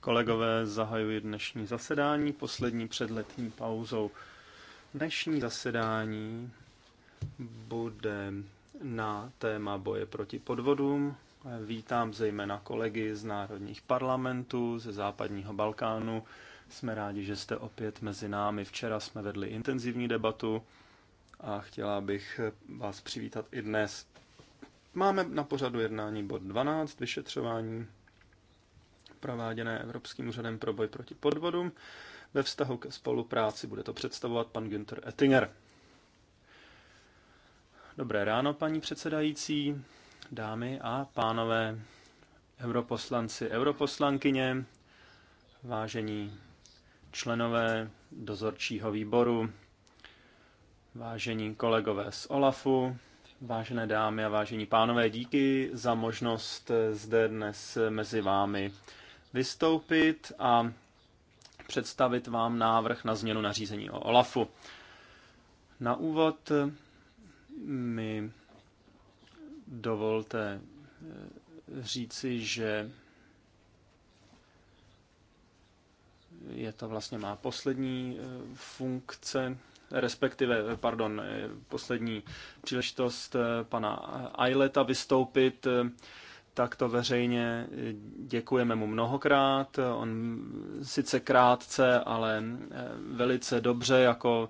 Kolegové, zahajuji dnešní zasedání, poslední před letní pauzou. Dnešní zasedání bude na téma boje proti podvodům. Vítám zejména kolegy z národních parlamentů, ze západního Balkánu. Jsme rádi, že jste opět mezi námi. Včera jsme vedli intenzivní debatu a chtěla bych vás přivítat i dnes. Máme na pořadu jednání bod 12, vyšetřování prováděné Evropským úřadem pro boj proti podvodům. Ve vztahu ke spolupráci bude to představovat pan Günther Ettinger. Dobré ráno, paní předsedající, dámy a pánové, europoslanci, europoslankyně, vážení členové dozorčího výboru, vážení kolegové z OLAFu, Vážené dámy a vážení pánové, díky za možnost eh, zde dnes eh, mezi vámi vystoupit a představit vám návrh na změnu nařízení o OLAFu. Na úvod eh, mi dovolte říci, že je to vlastně má poslední funkce respektive, eh, pardon, eh, poslední příležitost eh, pana Aileta vystoupit to veřejně. Děkujeme mu mnohokrát. On sice krátce, ale velice dobře jako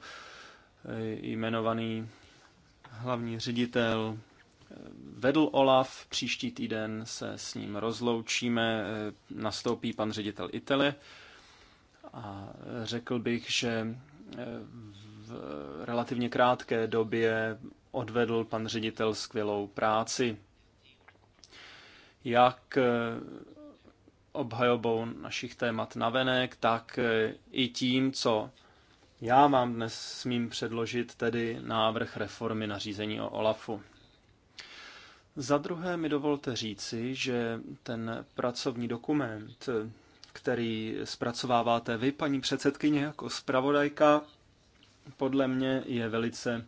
jmenovaný hlavní ředitel vedl Olaf. Příští týden se s ním rozloučíme. Nastoupí pan ředitel Itele a řekl bych, že relativně krátké době odvedl pan ředitel skvělou práci. Jak eh, obhajobou našich témat navenek, tak eh, i tím, co já vám dnes smím předložit, tedy návrh reformy nařízení o OLAFu. Za druhé mi dovolte říci, že ten pracovní dokument, který zpracováváte vy, paní předsedkyně, jako zpravodajka, podle mě je velice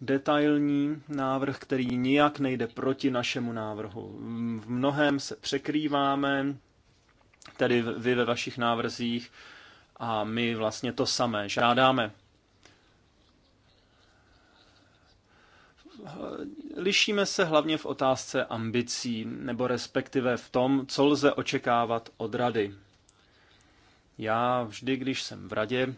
detailní návrh, který nijak nejde proti našemu návrhu. V mnohem se překrýváme, tedy vy ve vašich návrzích, a my vlastně to samé žádáme. Lišíme se hlavně v otázce ambicí, nebo respektive v tom, co lze očekávat od rady. Já vždy, když jsem v radě,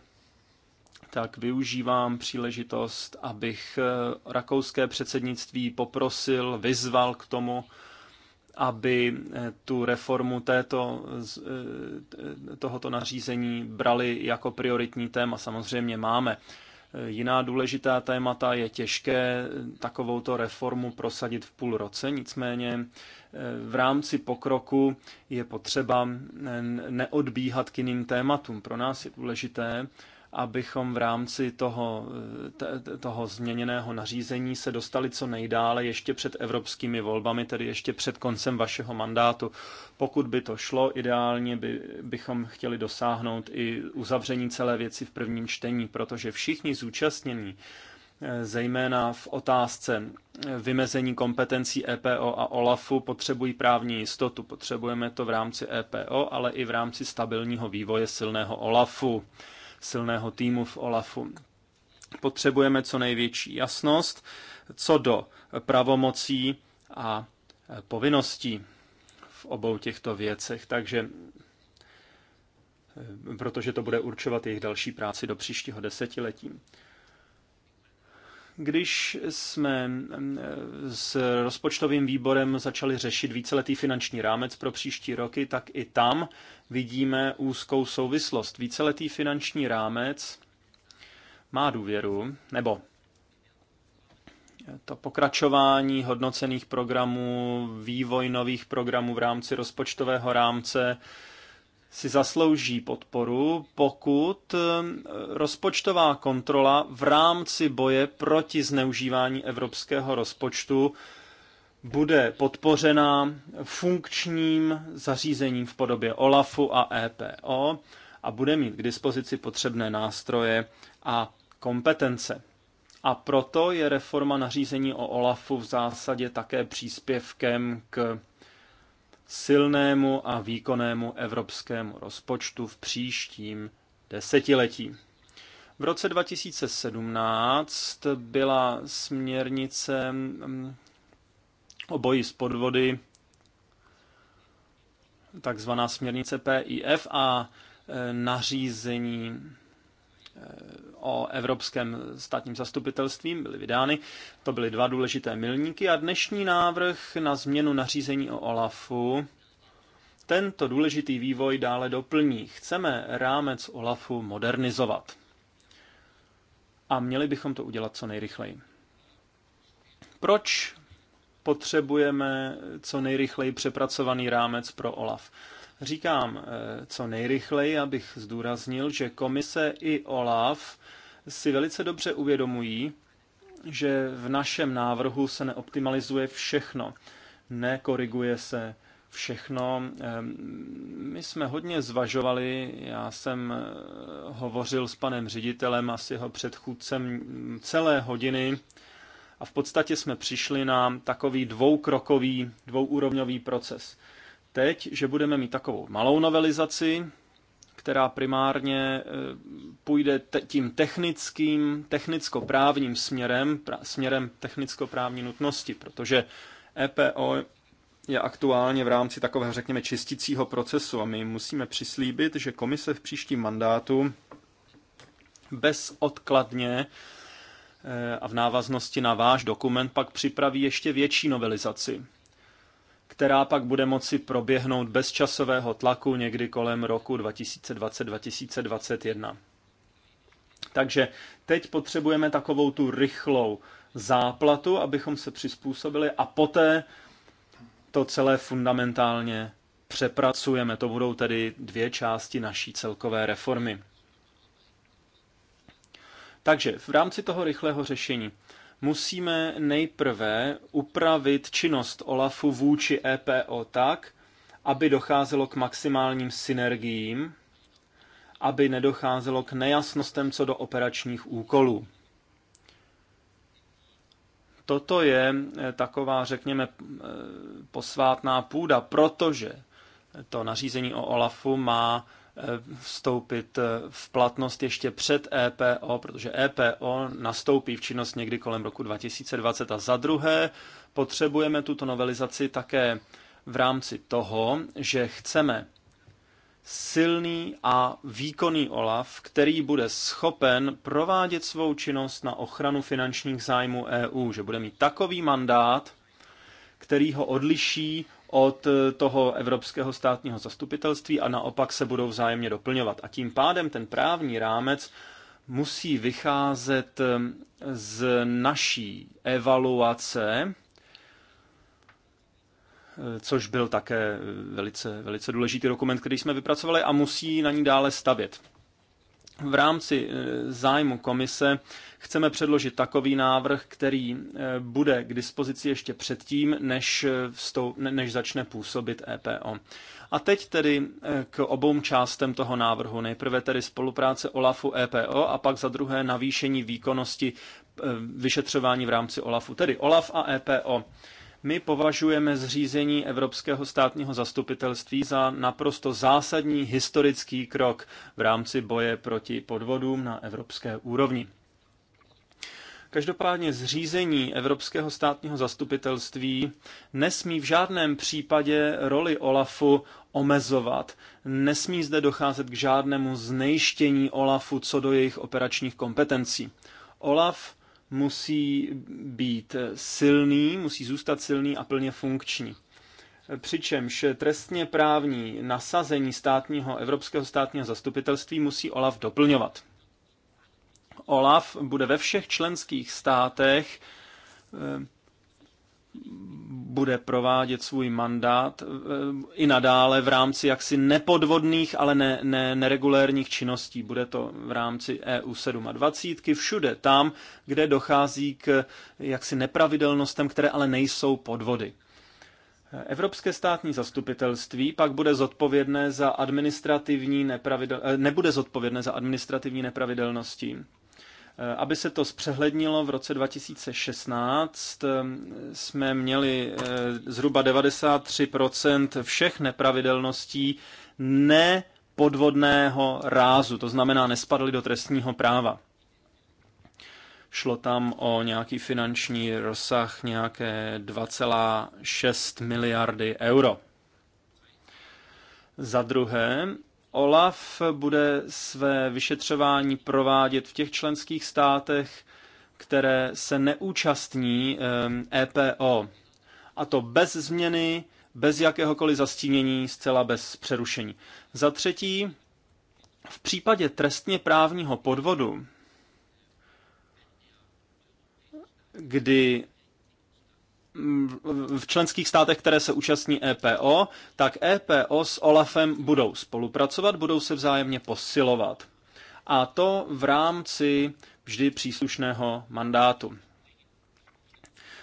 tak využívám příležitost, abych eh, rakouské předsednictví poprosil, vyzval k tomu, aby eh, tu reformu této, eh, tohoto nařízení brali jako prioritní téma. Samozřejmě máme. Jiná důležitá témata je těžké takovouto reformu prosadit v půl roce, nicméně v rámci pokroku je potřeba neodbíhat k jiným tématům. Pro nás je důležité, abychom v rámci toho, toho změněného nařízení se dostali co nejdále ještě před evropskými volbami, tedy ještě před koncem vašeho mandátu. Pokud by to šlo, ideálně by, bychom chtěli dosáhnout i uzavření celé věci v prvním čtení, protože všichni zúčastnění eh, zejména v otázce eh, vymezení kompetencí EPO a OLAFu potřebují právní jistotu. Potřebujeme to v rámci EPO, ale i v rámci stabilního vývoje silného OLAFu silného týmu v OLAFu. Potřebujeme co největší jasnost co do pravomocí a povinností v obou těchto věcech. Takže eh, protože to bude určovat jejich další práci do příštího desetiletí. Když jsme mm, s rozpočtovým výborem začali řešit víceletý finanční rámec pro příští roky, tak i tam vidíme úzkou souvislost. Víceletý finanční rámec má důvěru, nebo to pokračování hodnocených programů, vývoj nových programů v rámci rozpočtového rámce, si zaslouží podporu, pokud eh, rozpočtová kontrola v rámci boje proti zneužívání evropského rozpočtu bude podpořena funkčním zařízením v podobě OLAFu a EPO a bude mít k dispozici potřebné nástroje a kompetence. A proto je reforma nařízení o OLAFu v zásadě také příspěvkem k silnému a výkonnému evropskému rozpočtu v příštím desetiletí. V roce 2017 byla směrnice mm, o boji s podvody, takzvaná směrnice PIF a e, nařízení o Evropském státním zastupitelstvím byly vydány. To byly dva důležité milníky a dnešní návrh na změnu nařízení o OLAFu tento důležitý vývoj dále doplní. Chceme rámec OLAFu modernizovat. A měli bychom to udělat co nejrychleji. Proč potřebujeme co nejrychleji přepracovaný rámec pro OLAF? Říkám eh, co nejrychleji, abych zdůraznil, že komise i OLAF si velice dobře uvědomují, že v našem návrhu se neoptimalizuje všechno, nekoriguje se všechno. Ehm, my jsme hodně zvažovali, já jsem eh, hovořil s panem ředitelem a s jeho předchůdcem celé hodiny a v podstatě jsme přišli na takový dvoukrokový, dvouúrovňový proces – teď, že budeme mít takovou malou novelizaci, která primárně e, půjde tím technickým, technicko-právním směrem, směrem technicko-právní nutnosti, protože EPO je aktuálně v rámci takového, řekněme, čisticího procesu a my musíme přislíbit, že komise v příštím mandátu bezodkladně e, a v návaznosti na váš dokument pak připraví ještě větší novelizaci která pak bude moci proběhnout bez časového tlaku někdy kolem roku 2020-2021. Takže teď potřebujeme takovou tu rychlou záplatu, abychom se přizpůsobili a poté to celé fundamentálně přepracujeme. To budou tedy dvě části naší celkové reformy. Takže v rámci toho rychlého řešení musíme nejprve upravit činnost OLAFu vůči EPO tak, aby docházelo k maximálním synergiím, aby nedocházelo k nejasnostem co do operačních úkolů. Toto je e, taková, řekněme, e, posvátná půda, protože to nařízení o OLAFu má vstoupit eh, v platnost ještě před EPO, protože EPO nastoupí v činnost někdy kolem roku 2020. A za druhé, potřebujeme tuto novelizaci také v rámci toho, že chceme silný a výkonný OLAF, který bude schopen provádět svou činnost na ochranu finančních zájmů EU, že bude mít takový mandát, který ho odliší od eh, toho Evropského státního zastupitelství a naopak se budou vzájemně doplňovat. A tím pádem ten právní rámec musí vycházet eh, z naší evaluace, eh, což byl také velice, velice důležitý dokument, který jsme vypracovali a musí na ní dále stavět. V rámci e, zájmu komise chceme předložit takový návrh, který e, bude k dispozici ještě předtím, než, e, vstou, než začne působit EPO. A teď tedy k obou částem toho návrhu. Nejprve tedy spolupráce OLAFu EPO a pak za druhé navýšení výkonnosti vyšetřování v rámci OLAFu, tedy OLAF a EPO. My považujeme zřízení Evropského státního zastupitelství za naprosto zásadní historický krok v rámci boje proti podvodům na evropské úrovni. Každopádně zřízení Evropského státního zastupitelství nesmí v žádném případě roli OLAFu omezovat. Nesmí zde docházet k žádnému znejštění OLAFu co do jejich operačních kompetencí. OLAF musí být silný, musí zůstat silný a plně funkční. Přičemž trestně právní nasazení státního, evropského státního zastupitelství musí OLAF doplňovat. OLAF bude ve všech členských státech eh, bude provádět svůj mandát eh, i nadále v rámci jaksi nepodvodných, ale ne, ne, neregulérních činností. Bude to v rámci EU 27, všude tam, kde dochází k jaksi nepravidelnostem, které ale nejsou podvody. Evropské státní zastupitelství pak bude zodpovědné za administrativní nepravidel, eh, nebude zodpovědné za administrativní nepravidelnosti Eh, aby se to zpřehlednilo, v roce 2016 eh, jsme měli eh, zhruba 93% všech nepravidelností nepodvodného rázu, to znamená nespadly do trestního práva. Šlo tam o nějaký finanční rozsah nějaké 2,6 miliardy euro. Za druhé, OLAF bude své vyšetřování provádět v těch členských státech, které se neúčastní EPO. Ehm, e A to bez změny, bez jakéhokoliv zastínění, zcela bez přerušení. Za třetí, v případě trestně právního podvodu, kdy Mm, v členských státech, které se účastní EPO, tak EPO s OLAFem budou spolupracovat, budou se vzájemně posilovat. A to v rámci vždy příslušného mandátu.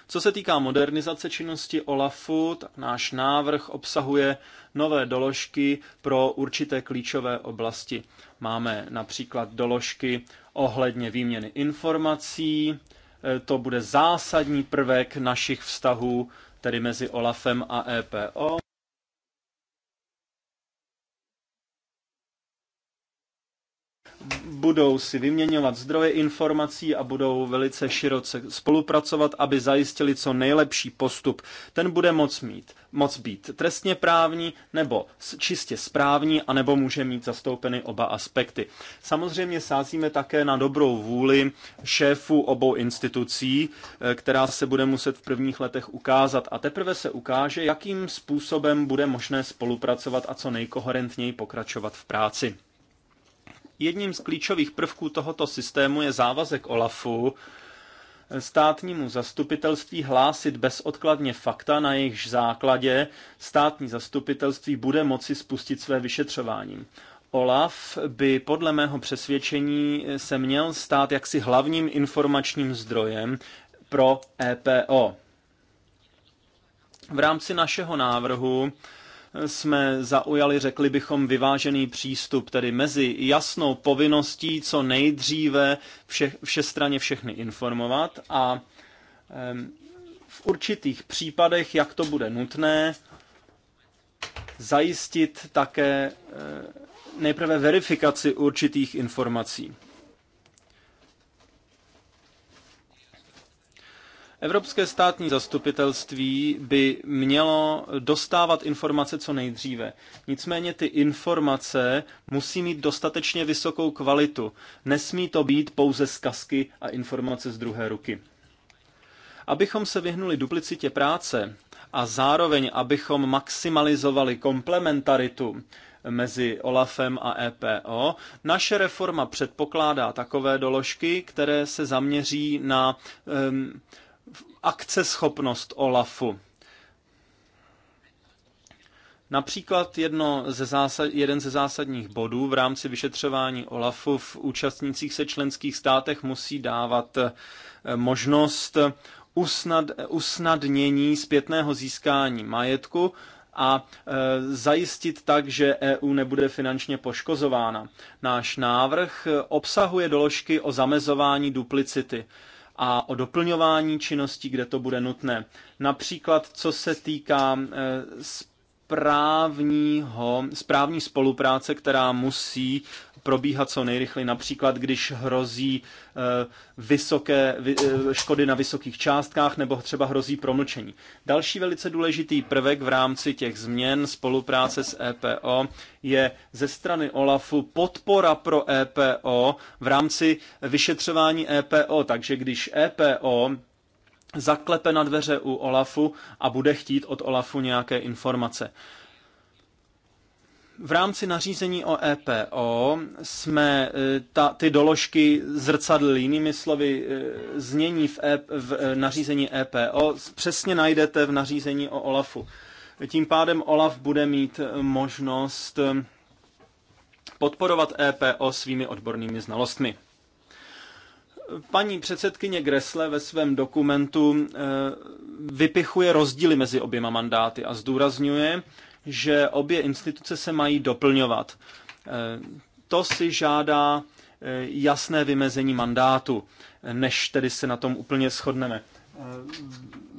Co se týká modernizace činnosti OLAFu, náš návrh obsahuje nové doložky pro určité klíčové oblasti. Máme například doložky ohledně výměny informací, Eh, to bude zásadní prvek našich vztahů, tedy mezi OLAFem a EPO. budou si vyměňovat zdroje informací a budou velice široce spolupracovat, aby zajistili co nejlepší postup. Ten bude moc mít, moc být trestně právní nebo čistě správní, anebo může mít zastoupeny oba aspekty. Samozřejmě sázíme také na dobrou vůli šéfů obou institucí, eh, která se bude muset v prvních letech ukázat a teprve se ukáže, jakým způsobem bude možné spolupracovat a co nejkoherentněji pokračovat v práci. Jedním z klíčových prvků tohoto systému je závazek OLAFu státnímu zastupitelství hlásit bezodkladně fakta, na jejichž základě státní zastupitelství bude moci spustit své vyšetřování. OLAF by podle mého přesvědčení se měl stát jaksi hlavním informačním zdrojem pro EPO. V rámci našeho návrhu jsme zaujali, řekli bychom, vyvážený přístup, tedy mezi jasnou povinností co nejdříve vše, všestranně všechny informovat a v určitých případech, jak to bude nutné, zajistit také eh, nejprve verifikaci určitých informací. Evropské státní zastupitelství by mělo dostávat informace co nejdříve. Nicméně ty informace musí mít dostatečně vysokou kvalitu. Nesmí to být pouze zkazky a informace z druhé ruky. Abychom se vyhnuli duplicitě práce a zároveň abychom maximalizovali komplementaritu mezi OLAFem a EPO. Naše reforma předpokládá takové doložky, které se zaměří na um, akceschopnost OLAFu. Například jedno ze zásad, jeden ze zásadních bodů v rámci vyšetřování OLAFu v účastnících se členských státech musí dávat eh, možnost usnad, usnadnění zpětného získání majetku a e, zajistit tak, že EU nebude finančně poškozována. Náš návrh eh, obsahuje doložky o zamezování duplicity a o doplňování činností, kde to bude nutné. Například, co se týká eh, správního správní spolupráce, která musí probíhat co nejrychleji. Například, když hrozí eh, vysoké eh, škody na vysokých částkách nebo třeba hrozí promlčení. Další velice důležitý prvek v rámci těch změn spolupráce s EPO je ze strany OLAFu podpora pro EPO v rámci vyšetřování EPO. Takže když EPO zaklepe na dveře u Olafu a bude chtít od Olafu nějaké informace. V rámci nařízení o EPO jsme e, ta, ty doložky zrcadlili, jinými slovy, e, znění v, e, v e, nařízení EPO přesně najdete v nařízení o OLAFu. Tím pádem OLAF bude mít možnost podporovat EPO svými odbornými znalostmi. Paní předsedkyně Gresle ve svém dokumentu eh, vypichuje rozdíly mezi oběma mandáty a zdůrazňuje, že obě instituce se mají doplňovat. Eh, to si žádá eh, jasné vymezení mandátu, než tedy se na tom úplně shodneme.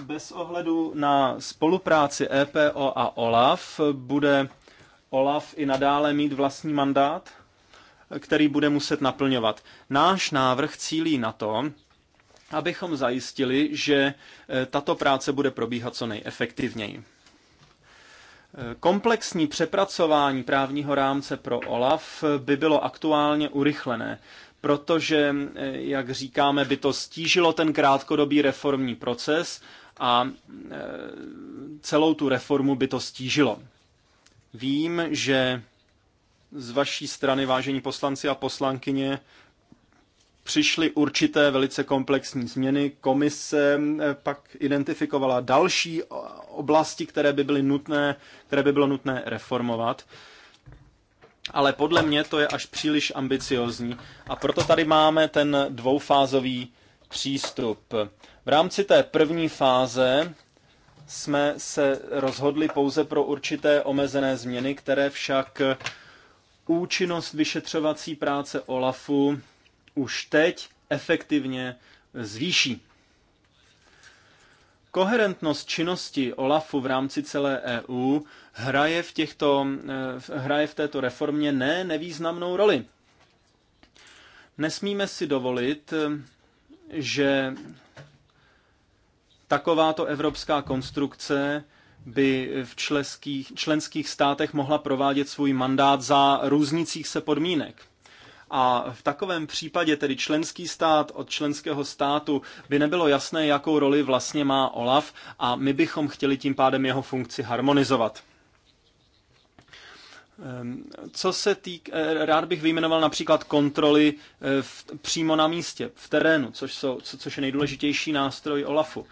Bez ohledu na spolupráci EPO a OLAF bude OLAF i nadále mít vlastní mandát? který bude muset naplňovat. Náš návrh cílí na to, abychom zajistili, že e, tato práce bude probíhat co nejefektivněji. E, komplexní přepracování právního rámce pro OLAF by bylo aktuálně urychlené, protože, e, jak říkáme, by to stížilo ten krátkodobý reformní proces a celou tu reformu by to stížilo. Vím, že z vaší strany, vážení poslanci a poslankyně, přišly určité velice komplexní změny. Komise eh, pak identifikovala další oblasti, které by, byly nutné, které by bylo nutné reformovat. Ale podle mě to je až příliš ambiciozní a proto tady máme ten dvoufázový přístup. V rámci té první fáze jsme se rozhodli pouze pro určité omezené změny, které však účinnost vyšetřovací práce OLAFu už teď efektivně zvýší. Koherentnost činnosti OLAFu v rámci celé EU hraje v, těchto, eh, hraje v této reformě ne nevýznamnou roli. Nesmíme si dovolit, eh, že takováto evropská konstrukce by v členských, členských státech mohla provádět svůj mandát za různících se podmínek. A v takovém případě tedy členský stát od členského státu by nebylo jasné, jakou roli vlastně má OLAF a my bychom chtěli tím pádem jeho funkci harmonizovat. Ehm, co se týk, eh, rád bych vyjmenoval například kontroly eh, v, přímo na místě, v terénu, což, jsou, co, což je nejdůležitější nástroj OLAFu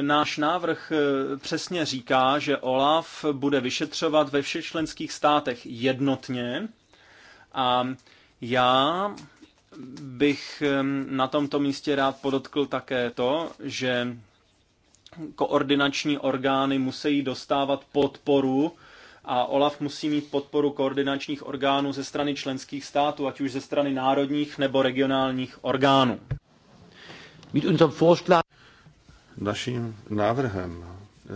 náš návrh eh, přesně říká, že OLAF bude vyšetřovat ve všech členských státech jednotně a já bych na tomto místě rád podotkl také to, že koordinační orgány musí dostávat podporu a OLAF musí mít podporu koordinačních orgánů ze strany členských států, ať už ze strany národních nebo regionálních orgánů. Mit unserem Vorschlag Naším návrhem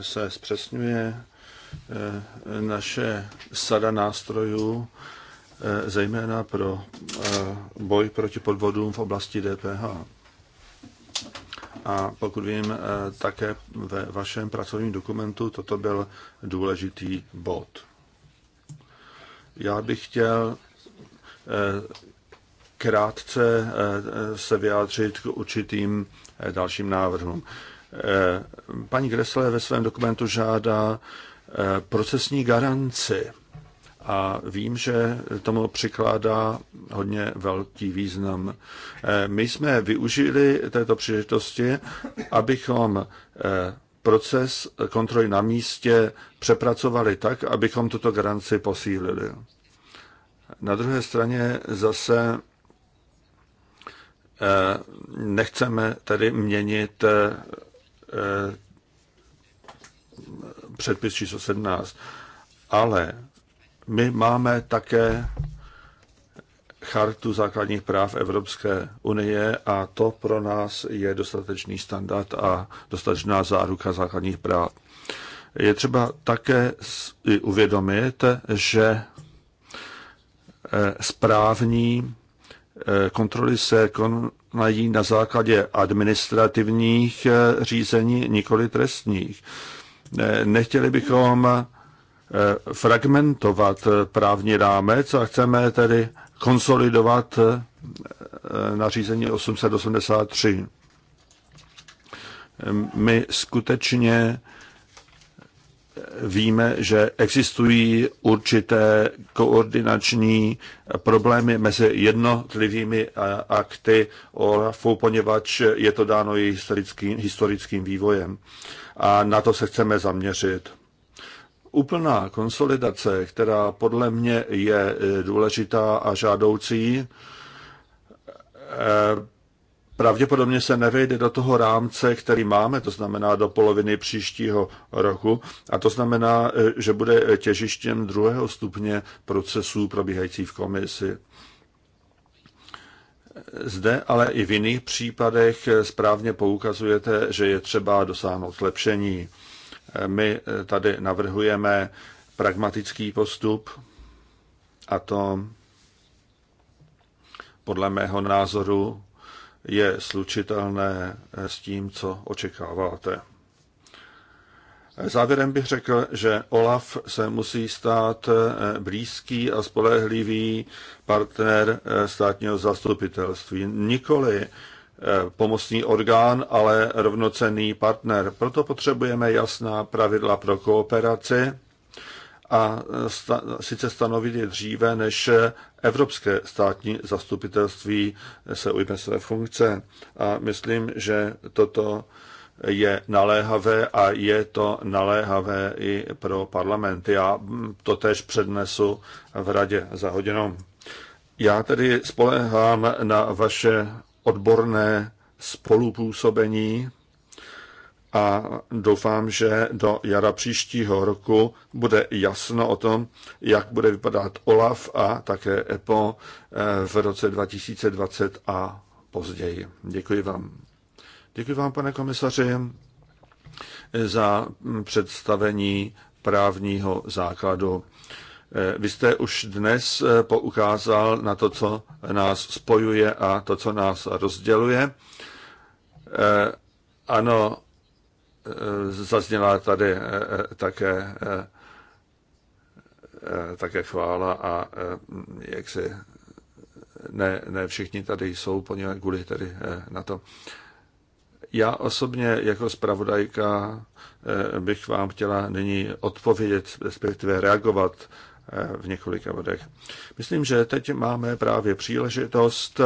se zpřesňuje eh, naše sada nástrojů, eh, zejména pro eh, boj proti podvodům v oblasti DPH. A pokud vím, také ve vašem pracovním dokumentu toto byl důležitý bod. Já bych chtěl krátce se vyjádřit k určitým dalším návrhům. Eh, paní Gressle ve svém dokumentu žádá eh, procesní garanci a vím, že tomu přikládá hodně velký význam. Eh, my jsme využili této příležitosti, abychom proces kontroly na místě přepracovali tak, abychom tuto garanci posílili. Na druhé straně zase nechceme tedy měnit Eh, předpis číslo 17. Ale my máme také chartu základních práv Evropské unie a to pro nás je dostatečný standard a dostatečná záruka základních práv. Je třeba také uvědomit, že eh, správní eh, kontroly se kon, mají na základě administrativních eh, řízení, nikoli trestních. Eh, nechtěli bychom eh, fragmentovat právní rámec a chceme tedy konsolidovat nařízení 883. Ehm, my skutečně víme, že existují určité koordinační problémy mezi jednotlivými eh, akty OLAFu, poněvadž je to dáno i historickým, historickým vývojem. A na to se chceme zaměřit. Úplná konsolidace, která podle mě je eh, důležitá a žádoucí, eh, pravděpodobně se nevejde do toho rámce, který máme, to znamená do poloviny příštího roku. A to znamená, e, že bude těžištěm druhého stupně procesů probíhající v komisi. E, zde, ale i v jiných případech správně poukazujete, že je třeba dosáhnout zlepšení. E, my tady navrhujeme pragmatický postup a to podle mého názoru je slučitelné eh, s tím, co očekáváte. Závěrem bych řekl, že OLAF se musí stát eh, blízký a spolehlivý partner eh, státního zastupitelství. Nikoli pomocný orgán, ale rovnocenný partner. Proto potřebujeme jasná pravidla pro kooperaci a e, sta, sice stanovit je dříve, než Evropské státní zastupitelství se ujme své funkce. A myslím, že toto je naléhavé a je to naléhavé i pro parlament. Já to tež přednesu v radě za hodinou. Já tedy spolehám na vaše odborné spolupůsobení a doufám, že do jara příštího roku bude jasno o tom, jak bude vypadat OLAF a také EPO eh, v roce 2020 a později. Děkuji vám. Děkuji vám, pane komisaři, za představení právního základu. Eh, vy jste už dnes eh, poukázal na to, co nás spojuje a to, co nás rozděluje. Ano, Eh, zazněla tady eh, eh, také, také chvála a jak si ne, ne všichni tady jsou, poněvadž kvůli tady na to. Já osobně jako zpravodajka bych vám chtěla nyní odpovědět, respektive reagovat v několika bodech. Myslím, že teď máme právě příležitost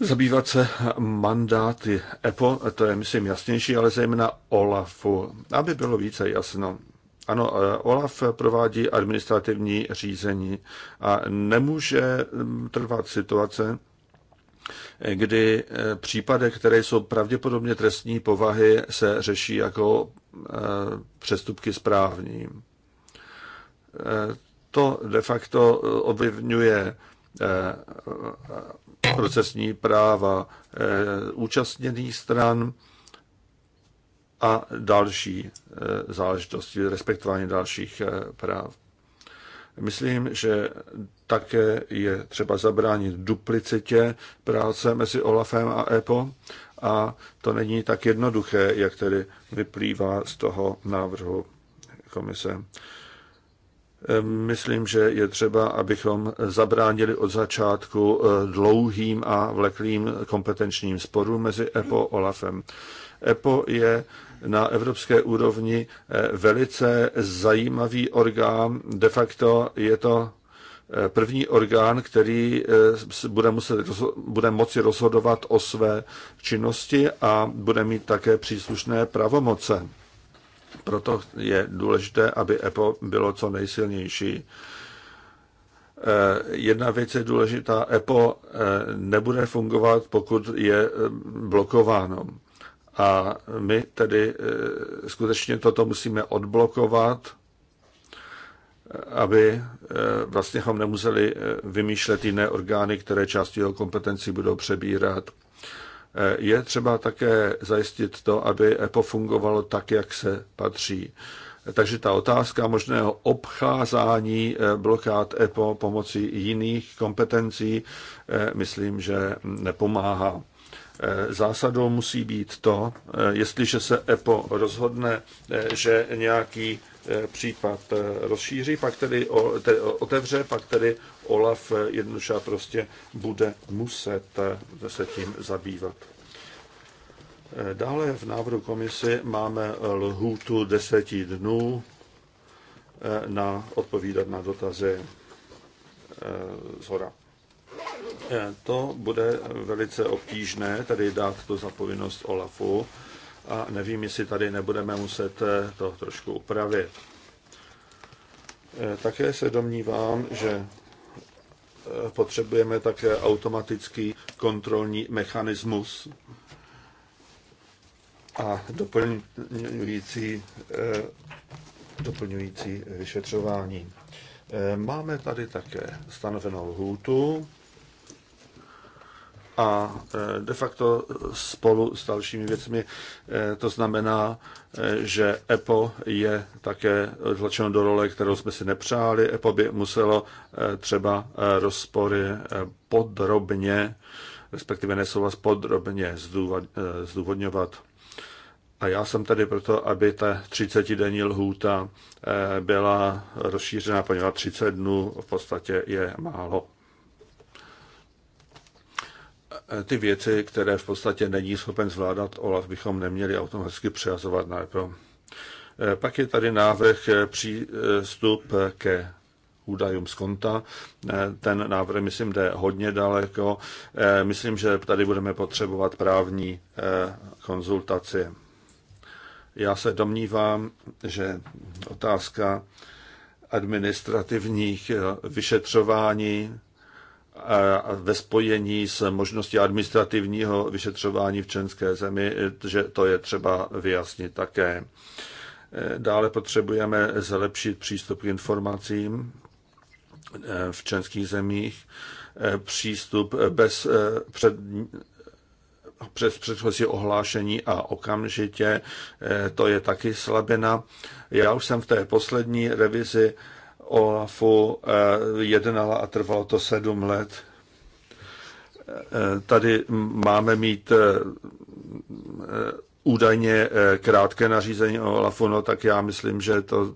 zabývat se mandáty EPO, to je myslím jasnější, ale zejména OLAFu, aby bylo více jasno. Ano, e, OLAF provádí administrativní řízení a nemůže trvat situace, kdy e, případy, které jsou pravděpodobně trestní povahy, se řeší jako e, přestupky správní. To de facto ovlivňuje procesní práva eh, účastněných stran a další eh, záležitosti, respektování dalších eh, práv. Myslím, že také je třeba zabránit duplicitě práce mezi OLAFem a EPO a to není tak jednoduché, jak tedy vyplývá z toho návrhu komise. Myslím, že je třeba, abychom zabránili od začátku eh, dlouhým a vleklým kompetenčním sporům mezi EPO a OLAFem. EPO je na evropské úrovni eh, velice zajímavý orgán. De facto je to eh, první orgán, který bude, muset, bude moci rozhodovat o své činnosti a bude mít také příslušné pravomoce. Proto je důležité, aby EPO bylo co nejsilnější. Eh, jedna věc je důležitá, EPO eh, nebude fungovat, pokud je eh, blokováno. A my tedy skutečně toto musíme odblokovat, aby vlastně nemuseli vymýšlet jiné orgány, které části jeho kompetencí budou přebírat je třeba také zajistit to, aby EPO fungovalo tak, jak se patří. Takže ta otázka možného obcházání eh, blokád EPO pomocí jiných kompetencí, eh, myslím, že nepomáhá. Eh, zásadou musí být to, jestliže se EPO rozhodne, že nějaký Eh, případ eh, rozšíří, pak tedy, o, tedy otevře, pak tedy Olaf eh, jednoduše prostě bude muset se tím zabývat. Dále v návrhu komisi máme lhůtu deseti dnů na odpovídat na dotazy zhora. To bude velice obtížné, tedy dát to za povinnost OLAFu, a nevím, jestli tady nebudeme muset eh, to trošku upravit. Eh, také se domnívám, že eh, potřebujeme také automatický kontrolní mechanismus a doplňující, doplňující vyšetřování. Máme tady také stanovenou lhůtu a e, de facto spolu s dalšími věcmi. E, to znamená, e, že EPO je také tlačeno do role, kterou jsme si nepřáli. EPO by muselo třeba rozpory podrobně, respektive nesouhlas podrobně zdůvodňovat. A já jsem tady proto, aby ta 30-denní lhůta byla rozšířena, poněvadž 30 dnů v podstatě je málo. Eh, ty věci, které v podstatě není schopen zvládat OLAF, bychom neměli automaticky přihazovat na EPO. Eh, pak je tady návrh eh, přístup ke údajům z konta. Ten návrh, myslím, jde hodně daleko. Myslím, že tady budeme potřebovat právní konzultaci. Já se domnívám, že otázka administrativních vyšetřování ve spojení s možností administrativního vyšetřování v členské zemi, že to je třeba vyjasnit také. E, dále potřebujeme zlepšit přístup k informacím e, v členských zemích, e, přístup bez před, přes předchozí ohlášení a okamžitě, to je taky slabina. Já už jsem v té poslední revizi OLAFu eh, jednala a trvalo to sedm let. Eh, tady máme mít eh, údajně krátké nařízení o OLAFu, no tak já myslím, že to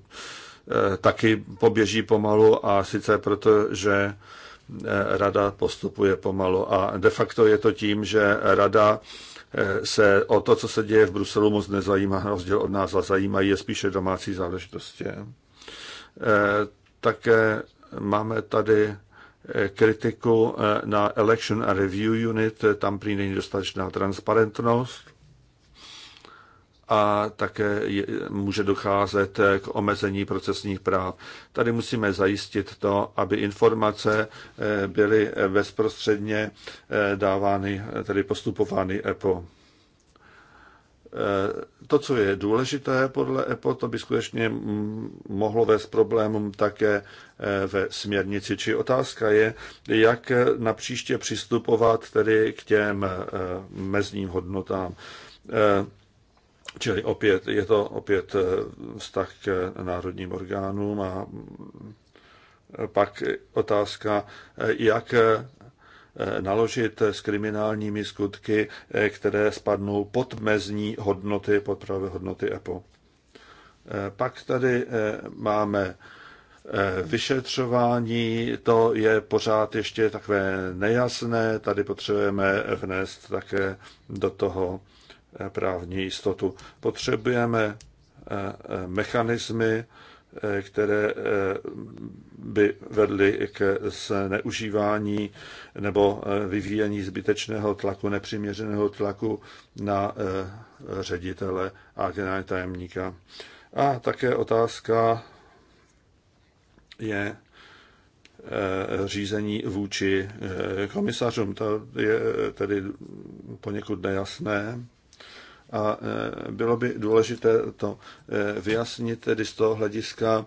taky poběží pomalu a sice proto, že rada postupuje pomalu a de facto je to tím, že rada se o to, co se děje v Bruselu, moc nezajímá, rozdíl od nás a zajímají je spíše domácí záležitosti. Také máme tady eh, kritiku eh, na Election and Review Unit, tam prý není dostatečná transparentnost a také je, může docházet eh, k omezení procesních práv. Tady musíme zajistit to, aby informace byly bezprostředně dávány, tedy postupovány EPO. Eh, to, co je důležité podle EPO, to by skutečně mohlo vést problémům také eh, ve směrnici. Či otázka je, jak na příště přistupovat tedy k těm eh, mezním hodnotám. Čili opět, je to opět vztah k národním orgánům a mm, pak otázka, jak Eh, naložit s kriminálními skutky, eh, které spadnou pod mezní hodnoty, pod právě hodnoty EPO. Eh, pak tady máme vyšetřování, to je pořád ještě takové nejasné, tady potřebujeme vnést také do toho právní jistotu. Potřebujeme mechanismy, Eh, které eh, by vedly k zneužívání nebo eh, vyvíjení zbytečného tlaku, nepřiměřeného tlaku na ředitele a generální tajemníka. A také otázka je řízení vůči komisařům. To je tedy poněkud nejasné a e, bylo by důležité to e, vyjasnit tedy z toho hlediska,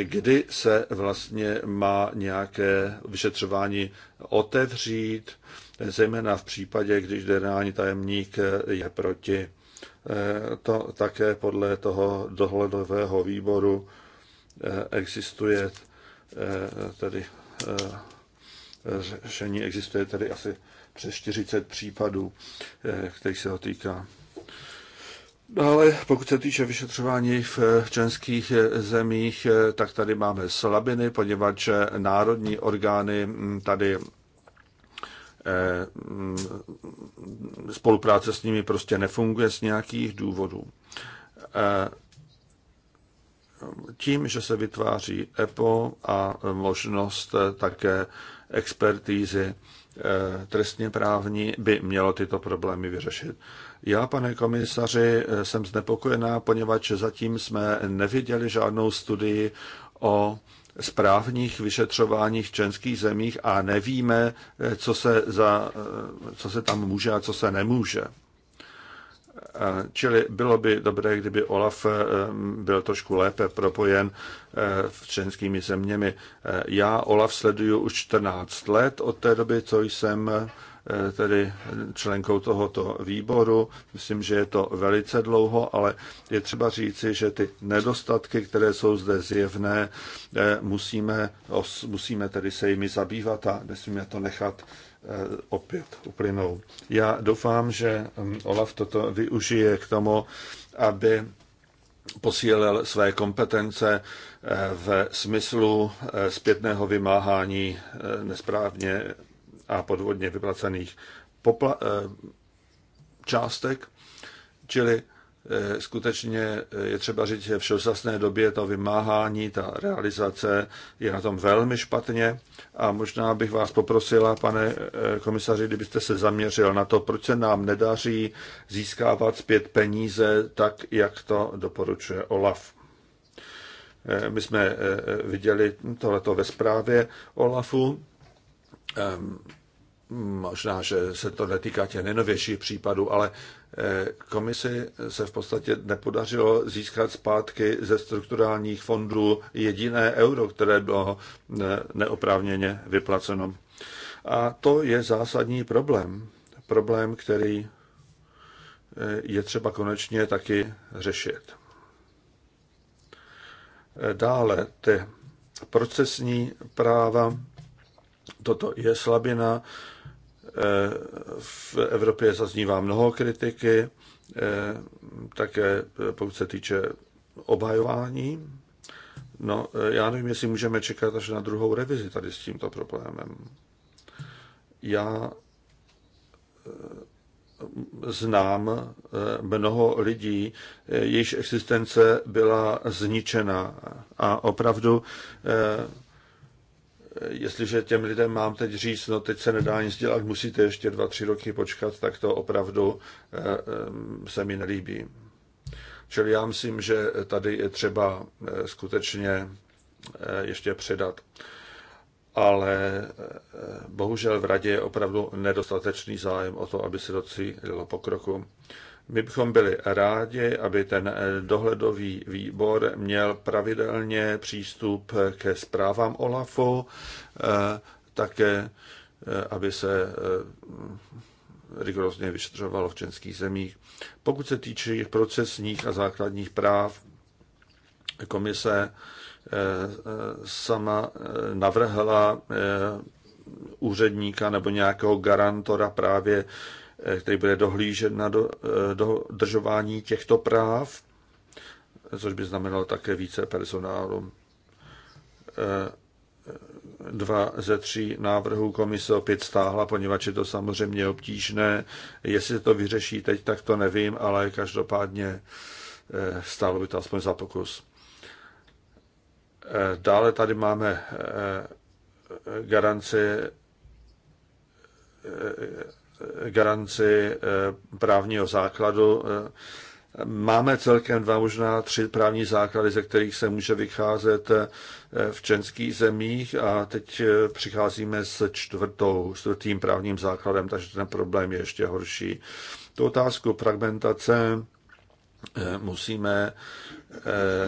e, kdy se vlastně má nějaké vyšetřování otevřít, zejména v případě, když generální tajemník je proti. To také podle toho dohledového výboru existuje tedy řešení, existuje tedy asi přes 40 případů, kterých se ho týká. Dále, pokud se týče vyšetřování v eh, členských eh, zemích, eh, tak tady máme slabiny, poněvadž národní orgány mm, tady mm, spolupráce s nimi prostě nefunguje z nějakých důvodů. Tím, že se vytváří EPO a možnost také expertízy trestně právní, by mělo tyto problémy vyřešit. Já, pane komisaři, jsem znepokojená, poněvadž zatím jsme neviděli žádnou studii o správních vyšetřováních v členských zemích a nevíme, co se, za, co se tam může a co se nemůže. Čili bylo by dobré, kdyby OLAF eh, byl trošku lépe propojen eh, v členskými zeměmi. Eh, já OLAF sleduju už 14 let od té doby, co jsem Eh, tedy členkou tohoto výboru. Myslím, že je to velice dlouho, ale je třeba říci, že ty nedostatky, které jsou zde zjevné, eh, musíme, musíme tedy se jimi zabývat a nesmíme to nechat eh, opět uplynout. Já doufám, že hm, Olaf toto využije k tomu, aby posílil své kompetence v smyslu zpětného vymáhání nesprávně a podvodně vyplacených popla- eh, částek, čili eh, skutečně eh, je třeba říct, že v současné době to vymáhání, ta realizace je na tom velmi špatně a možná bych vás poprosila, pane komisaři, kdybyste se zaměřil na to, proč se nám nedaří získávat zpět peníze tak, jak to doporučuje OLAF. My jsme viděli tohleto ve zprávě OLAFu, Ehm, možná, že se to netýká těch nejnovějších případů, ale eh, komisi se v podstatě nepodařilo získat zpátky ze strukturálních fondů jediné euro, které bylo neoprávněně vyplaceno. A to je zásadní problém. Problém, který eh, je třeba konečně taky řešit. Eh, dále ty procesní práva, Toto je slabina. Eh, v Evropě zaznívá mnoho kritiky, eh, také eh, pokud se týče obhajování. No, já nevím, jestli můžeme čekat až na druhou revizi tady s tímto problémem. Já znám mnoho lidí, jejichž existence byla zničena a opravdu jestliže těm lidem mám teď říct, no teď se nedá nic dělat, musíte ještě dva, tři roky počkat, tak to opravdu eh, eh, se mi nelíbí. Čili já myslím, že tady je třeba eh, skutečně ještě předat. Ale bohužel v radě je opravdu nedostatečný zájem o to, aby se docílilo pokroku. My bychom byli rádi, aby ten eh, dohledový výbor měl pravidelně přístup ke zprávám OLAFu, eh, také eh, aby se rigorózně vyšetřovalo v českých zemích. Pokud se týče jejich procesních a základních práv, komise sama navrhla úředníka nebo nějakého garantora právě Eh, který bude dohlížet na eh, dodržování těchto práv, což by znamenalo také více personálu. Eh, dva ze tří návrhů komise opět stáhla, poněvadž je to samozřejmě obtížné. Jestli to vyřeší teď, tak to nevím, ale každopádně stálo by to aspoň za pokus. Dále tady máme garanci garanci eh, právního základu. Eh, máme celkem dva, možná tři právní základy, ze kterých se může vycházet eh, v českých zemích a teď přicházíme s čtvrtou, čtvrtým právním základem, takže ten problém je ještě horší. Tu otázku fragmentace musíme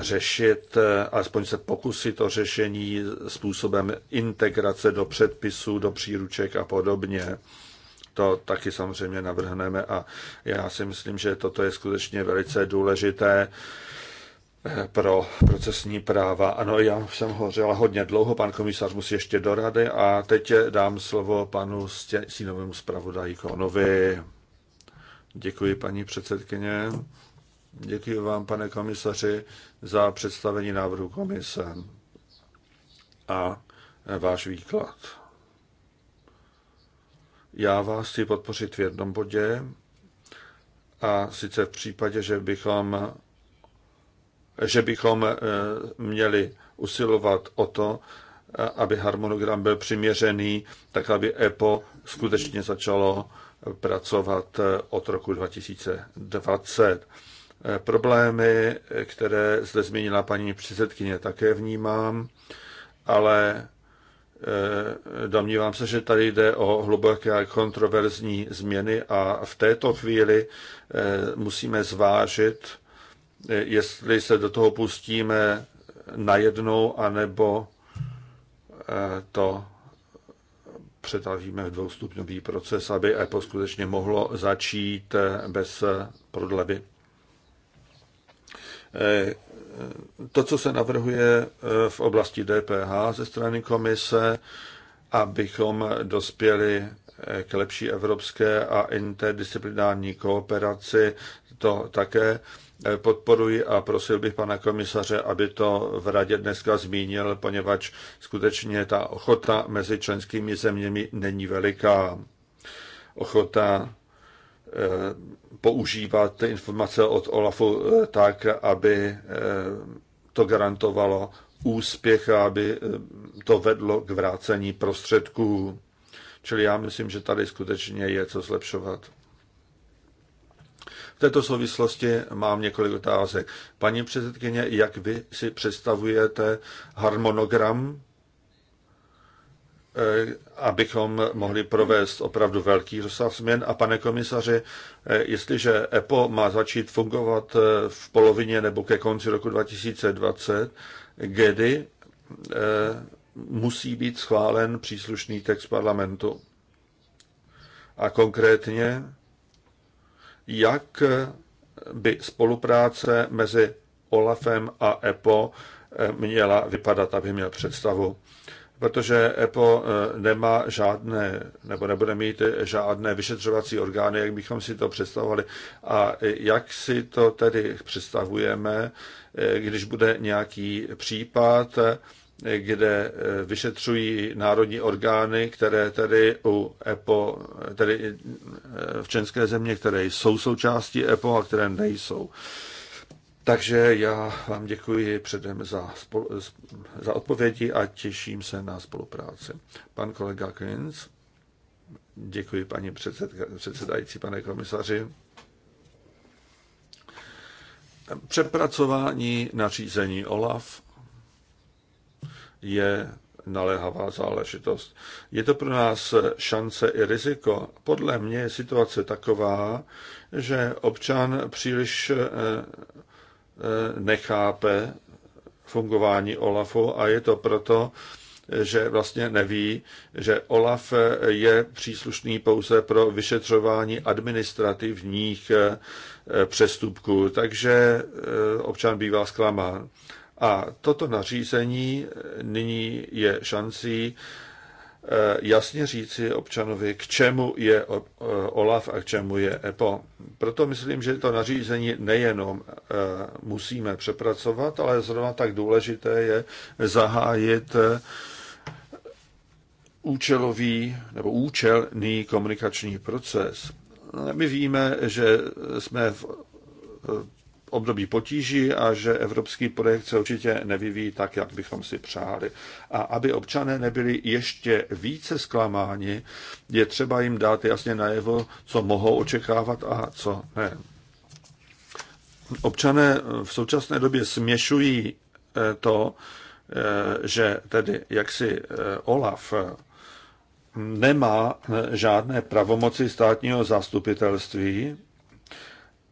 řešit, alespoň se pokusit o řešení způsobem integrace do předpisů, do příruček a podobně to taky samozřejmě navrhneme a já si myslím, že toto je skutečně velice důležité eh, pro procesní práva. Ano, já jsem hovořila hodně dlouho, pan komisař musí ještě do rady a teď dám slovo panu Stě- sínovému zpravodaji Konovi. Děkuji, paní předsedkyně. Děkuji vám, pane komisaři, za představení návrhu komise a váš výklad. Já vás chci podpořit v jednom bodě, a sice v případě, že bychom, že bychom eh, měli usilovat o to, eh, aby harmonogram byl přiměřený, tak aby EPO skutečně začalo pracovat eh, od roku 2020. Problémy, které zde zmínila paní předsedkyně, také vnímám, ale Eh, domnívám se, že tady jde o hluboké kontroverzní změny a v této chvíli eh, musíme zvážit, eh, jestli se do toho pustíme najednou, anebo to přetavíme v dvoustupňový proces, aby EPO skutečně mohlo začít bez prodlevy to, co se navrhuje eh, v oblasti DPH ze strany komise, abychom dospěli eh, k lepší evropské a interdisciplinární kooperaci, to také eh, podporuji a prosil bych pana komisaře, aby to v radě dneska zmínil, poněvadž skutečně ta ochota mezi členskými zeměmi není veliká. Ochota Eh, používat ty informace od OLAFu eh, tak, aby eh, to garantovalo úspěch a aby to vedlo k vrácení prostředků. Čili já myslím, že tady skutečně je co zlepšovat. V této souvislosti mám několik otázek. Paní předsedkyně, jak vy si představujete harmonogram Eh, abychom mohli provést opravdu velký rozsah změn. A pane komisaři, eh, jestliže EPO má začít fungovat eh, v polovině nebo ke konci roku 2020, kdy musí být schválen příslušný text parlamentu. A konkrétně, jak by spolupráce mezi OLAFem a EPO měla vypadat, aby měl představu protože EPO e, nemá žádné, nebo nebude mít žádné vyšetřovací orgány, jak bychom si to představovali. A jak si to tedy představujeme, e, když bude nějaký případ, e, kde vyšetřují národní orgány, které tedy u EPO, tedy v české země, které jsou součástí EPO a které nejsou. Takže já vám děkuji předem za, spolu, za odpovědi a těším se na spolupráci. Pan kolega Kins. Děkuji, paní předsed, předsedající, pane komisaři. Přepracování nařízení OLAF je naléhavá záležitost. Je to pro nás šance i riziko. Podle mě je situace taková, že občan příliš eh, Eh, nechápe fungování OLAFu a je to proto, že vlastně neví, že OLAF eh, je příslušný pouze pro vyšetřování administrativních eh, přestupků, takže občan bývá zklamán. A toto nařízení nyní je šancí Eh, jasně říci občanovi, k čemu je eh, OLAF a k čemu je EPO. Proto myslím, že to nařízení nejenom eh, musíme přepracovat, ale zrovna tak důležité je zahájit účelový nebo účelný komunikační proces. My víme, že jsme v období potíží a že evropský projekt se určitě nevyvíjí tak, jak bychom si přáli. A aby občané nebyli ještě více zklamáni, je třeba jim dát jasně najevo, co mohou očekávat a co ne. Občané v současné době směšují eh, to, eh, že tedy jaksi eh, Olaf nemá žádné pravomoci státního zastupitelství,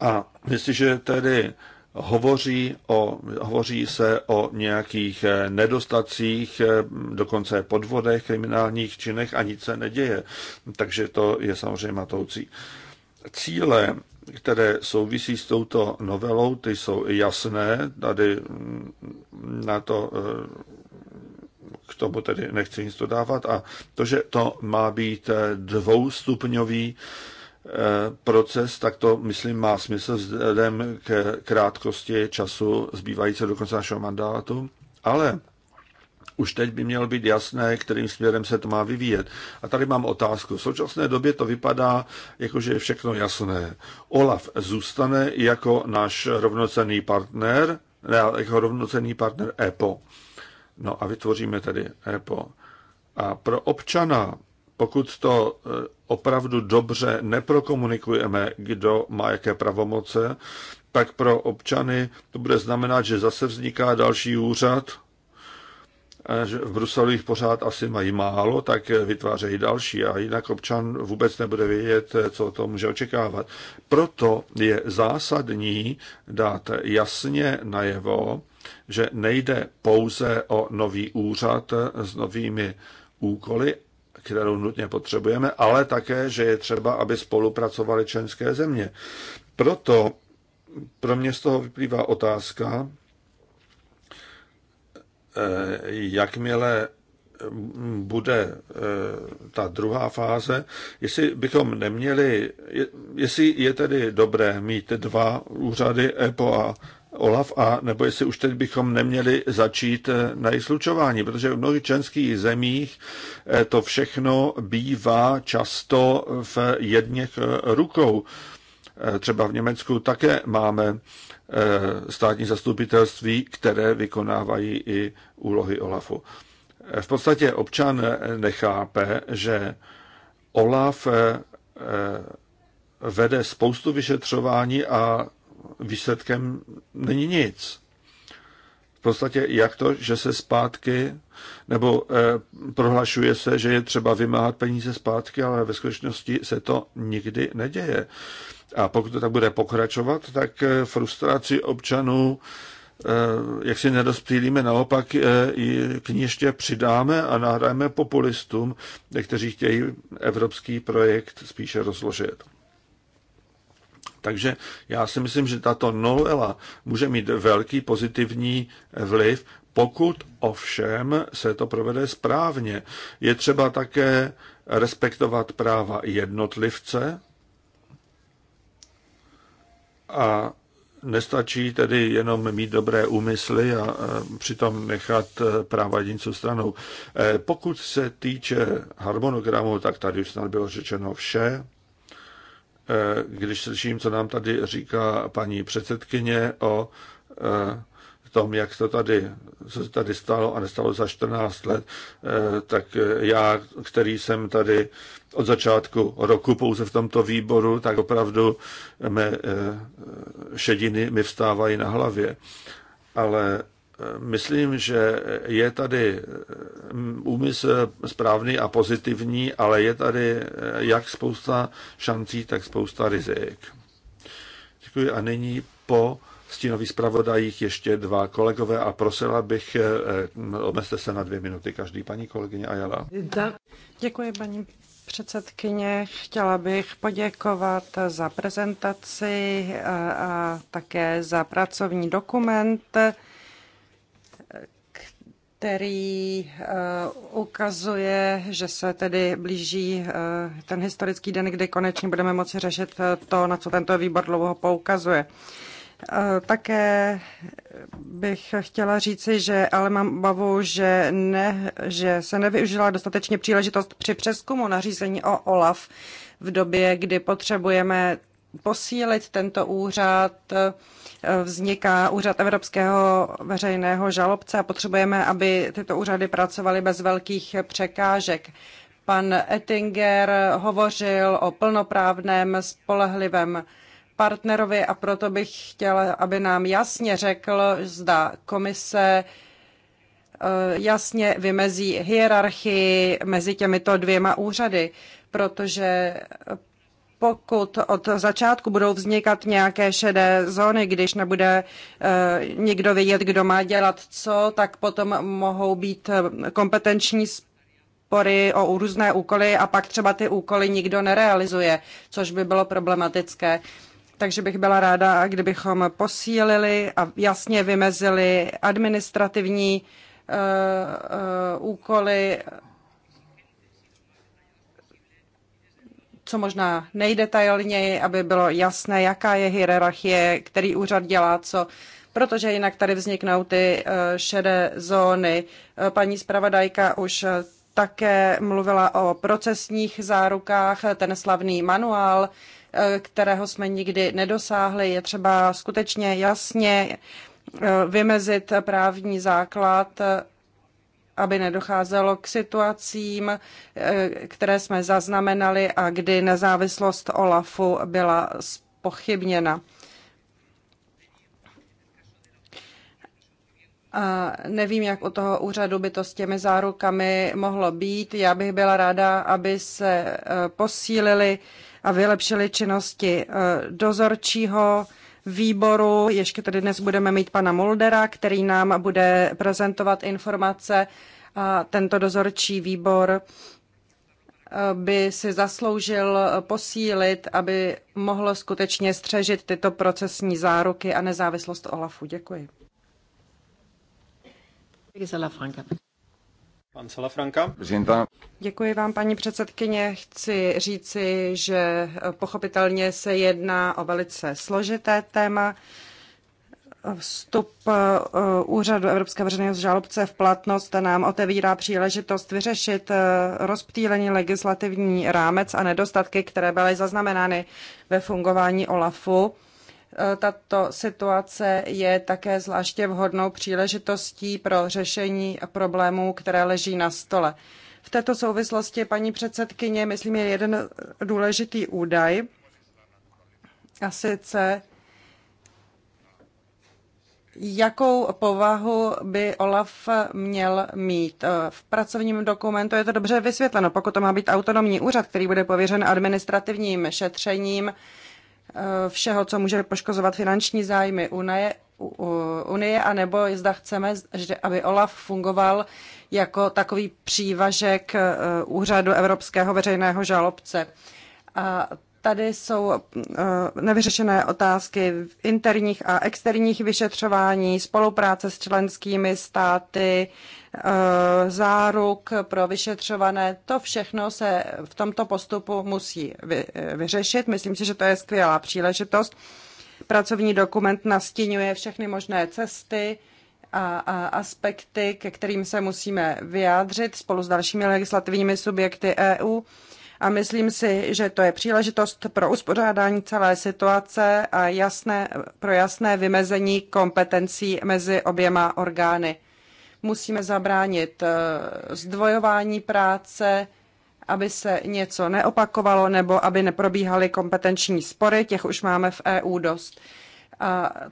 a jestliže tedy hovoří, o, hovoří se o nějakých eh, nedostacích, eh, dokonce podvodech, kriminálních činech a nic se neděje. Takže to je samozřejmě matoucí. Cíle, které souvisí s touto novelou, ty jsou jasné. Tady mm, na to eh, k tomu tedy nechci nic dodávat. A to, že to má být dvoustupňový proces, tak to, myslím, má smysl vzhledem k krátkosti času zbývající do konce našeho mandátu, ale už teď by mělo být jasné, kterým směrem se to má vyvíjet. A tady mám otázku. V současné době to vypadá, jakože je všechno jasné. Olaf zůstane jako náš rovnocený partner, ne, jako rovnocený partner EPO. No a vytvoříme tedy EPO. A pro občana pokud to eh, opravdu dobře neprokomunikujeme, kdo má jaké pravomoce, tak pro občany to bude znamenat, že zase vzniká další úřad, že v Bruselu jich pořád asi mají málo, tak vytvářejí další a jinak občan vůbec nebude vědět, eh, co to může očekávat. Proto je zásadní dát jasně najevo, že nejde pouze o nový úřad s novými úkoly, kterou nutně potřebujeme, ale také, že je třeba, aby spolupracovaly členské země. Proto pro mě z toho vyplývá otázka, eh, jakmile bude eh, ta druhá fáze, jestli bychom neměli, jestli je tedy dobré mít dva úřady EPO a OLAF a nebo jestli už teď bychom neměli začít eh, na jejich slučování, protože v mnohých členských zemích eh, to všechno bývá často v jedněch eh, rukou. Třeba v Německu také máme státní zastupitelství, které vykonávají i úlohy OLAFu. V podstatě občan nechápe, že OLAF vede spoustu vyšetřování a výsledkem není nic. V podstatě jak to, že se zpátky, nebo eh, prohlašuje se, že je třeba vymáhat peníze zpátky, ale ve skutečnosti se to nikdy neděje. A pokud to tak bude pokračovat, tak eh, frustraci občanů eh, jak si nerozptýlíme, naopak eh, k ní ještě přidáme a nahráme populistům, kteří chtějí evropský projekt spíše rozložit. Takže já si myslím, že tato novela může mít velký pozitivní vliv, pokud ovšem se to provede správně. Je třeba také respektovat práva jednotlivce a nestačí tedy jenom mít dobré úmysly a přitom nechat e, práva jedinců stranou. E, pokud se týče harmonogramu, tak tady už snad bylo řečeno vše. Eh, když slyším, co nám tady říká paní předsedkyně o eh, tom, jak to tady, co se tady stalo a nestalo za 14 let, eh, tak já, který jsem tady od začátku roku pouze v tomto výboru, tak opravdu mé šediny mi vstávají na hlavě. Ale myslím, že je tady eh, úmysl správný a pozitivní, ale je tady eh, jak spousta šancí, tak spousta rizik. Děkuji a nyní po stínových zpravodajích ještě dva kolegové a prosila bych, eh, omezte se na dvě minuty každý, paní kolegyně Ajala. Děkuji, paní předsedkyně. Chtěla bych poděkovat za prezentaci a také za pracovní dokument který eh, ukazuje, že se tedy blíží eh, ten historický den, kdy konečně budeme moci řešit eh, to, na co tento výbor dlouho poukazuje. Také bych chtěla říci, že ale mám obavu, že, ne, že se nevyužila dostatečně příležitost při přeskumu nařízení o OLAF v době, kdy potřebujeme posílit tento úřad. Vzniká úřad Evropského veřejného žalobce a potřebujeme, aby tyto úřady pracovaly bez velkých překážek. Pan Ettinger hovořil o plnoprávném spolehlivém partnerovi a proto bych chtěla, aby nám jasně řekl, zda komise eh, jasně vymezí hierarchii mezi těmito dvěma úřady, protože pokud od začátku budou vznikat nějaké šedé zóny, když nebude eh, nikdo vědět, kdo má dělat co, tak potom mohou být eh, kompetenční spory o různé úkoly a pak třeba ty úkoly nikdo nerealizuje, což by bylo problematické. Takže bych byla ráda, kdybychom posílili a jasně vymezili administrativní eh, úkoly co možná nejdetailněji, aby bylo jasné, jaká je hierarchie, který úřad dělá co, protože jinak tady vzniknou ty eh, šedé zóny. Eh, paní zpravodajka už eh, také mluvila o procesních zárukách, ten slavný manuál, kterého jsme nikdy nedosáhli. Je třeba skutečně jasně vymezit právní základ aby nedocházelo k situacím, eh, které jsme zaznamenali a kdy nezávislost OLAFu byla spochybněna. A nevím, jak u toho úřadu by to s těmi zárukami mohlo být. Já bych byla ráda, aby se eh, posílily a vylepšily činnosti eh, dozorčího výboru. Ještě tady dnes budeme mít pana Moldera, který nám bude prezentovat informace. A tento dozorčí výbor eh, by si zasloužil posílit, aby mohl skutečně střežit tyto procesní záruky a nezávislost OLAFu. Děkuji. Pan Salafranka. Děkuji vám, paní předsedkyně. Chci říci, že pochopitelně se jedná o velice složité téma. Vstup eh, úřadu Evropského veřejného žalobce v platnost nám otevírá příležitost vyřešit eh, rozptýlený legislativní rámec a nedostatky, které byly zaznamenány ve fungování OLAFu Eh, tato situace je také zvláště vhodnou příležitostí pro řešení problémů, které leží na stole. V této souvislosti, paní předsedkyně, myslím, je jeden důležitý údaj, a sice jakou povahu by OLAF měl mít. Eh, v pracovním dokumentu je to dobře vysvětleno. Pokud to má být autonomní úřad, který bude pověřen administrativním šetřením, Eh, všeho, co může poškozovat finanční zájmy Unie, Unie a nebo zda chceme, aby OLAF fungoval jako takový přívažek eh, úřadu Evropského veřejného žalobce. A Tady jsou eh, nevyřešené otázky interních a externích vyšetřování, spolupráce s členskými státy, eh, záruk pro vyšetřované. To všechno se v tomto postupu musí vyřešit. Myslím si, že to je skvělá příležitost. Pracovní dokument nastínuje všechny možné cesty a, a aspekty, ke kterým se musíme vyjádřit spolu s dalšími legislativními subjekty EU a myslím si, že to je příležitost pro uspořádání celé situace a jasné, pro jasné vymezení kompetencí mezi oběma orgány. Musíme zabránit eh, zdvojování práce, aby se něco neopakovalo nebo aby neprobíhaly kompetenční spory, těch už máme v EU dost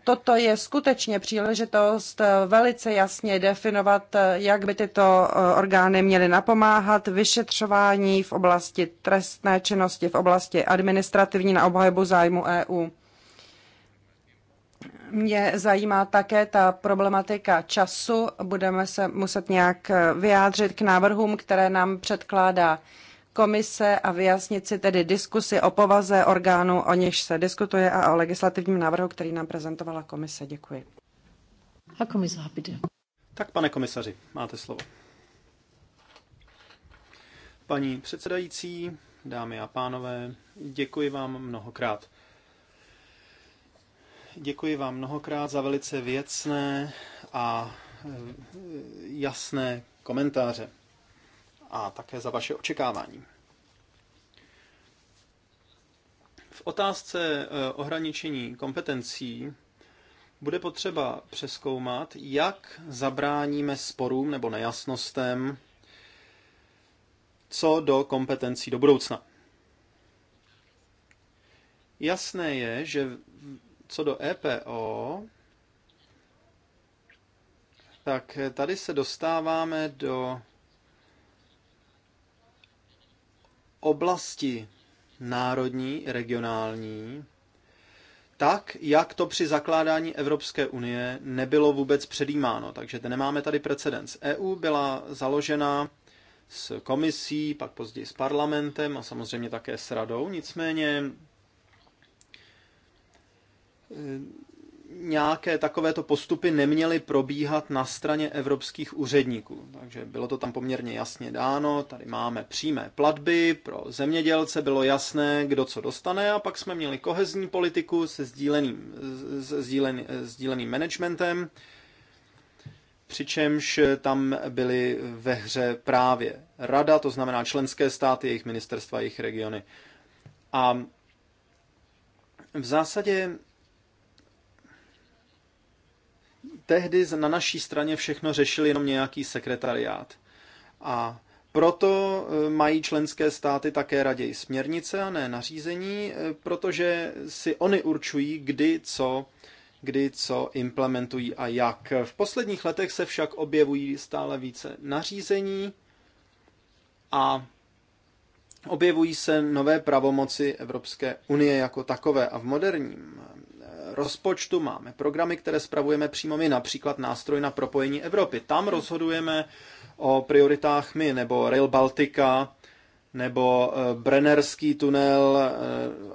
toto je skutečně příležitost eh, velice jasně definovat, eh, jak by tyto eh, orgány měly napomáhat vyšetřování v oblasti trestné činnosti, v oblasti administrativní na obhajobu zájmu EU. Mě zajímá také ta problematika času. Budeme se muset nějak vyjádřit k návrhům, které nám předkládá komise a vyjasnit si tedy diskusi o povaze orgánu, o něž se diskutuje a o legislativním návrhu, který nám prezentovala komise. Děkuji. A komisář, Tak, pane komisaři, máte slovo. Paní předsedající, dámy a pánové, děkuji vám mnohokrát. Děkuji vám mnohokrát za velice věcné a e, jasné komentáře a také za vaše očekávání. V otázce eh, ohraničení kompetencí bude potřeba přeskoumat, jak zabráníme sporům nebo nejasnostem co do kompetencí do budoucna. Jasné je, že co do EPO, tak tady se dostáváme do oblasti národní regionální, tak, jak to při zakládání Evropské unie nebylo vůbec předjímáno. Takže nemáme tady precedens. EU byla založena s komisí, pak později s parlamentem a samozřejmě také s radou. Nicméně nějaké takovéto postupy neměly probíhat na straně evropských úředníků. Takže bylo to tam poměrně jasně dáno, tady máme přímé platby pro zemědělce, bylo jasné, kdo co dostane a pak jsme měli kohezní politiku se sdíleným, se sdílen, sdíleným managementem, přičemž tam byly ve hře právě rada, to znamená členské státy, jejich ministerstva, jejich regiony. A v zásadě tehdy na naší straně všechno řešil jenom nějaký sekretariát. A proto e, mají členské státy také raději směrnice a ne nařízení, e, protože si oni určují, kdy co, kdy co implementují a jak. V posledních letech se však objevují stále více nařízení a objevují se nové pravomoci Evropské unie jako takové. A v moderním rozpočtu máme programy, které spravujeme přímo my, například nástroj na propojení Evropy. Tam rozhodujeme o prioritách my, nebo Rail Baltica, nebo eh, Brennerský tunel eh,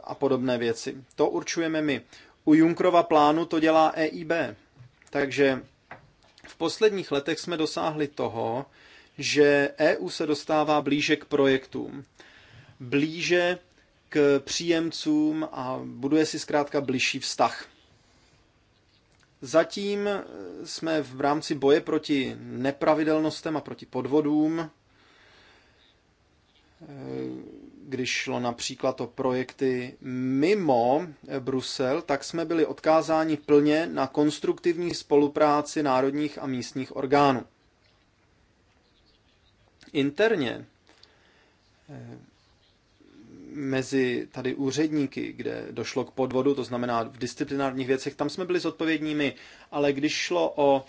a podobné věci. To určujeme my. U Junkrova plánu to dělá EIB. Takže v posledních letech jsme dosáhli toho, že EU se dostává blíže k projektům, blíže k příjemcům a buduje si zkrátka bližší vztah. Zatím eh, jsme v rámci boje proti nepravidelnostem a proti podvodům, eh, když šlo například o projekty mimo eh, Brusel, tak jsme byli odkázáni plně na konstruktivní spolupráci národních a místních orgánů. Interně mezi tady úředníky, kde došlo k podvodu, to znamená v disciplinárních věcech, tam jsme byli zodpovědními, ale když šlo o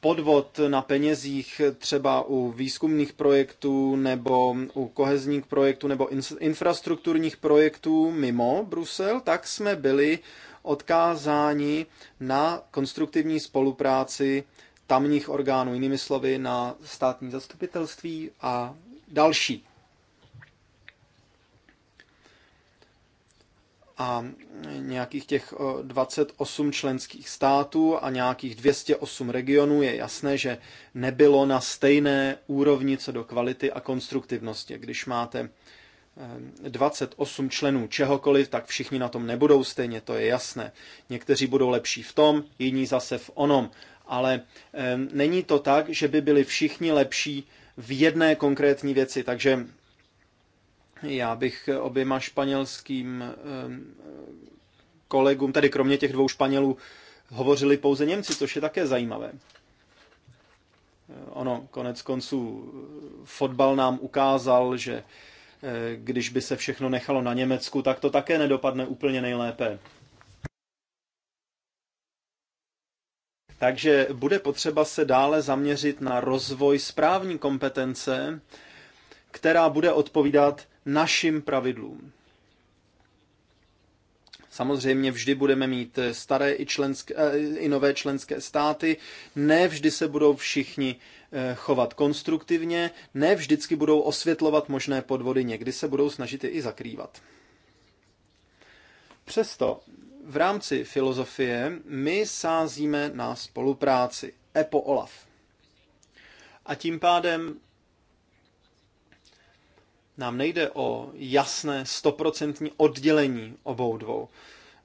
podvod na penězích třeba u výzkumných projektů nebo u kohezních projektů nebo infrastrukturních projektů mimo Brusel, tak jsme byli odkázáni na konstruktivní spolupráci tamních orgánů, jinými slovy na státní zastupitelství a další. a nějakých těch 28 členských států a nějakých 208 regionů je jasné, že nebylo na stejné úrovni co do kvality a konstruktivnosti. Když máte 28 eh, členů čehokoliv, tak všichni na tom nebudou stejně, to je jasné. Někteří budou lepší v tom, jiní zase v onom. Ale eh, není to tak, že by byli všichni lepší v jedné konkrétní věci. Takže já bych oběma španělským kolegům, tedy kromě těch dvou Španělů, hovořili pouze Němci, což je také zajímavé. Ono, konec konců, fotbal nám ukázal, že eh, když by se všechno nechalo na Německu, tak to také nedopadne úplně nejlépe. Takže bude potřeba se dále zaměřit na rozvoj správní kompetence, která bude odpovídat našim pravidlům. Samozřejmě vždy budeme mít staré i, členské, eh, i nové členské státy, ne vždy se budou všichni eh, chovat konstruktivně, ne vždycky budou osvětlovat možné podvody, někdy se budou snažit je i zakrývat. Přesto v rámci filozofie my sázíme na spolupráci EPO OLAF. A tím pádem nám nejde o jasné stoprocentní oddělení obou dvou.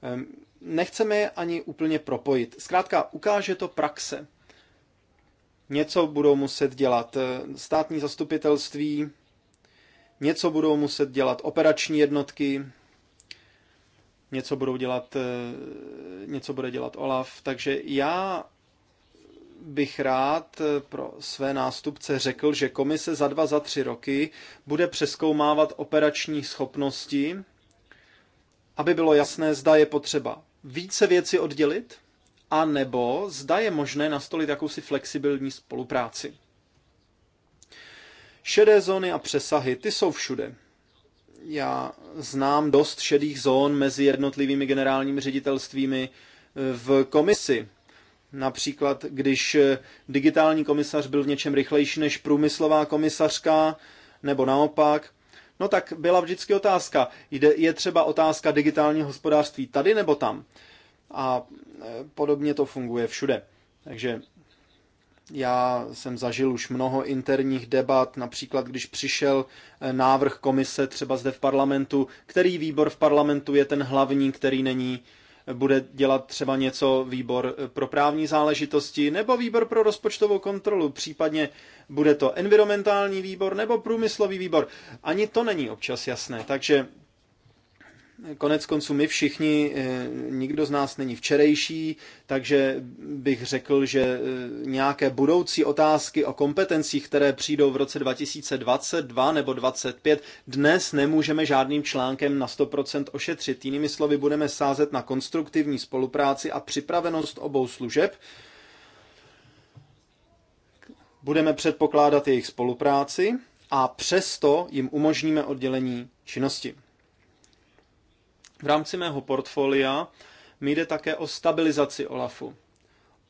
Ehm, nechceme je ani úplně propojit. Zkrátka, ukáže to praxe. Něco budou muset dělat eh, státní zastupitelství, něco budou muset dělat operační jednotky, něco budou dělat, eh, něco bude dělat Olaf, takže já bych rád eh, pro své nástupce řekl, že komise za dva, za tři roky bude přeskoumávat operační schopnosti, aby bylo jasné, zda je potřeba více věci oddělit, a nebo zda je možné nastolit jakousi flexibilní spolupráci. Šedé zóny a přesahy, ty jsou všude. Já znám dost šedých zón mezi jednotlivými generálními ředitelstvími eh, v komisi. Například, když eh, digitální komisař byl v něčem rychlejší než průmyslová komisařka, nebo naopak, no tak byla vždycky otázka, jde, je třeba otázka digitálního hospodářství tady nebo tam. A eh, podobně to funguje všude. Takže já jsem zažil už mnoho interních debat, například když přišel eh, návrh komise třeba zde v parlamentu, který výbor v parlamentu je ten hlavní, který není bude dělat třeba něco výbor pro právní záležitosti nebo výbor pro rozpočtovou kontrolu, případně bude to environmentální výbor nebo průmyslový výbor. Ani to není občas jasné, takže Konec konců my všichni, eh, nikdo z nás není včerejší, takže bych řekl, že eh, nějaké budoucí otázky o kompetencích, které přijdou v roce 2022 nebo 2025, dnes nemůžeme žádným článkem na 100% ošetřit. Jinými slovy, budeme sázet na konstruktivní spolupráci a připravenost obou služeb. Budeme předpokládat jejich spolupráci a přesto jim umožníme oddělení činnosti. V rámci mého portfolia mi jde také o stabilizaci OLAFu.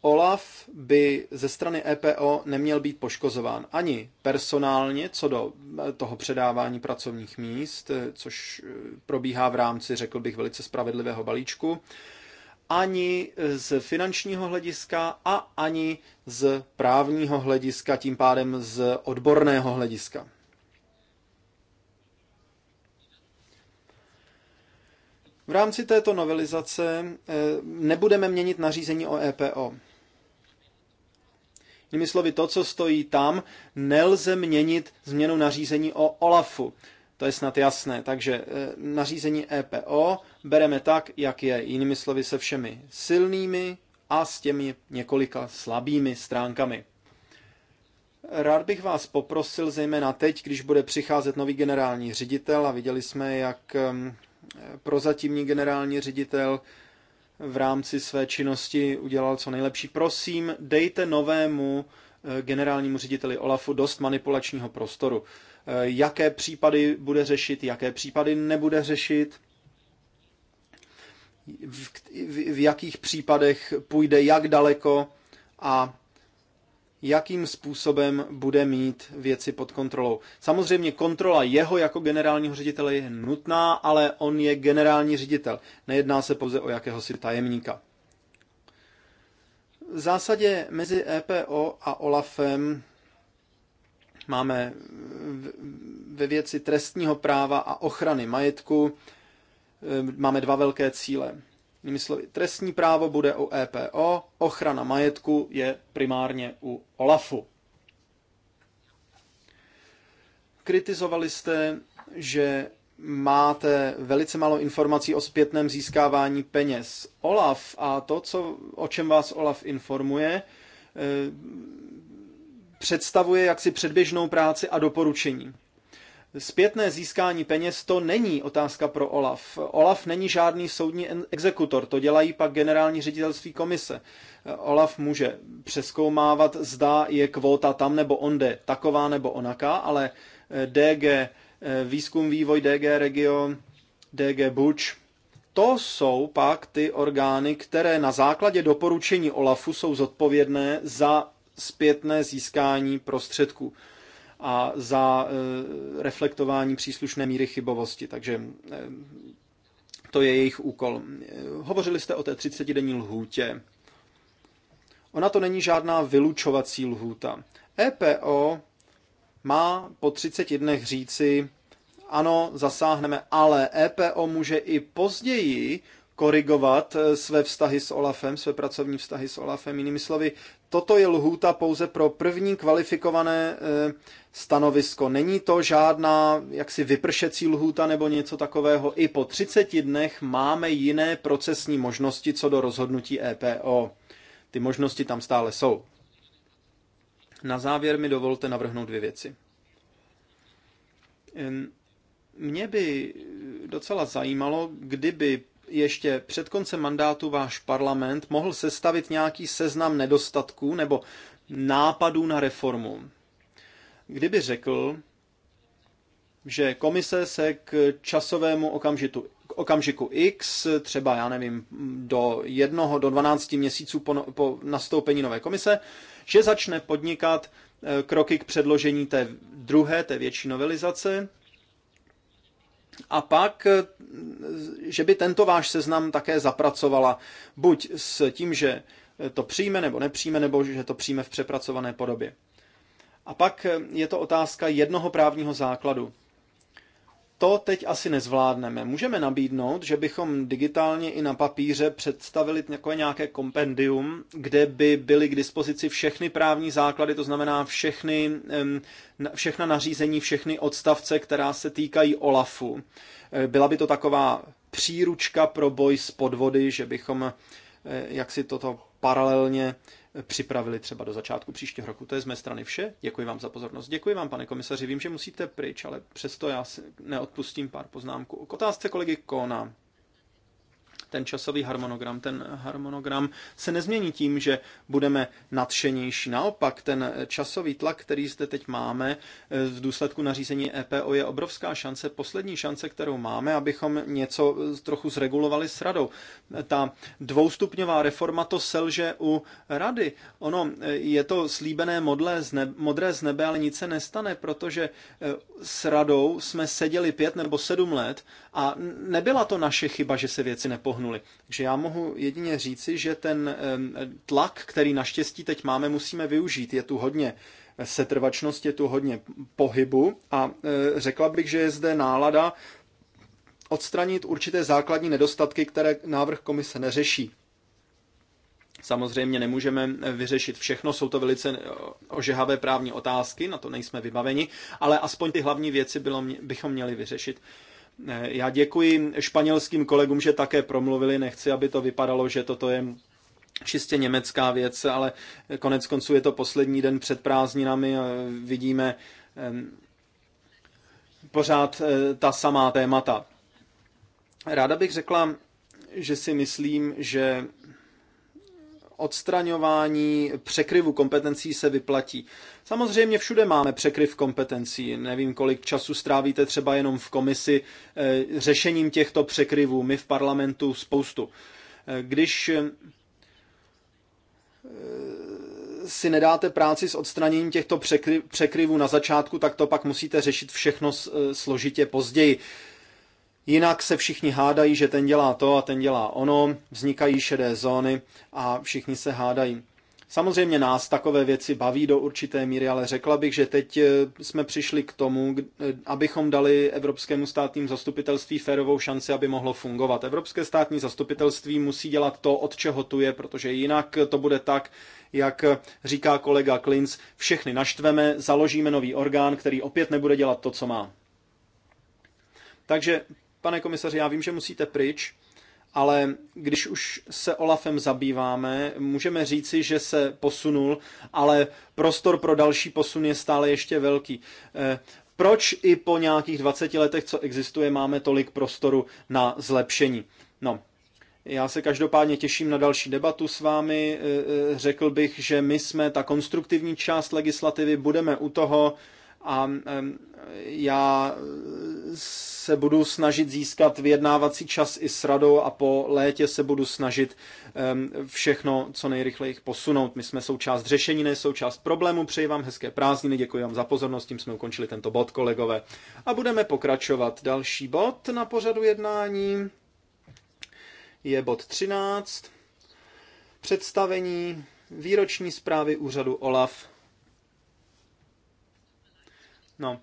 OLAF by ze strany EPO neměl být poškozován ani personálně, co do eh, toho předávání pracovních míst, eh, což eh, probíhá v rámci, řekl bych, velice spravedlivého balíčku, ani z finančního hlediska a ani z právního hlediska, tím pádem z odborného hlediska. V rámci této novelizace eh, nebudeme měnit nařízení o EPO. Jinými slovy, to, co stojí tam, nelze měnit změnou nařízení o OLAFu. To je snad jasné. Takže eh, nařízení EPO bereme tak, jak je. Jinými slovy, se všemi silnými a s těmi několika slabými stránkami. Rád bych vás poprosil, zejména teď, když bude přicházet nový generální ředitel a viděli jsme, jak ehm, prozatímní generální ředitel v rámci své činnosti udělal co nejlepší. Prosím, dejte novému eh, generálnímu řediteli Olafu dost manipulačního prostoru. Eh, jaké případy bude řešit, jaké případy nebude řešit, v, v, v jakých případech půjde jak daleko a jakým způsobem bude mít věci pod kontrolou. Samozřejmě kontrola jeho jako generálního ředitele je nutná, ale on je generální ředitel. Nejedná se pouze o jakéhosi tajemníka. V zásadě mezi EPO a OLAFem máme ve věci trestního práva a ochrany majetku e, máme dva velké cíle. Jinými slovy, trestní právo bude u EPO, ochrana majetku je primárně u OLAFu. Kritizovali jste, že máte velice málo informací o zpětném získávání peněz. OLAF a to, co, o čem vás OLAF informuje, eh, představuje jaksi předběžnou práci a doporučení. Zpětné získání peněz to není otázka pro OLAF. OLAF není žádný soudní exekutor, to dělají pak generální ředitelství komise. OLAF může přeskoumávat, zda je kvóta tam nebo onde, taková nebo onaká, ale eh, DG eh, výzkum, vývoj, DG Regio, DG Buč, to jsou pak ty orgány, které na základě doporučení OLAFu jsou zodpovědné za zpětné získání prostředků a za eh, reflektování příslušné míry chybovosti. Takže eh, to je jejich úkol. Hovořili jste o té 30-denní lhůtě. Ona to není žádná vylučovací lhůta. EPO má po 30 dnech říci, ano, zasáhneme, ale EPO může i později korigovat eh, své vztahy s Olafem, své pracovní vztahy s Olafem. Jinými slovy, toto je lhůta pouze pro první kvalifikované eh, stanovisko. Není to žádná jaksi vypršecí lhůta nebo něco takového. I po 30 dnech máme jiné procesní možnosti co do rozhodnutí EPO. Ty možnosti tam stále jsou. Na závěr mi dovolte navrhnout dvě věci. Mě by docela zajímalo, kdyby ještě před koncem mandátu váš parlament mohl sestavit nějaký seznam nedostatků nebo nápadů na reformu. Kdyby řekl, že komise se k časovému okamžitu, k okamžiku X, třeba já nevím, do jednoho, do 12 měsíců po, no, po nastoupení nové komise, že začne podnikat eh, kroky k předložení té druhé, té větší novelizace, a pak, eh, že by tento váš seznam také zapracovala buď s tím, že eh, to přijme nebo nepřijme, nebo že to přijme v přepracované podobě. A pak eh, je to otázka jednoho právního základu to teď asi nezvládneme. Můžeme nabídnout, že bychom digitálně i na papíře představili nějaké kompendium, kde by byly k dispozici všechny právní základy, to znamená všechny, všechna nařízení, všechny odstavce, která se týkají OLAFu. E, byla by to taková příručka pro boj s podvody, že bychom e, jak si toto paralelně připravili třeba do začátku příštího roku. To je z mé strany vše. Děkuji vám za pozornost. Děkuji vám, pane komisaři. Vím, že musíte pryč, ale přesto já si neodpustím pár poznámků. K otázce kolegy Kona ten časový harmonogram. Ten harmonogram se nezmění tím, že budeme nadšenější. Naopak, ten časový tlak, který zde teď máme v důsledku nařízení EPO, je obrovská šance, poslední šance, kterou máme, abychom něco trochu zregulovali s radou. Ta dvoustupňová reforma to selže u rady. Ono je to slíbené modlé z nebe, modré z nebe, ale nic se nestane, protože eh, s radou jsme seděli pět nebo sedm let a nebyla to naše chyba, že se věci nepohnou dosáhnuli. Takže já mohu jedině říci, že ten eh, tlak, který naštěstí teď máme, musíme využít. Je tu hodně setrvačnost, je tu hodně pohybu a eh, řekla bych, že je zde nálada odstranit určité základní nedostatky, které návrh komise neřeší. Samozřejmě nemůžeme eh, vyřešit všechno, jsou to velice ožehavé právní otázky, na to nejsme vybaveni, ale aspoň ty hlavní věci bylo, bychom měli vyřešit. Já děkuji španělským kolegům, že také promluvili. Nechci, aby to vypadalo, že toto je čistě německá věc, ale konec konců je to poslední den před prázdninami. Vidíme pořád e, ta samá témata. Ráda bych řekla, že si myslím, že odstraňování překryvu kompetencí se vyplatí. Samozřejmě všude máme překryv kompetencí. Nevím, kolik času strávíte třeba jenom v komisi eh, řešením těchto překryvů. My v parlamentu spoustu. Eh, když eh, si nedáte práci s odstraněním těchto překryvů na začátku, tak to pak musíte řešit všechno složitě později. Jinak se všichni hádají, že ten dělá to a ten dělá ono, vznikají šedé zóny a všichni se hádají. Samozřejmě nás takové věci baví do určité míry, ale řekla bych, že teď eh, jsme přišli k tomu, eh, abychom dali Evropskému státním zastupitelství férovou šanci, aby mohlo fungovat. Evropské státní zastupitelství musí dělat to, od čeho tu je, protože jinak to bude tak, jak eh, říká kolega Klinc, všechny naštveme, založíme nový orgán, který opět nebude dělat to, co má. Takže Pane komisaři, já vím, že musíte pryč, ale když už se Olafem zabýváme, můžeme říci, že se posunul, ale prostor pro další posun je stále ještě velký. Eh, proč i po nějakých 20 letech, co existuje, máme tolik prostoru na zlepšení? No, já se každopádně těším na další debatu s vámi. Eh, eh, řekl bych, že my jsme ta konstruktivní část legislativy, budeme u toho, a já se budu snažit získat vyjednávací čas i s radou a po létě se budu snažit všechno co nejrychleji posunout. My jsme součást řešení, ne součást problému. Přeji vám hezké prázdniny, děkuji vám za pozornost, tím jsme ukončili tento bod, kolegové. A budeme pokračovat. Další bod na pořadu jednání je bod 13. Představení výroční zprávy úřadu OLAF No,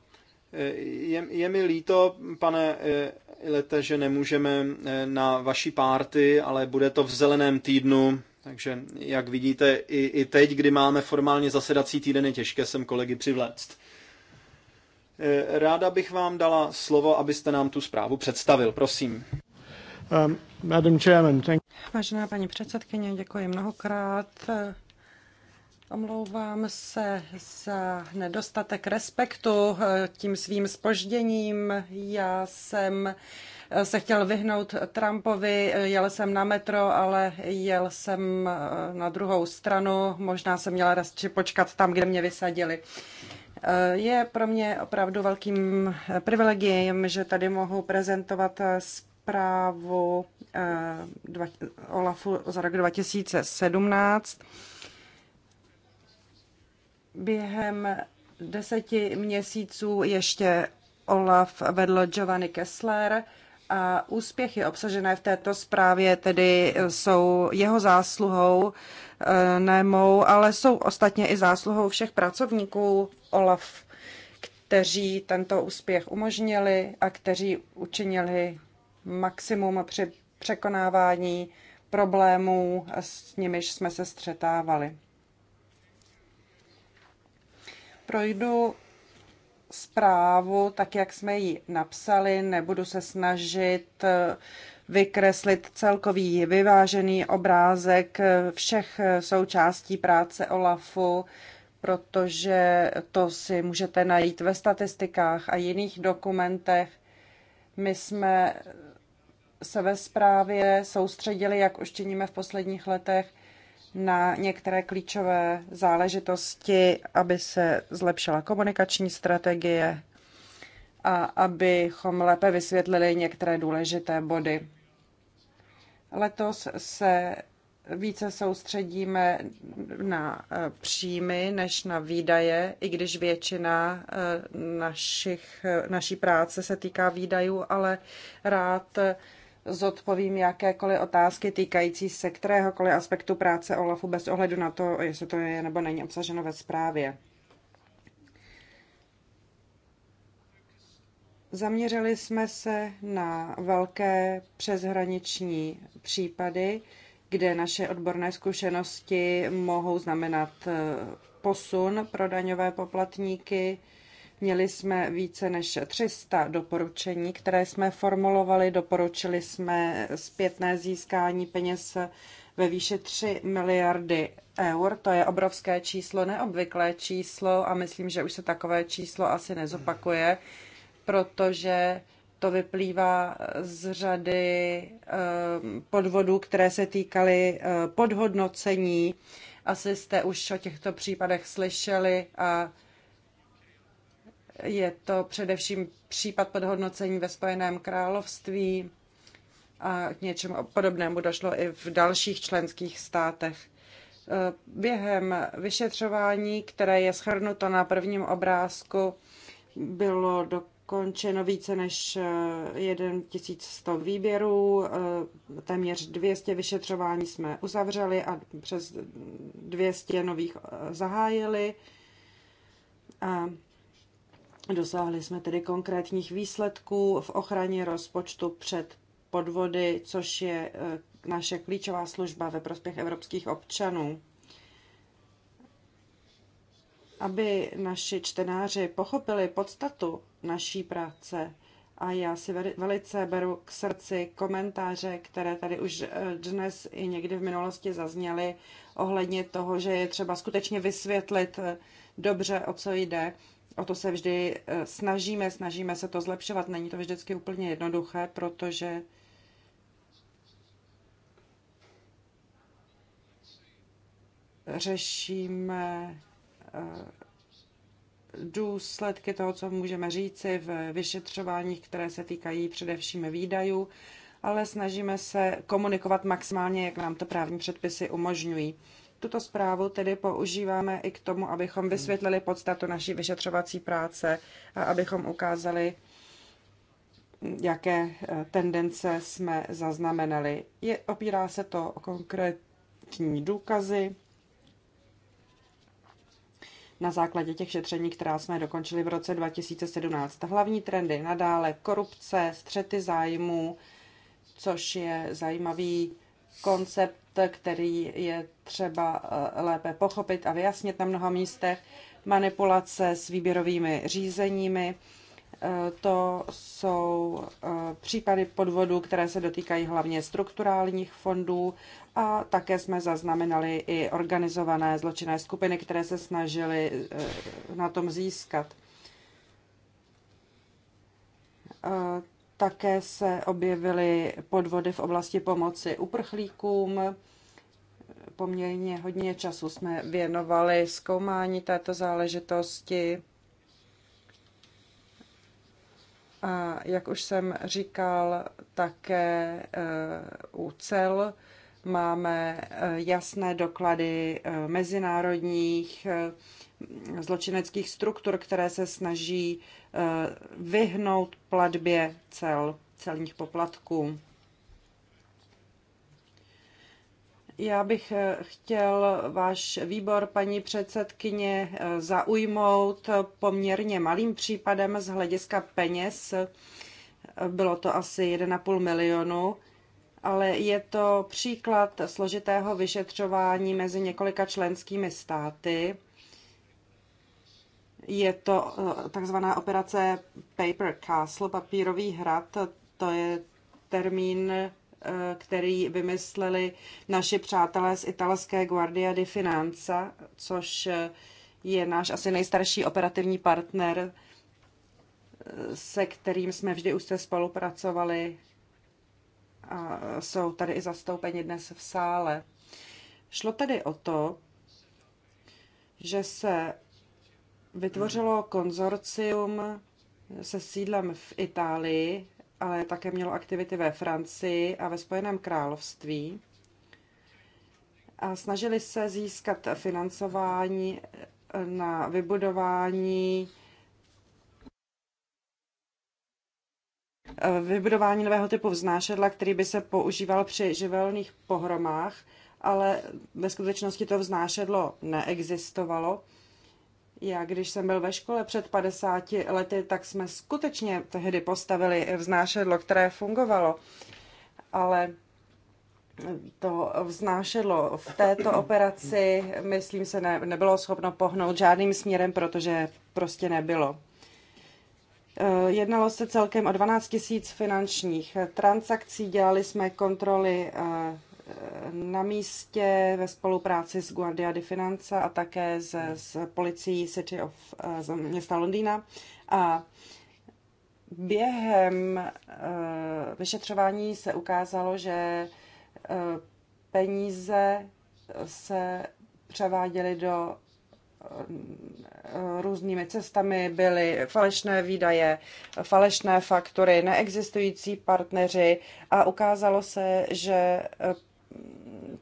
e, je, je mi líto, pane e, Ilete, že nemůžeme e, na vaší párty, ale bude to v zeleném týdnu, takže jak vidíte, i, i teď, kdy máme formálně zasedací týden, je těžké sem kolegy přivléct. Ráda bych vám dala slovo, abyste nám tu zprávu představil, prosím. Um, Madam Chairman, thank... Vážená paní předsedkyně, děkuji mnohokrát. Omlouvám se za nedostatek respektu eh, tím svým spožděním. Já jsem eh, se chtěl vyhnout Trumpovi, eh, jel jsem na metro, ale jel jsem na druhou stranu. Možná jsem měla radši počkat tam, kde mě vysadili. Je pro mě opravdu velkým privilegiem, že tady mohu prezentovat zprávu Olafu za rok 2017 Během deseti měsíců ještě Olaf vedl Giovanni Kessler a úspěchy obsažené v této zprávě tedy jsou jeho zásluhou, eh, ne mou, ale jsou ostatně i zásluhou všech pracovníků Olaf, kteří tento úspěch umožnili a kteří učinili maximum při překonávání problémů, s nimiž jsme se střetávali projdu zprávu tak, jak jsme ji napsali, nebudu se snažit eh, vykreslit celkový vyvážený obrázek eh, všech eh, součástí práce OLAFu, protože to si můžete najít ve statistikách a jiných dokumentech. My jsme se ve zprávě soustředili, jak už činíme v posledních letech, na některé klíčové záležitosti, aby se zlepšila komunikační strategie a abychom lépe vysvětlili některé důležité body. Letos se více soustředíme na eh, příjmy než na výdaje, i když většina eh, našich, eh, naší práce se týká výdajů, ale rád zodpovím jakékoliv otázky týkající se kteréhokoliv aspektu práce OLAFu bez ohledu na to, jestli to je nebo není obsaženo ve zprávě. Zaměřili jsme se na velké přeshraniční případy, kde naše odborné zkušenosti mohou znamenat eh, posun pro daňové poplatníky. Měli jsme více než 300 doporučení, které jsme formulovali. Doporučili jsme zpětné získání peněz ve výši 3 miliardy eur. To je obrovské číslo, neobvyklé číslo a myslím, že už se takové číslo asi nezopakuje, protože to vyplývá z řady eh, podvodů, které se týkaly eh, podhodnocení. Asi jste už o těchto případech slyšeli a je to především případ podhodnocení ve Spojeném království a k něčemu podobnému došlo i v dalších členských státech. Během vyšetřování, které je schrnuto na prvním obrázku, bylo dokončeno více než 1100 výběrů, téměř 200 vyšetřování jsme uzavřeli a přes 200 nových zahájili. A Dosáhli jsme tedy konkrétních výsledků v ochraně rozpočtu před podvody, což je eh, naše klíčová služba ve prospěch evropských občanů. Aby naši čtenáři pochopili podstatu naší práce, a já si velice beru k srdci komentáře, které tady už eh, dnes i někdy v minulosti zazněly ohledně toho, že je třeba skutečně vysvětlit eh, dobře, o co jde O to se vždy eh, snažíme, snažíme se to zlepšovat. Není to vždycky úplně jednoduché, protože řešíme eh, důsledky toho, co můžeme říci v vyšetřováních, které se týkají především výdajů, ale snažíme se komunikovat maximálně, jak nám to právní předpisy umožňují. Tuto zprávu tedy používáme i k tomu, abychom hmm. vysvětlili podstatu naší vyšetřovací práce a abychom ukázali, jaké eh, tendence jsme zaznamenali. Je, opírá se to o konkrétní důkazy na základě těch šetření, která jsme dokončili v roce 2017. Hlavní trendy nadále korupce, střety zájmů, což je zajímavý koncept který je třeba eh, lépe pochopit a vyjasnit na mnoha místech, manipulace s výběrovými řízeními. Eh, to jsou eh, případy podvodů, které se dotýkají hlavně strukturálních fondů a také jsme zaznamenali i organizované zločinné skupiny, které se snažily na tom získat také se objevily podvody v oblasti pomoci uprchlíkům. Poměrně hodně času jsme věnovali zkoumání této záležitosti. A jak už jsem říkal, také eh, u cel máme eh, jasné doklady eh, mezinárodních zločineckých struktur, které se snaží eh, vyhnout platbě cel, celních poplatků. Já bych eh, chtěl váš výbor, paní předsedkyně, eh, zaujmout poměrně malým případem z hlediska peněz. Bylo to asi 1,5 milionu, ale je to příklad složitého vyšetřování mezi několika členskými státy je to eh, takzvaná operace Paper Castle, papírový hrad. To je termín, eh, který vymysleli naši přátelé z italské Guardia di Finanza, což eh, je náš asi nejstarší operativní partner, se kterým jsme vždy už se spolupracovali a jsou tady i zastoupeni dnes v sále. Šlo tedy o to, že se vytvořilo konzorcium se sídlem v Itálii, ale také mělo aktivity ve Francii a ve Spojeném království. A snažili se získat financování na vybudování vybudování nového typu vznášedla, který by se používal při živelných pohromách, ale ve skutečnosti to vznášedlo neexistovalo já, když jsem byl ve škole před 50 lety, tak jsme skutečně tehdy postavili vznášedlo, které fungovalo. Ale to vznášedlo v této operaci, myslím se, ne, nebylo schopno pohnout žádným směrem, protože prostě nebylo. Eh, jednalo se celkem o 12 000 finančních transakcí, dělali jsme kontroly eh, na místě ve spolupráci s Guardia di Finanza a také s, s policií City of, eh, z města Londýna. A během eh, vyšetřování se ukázalo, že eh, peníze se převáděly do různými cestami, byly falešné výdaje, falešné faktory, neexistující partneři a ukázalo se, že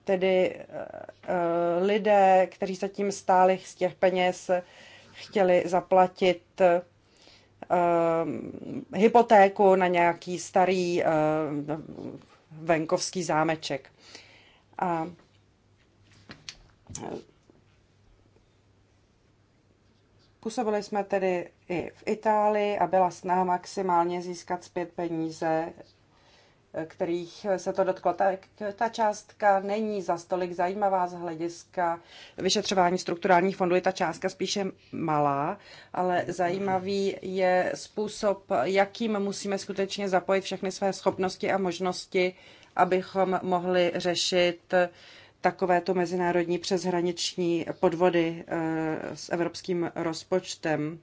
tedy eh, eh, lidé, kteří se tím stáli z těch peněz, chtěli zaplatit eh, hypotéku na nějaký starý venkovský zámeček. A Působili jsme tedy i v Itálii a byla snaha maximálně získat zpět peníze kterých se to dotklo. Ta, ta částka není za stolik zajímavá z hlediska vyšetřování strukturálních fondů, je ta částka spíše malá, ale zajímavý je způsob, jakým musíme skutečně zapojit všechny své schopnosti a možnosti, abychom mohli řešit takovéto mezinárodní přeshraniční podvody eh, s evropským rozpočtem.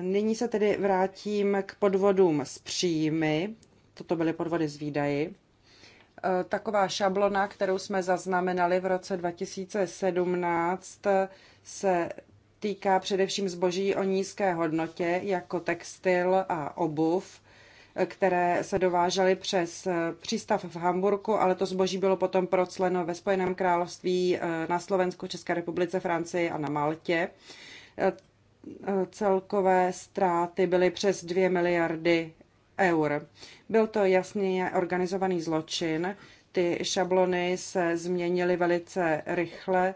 Nyní se tedy vrátím k podvodům s příjmy. Toto byly podvody s výdaji. E, taková šablona, kterou jsme zaznamenali v roce 2017, se týká především zboží o nízké hodnotě, jako textil a obuv, které se dovážely přes přístav v Hamburku, ale to zboží bylo potom procleno ve Spojeném království, e, na Slovensku, České republice, Francii a na Maltě celkové ztráty byly přes 2 miliardy eur. Byl to jasně organizovaný zločin. Ty šablony se změnily velice rychle.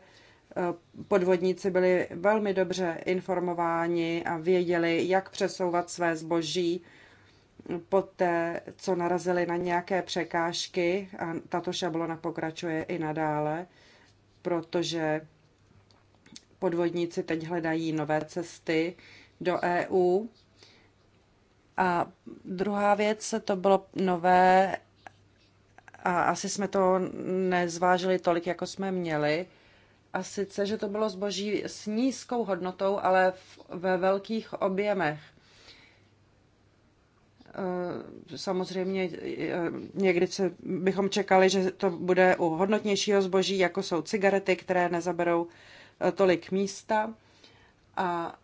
Podvodníci byli velmi dobře informováni a věděli, jak přesouvat své zboží poté, co narazili na nějaké překážky. A tato šablona pokračuje i nadále, protože podvodníci teď hledají nové cesty do EU. A druhá věc, to bylo nové a asi jsme to nezvážili tolik, jako jsme měli. A sice, že to bylo zboží s nízkou hodnotou, ale v, ve velkých objemech. Eh, samozřejmě eh, někdy se bychom čekali, že to bude u hodnotnějšího zboží, jako jsou cigarety, které nezaberou Eh, tolik místa a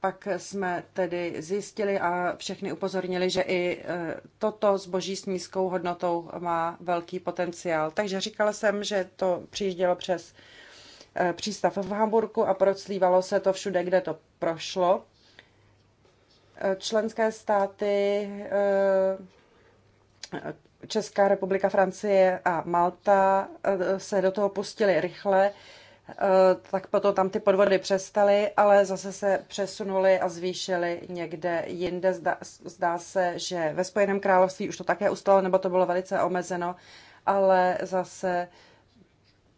pak jsme tedy zjistili a všechny upozornili, že i eh, toto zboží s nízkou hodnotou má velký potenciál. Takže říkala jsem, že to přijíždělo přes eh, přístav v Hamburku a proclívalo se to všude, kde to prošlo. Členské státy Česká republika, Francie a Malta eh, se do toho pustili rychle, eh, tak potom tam ty podvody přestaly, ale zase se přesunuli a zvýšili někde jinde. Zdá, zdá se, že ve Spojeném království už to také ustalo, nebo to bylo velice omezeno, ale zase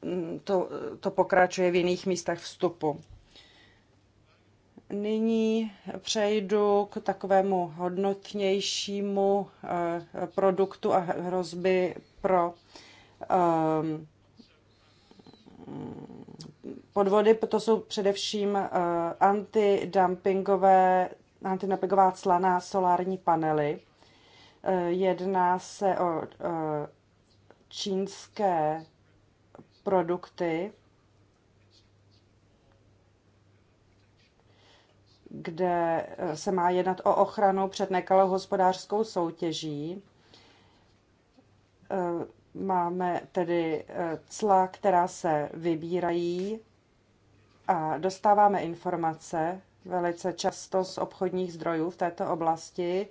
mm, to, to pokračuje v jiných místech vstupu. Nyní přejdu k takovému hodnotnějšímu eh, produktu a hrozby pro ehm, podvody. To jsou především eh, antidumpingové, antidumpingová slaná solární panely. Eh, jedná se o čínské produkty, kde eh, se má jednat o ochranu před nekalou hospodářskou soutěží. Eh, máme tedy eh, cla, která se vybírají a dostáváme informace velice často z obchodních zdrojů v této oblasti,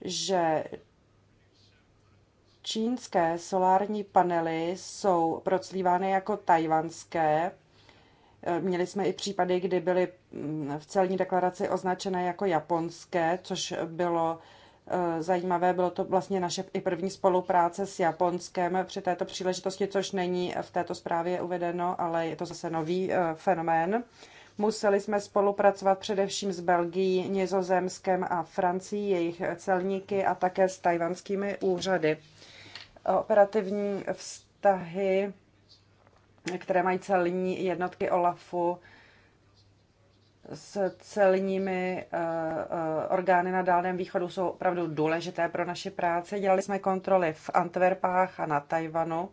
že čínské solární panely jsou proclívány jako tajvanské Eh, měli jsme i případy, kdy byly mm, v celní deklaraci označené jako japonské, což bylo eh, zajímavé. Bylo to vlastně naše i první spolupráce s Japonskem při této příležitosti, což není v této zprávě uvedeno, ale je to zase nový eh, fenomén. Museli jsme spolupracovat především s Belgií, Nizozemskem a Francií, jejich celníky a také s tajvanskými úřady. Operativní vztahy které mají celní jednotky OLAFu s celními eh, eh, orgány na Dálném východu jsou opravdu důležité pro naši práci. Dělali jsme kontroly v Antwerpách a na Tajvanu.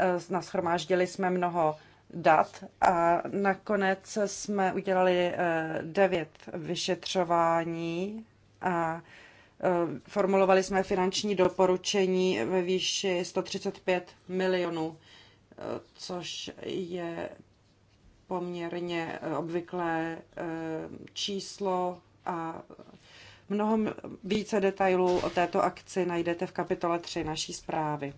Eh, nashromáždili jsme mnoho dat a nakonec jsme udělali devět vyšetřování a formulovali jsme finanční doporučení ve výši 135 milionů což je poměrně obvyklé eh, číslo a mnoho více detailů o této akci najdete v kapitole 3 naší zprávy.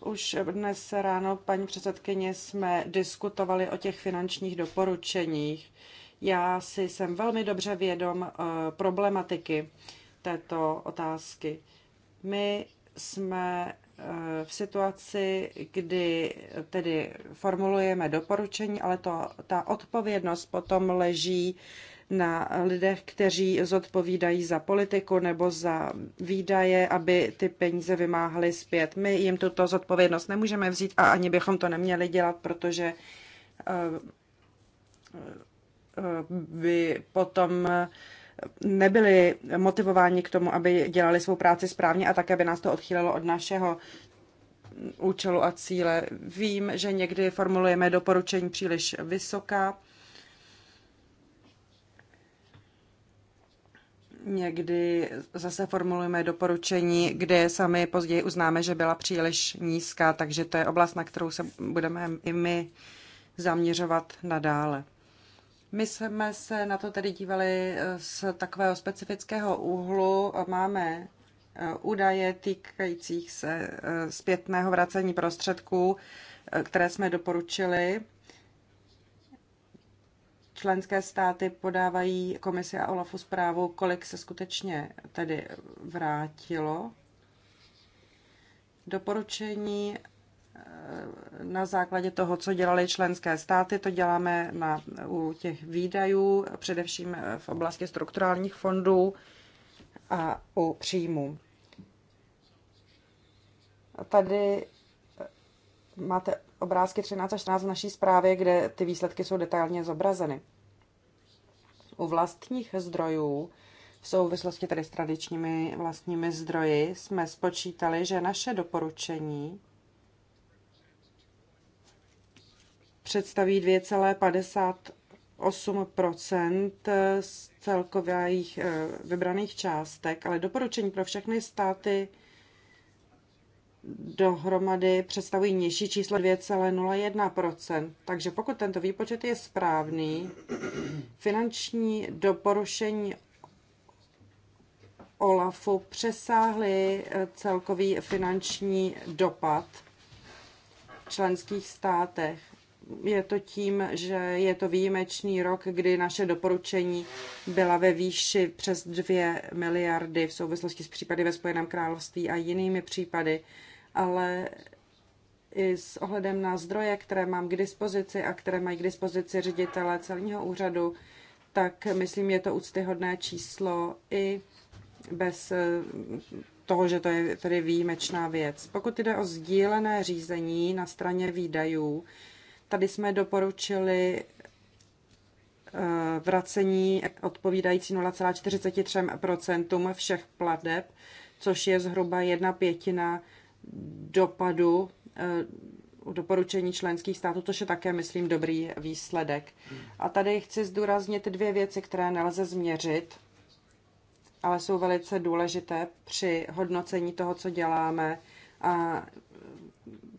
Už dnes ráno, paní předsedkyně, jsme diskutovali o těch finančních doporučeních. Já si jsem velmi dobře vědom eh, problematiky této otázky. My jsme eh, v situaci, kdy tedy formulujeme doporučení, ale to, ta odpovědnost potom leží na lidech, kteří zodpovídají za politiku nebo za výdaje, aby ty peníze vymáhali zpět. My jim tuto zodpovědnost nemůžeme vzít a ani bychom to neměli dělat, protože eh, eh, by potom nebyli motivováni k tomu, aby dělali svou práci správně a také aby nás to odchýlilo od našeho účelu a cíle. Vím, že někdy formulujeme doporučení příliš vysoká. Někdy zase formulujeme doporučení, kde sami později uznáme, že byla příliš nízká, takže to je oblast, na kterou se budeme i my zaměřovat nadále. My jsme se na to tedy dívali eh, z takového specifického úhlu. Máme eh, údaje týkajících se eh, zpětného vracení prostředků, které jsme doporučili. Členské státy podávají komisi a OLAFu zprávu, kolik se skutečně tedy vrátilo. Doporučení na základě toho, co dělaly členské státy, to děláme na, u těch výdajů, především v oblasti strukturálních fondů a u příjmů. Tady eh, máte obrázky 13 a 14 v naší zprávě, kde ty výsledky jsou detailně zobrazeny. U vlastních zdrojů v souvislosti tedy s tradičními vlastními zdroji jsme spočítali, že naše doporučení představí 2,58 z celkových eh, vybraných částek, ale doporučení pro všechny státy dohromady představují nižší číslo 2,01%. Takže pokud tento výpočet je správný, finanční doporušení OLAFu přesáhly eh, celkový finanční dopad v členských státech je to tím, že je to výjimečný rok, kdy naše doporučení byla ve výši přes 2 miliardy v souvislosti s případy ve Spojeném království a jinými případy, ale i s ohledem na zdroje, které mám k dispozici a které mají k dispozici ředitele celního úřadu, tak myslím, je to úctyhodné číslo i bez eh, toho, že to je tedy výjimečná věc. Pokud jde o sdílené řízení na straně výdajů, Tady jsme doporučili eh, vracení odpovídající 0,43 všech plateb, což je zhruba jedna pětina dopadu eh, doporučení členských států, což je také, myslím, dobrý výsledek. A tady chci zdůraznit dvě věci, které nelze změřit, ale jsou velice důležité při hodnocení toho, co děláme a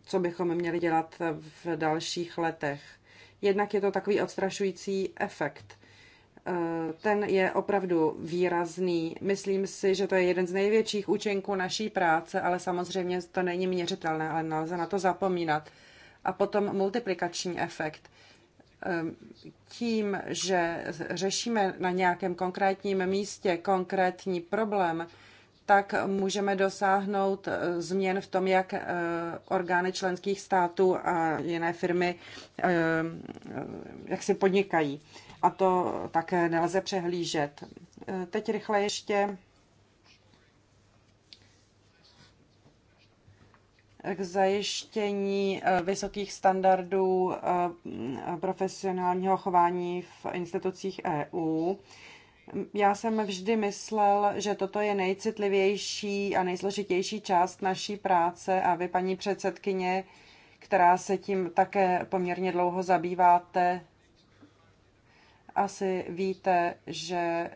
co bychom měli dělat v dalších letech. Jednak je to takový odstrašující efekt. Eh, ten je opravdu výrazný. Myslím si, že to je jeden z největších účinků naší práce, ale samozřejmě to není měřitelné, ale nelze na to zapomínat. A potom multiplikační efekt ehm, tím, že řešíme na nějakém konkrétním místě konkrétní problém, tak můžeme dosáhnout eh, změn v tom, jak eh, orgány členských států a jiné firmy eh, jak si podnikají. A to také nelze přehlížet. Teď rychle ještě k zajištění vysokých standardů profesionálního chování v institucích EU. Já jsem vždy myslel, že toto je nejcitlivější a nejsložitější část naší práce a vy, paní předsedkyně, která se tím také poměrně dlouho zabýváte, asi víte, že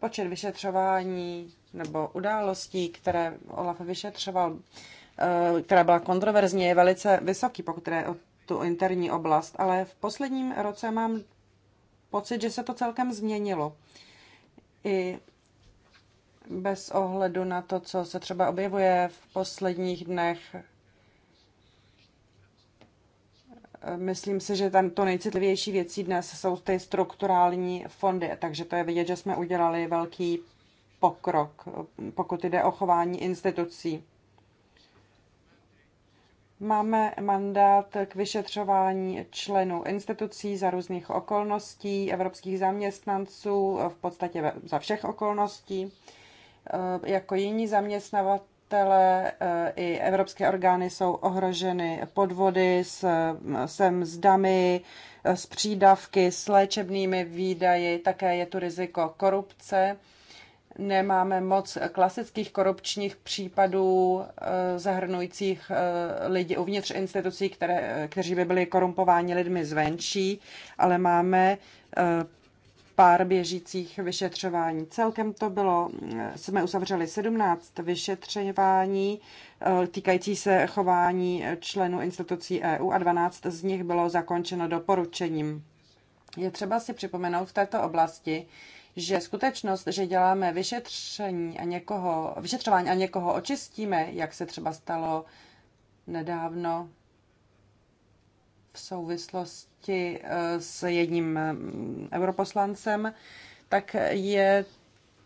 počet vyšetřování nebo událostí, které Olaf vyšetřoval, eh, která byla kontroverzní, je velice vysoký, pokud je o tu interní oblast. Ale v posledním roce mám pocit, že se to celkem změnilo. I bez ohledu na to, co se třeba objevuje v posledních dnech. Myslím si, že tam to nejcitlivější věcí dnes jsou ty strukturální fondy, takže to je vidět, že jsme udělali velký pokrok, pokud jde o chování institucí. Máme mandát k vyšetřování členů institucí za různých okolností, evropských zaměstnanců, v podstatě za všech okolností. E, jako jiní zaměstnavatele i evropské orgány jsou ohroženy podvody s, se mzdami, e, s přídavky, s léčebnými výdaji, také je tu riziko korupce nemáme moc klasických korupčních případů eh, zahrnujících eh, lidi uvnitř institucí, které, eh, kteří by byli korumpováni lidmi zvenčí, ale máme pár běžících vyšetřování. Celkem to bylo, jsme uzavřeli 17 vyšetřování týkající se chování členů institucí EU a 12 z nich bylo zakončeno doporučením. Je třeba si připomenout v této oblasti, že skutečnost, že děláme vyšetření a někoho, vyšetřování a někoho očistíme, jak se třeba stalo nedávno v souvislosti eh, s jedním mm, europoslancem, tak je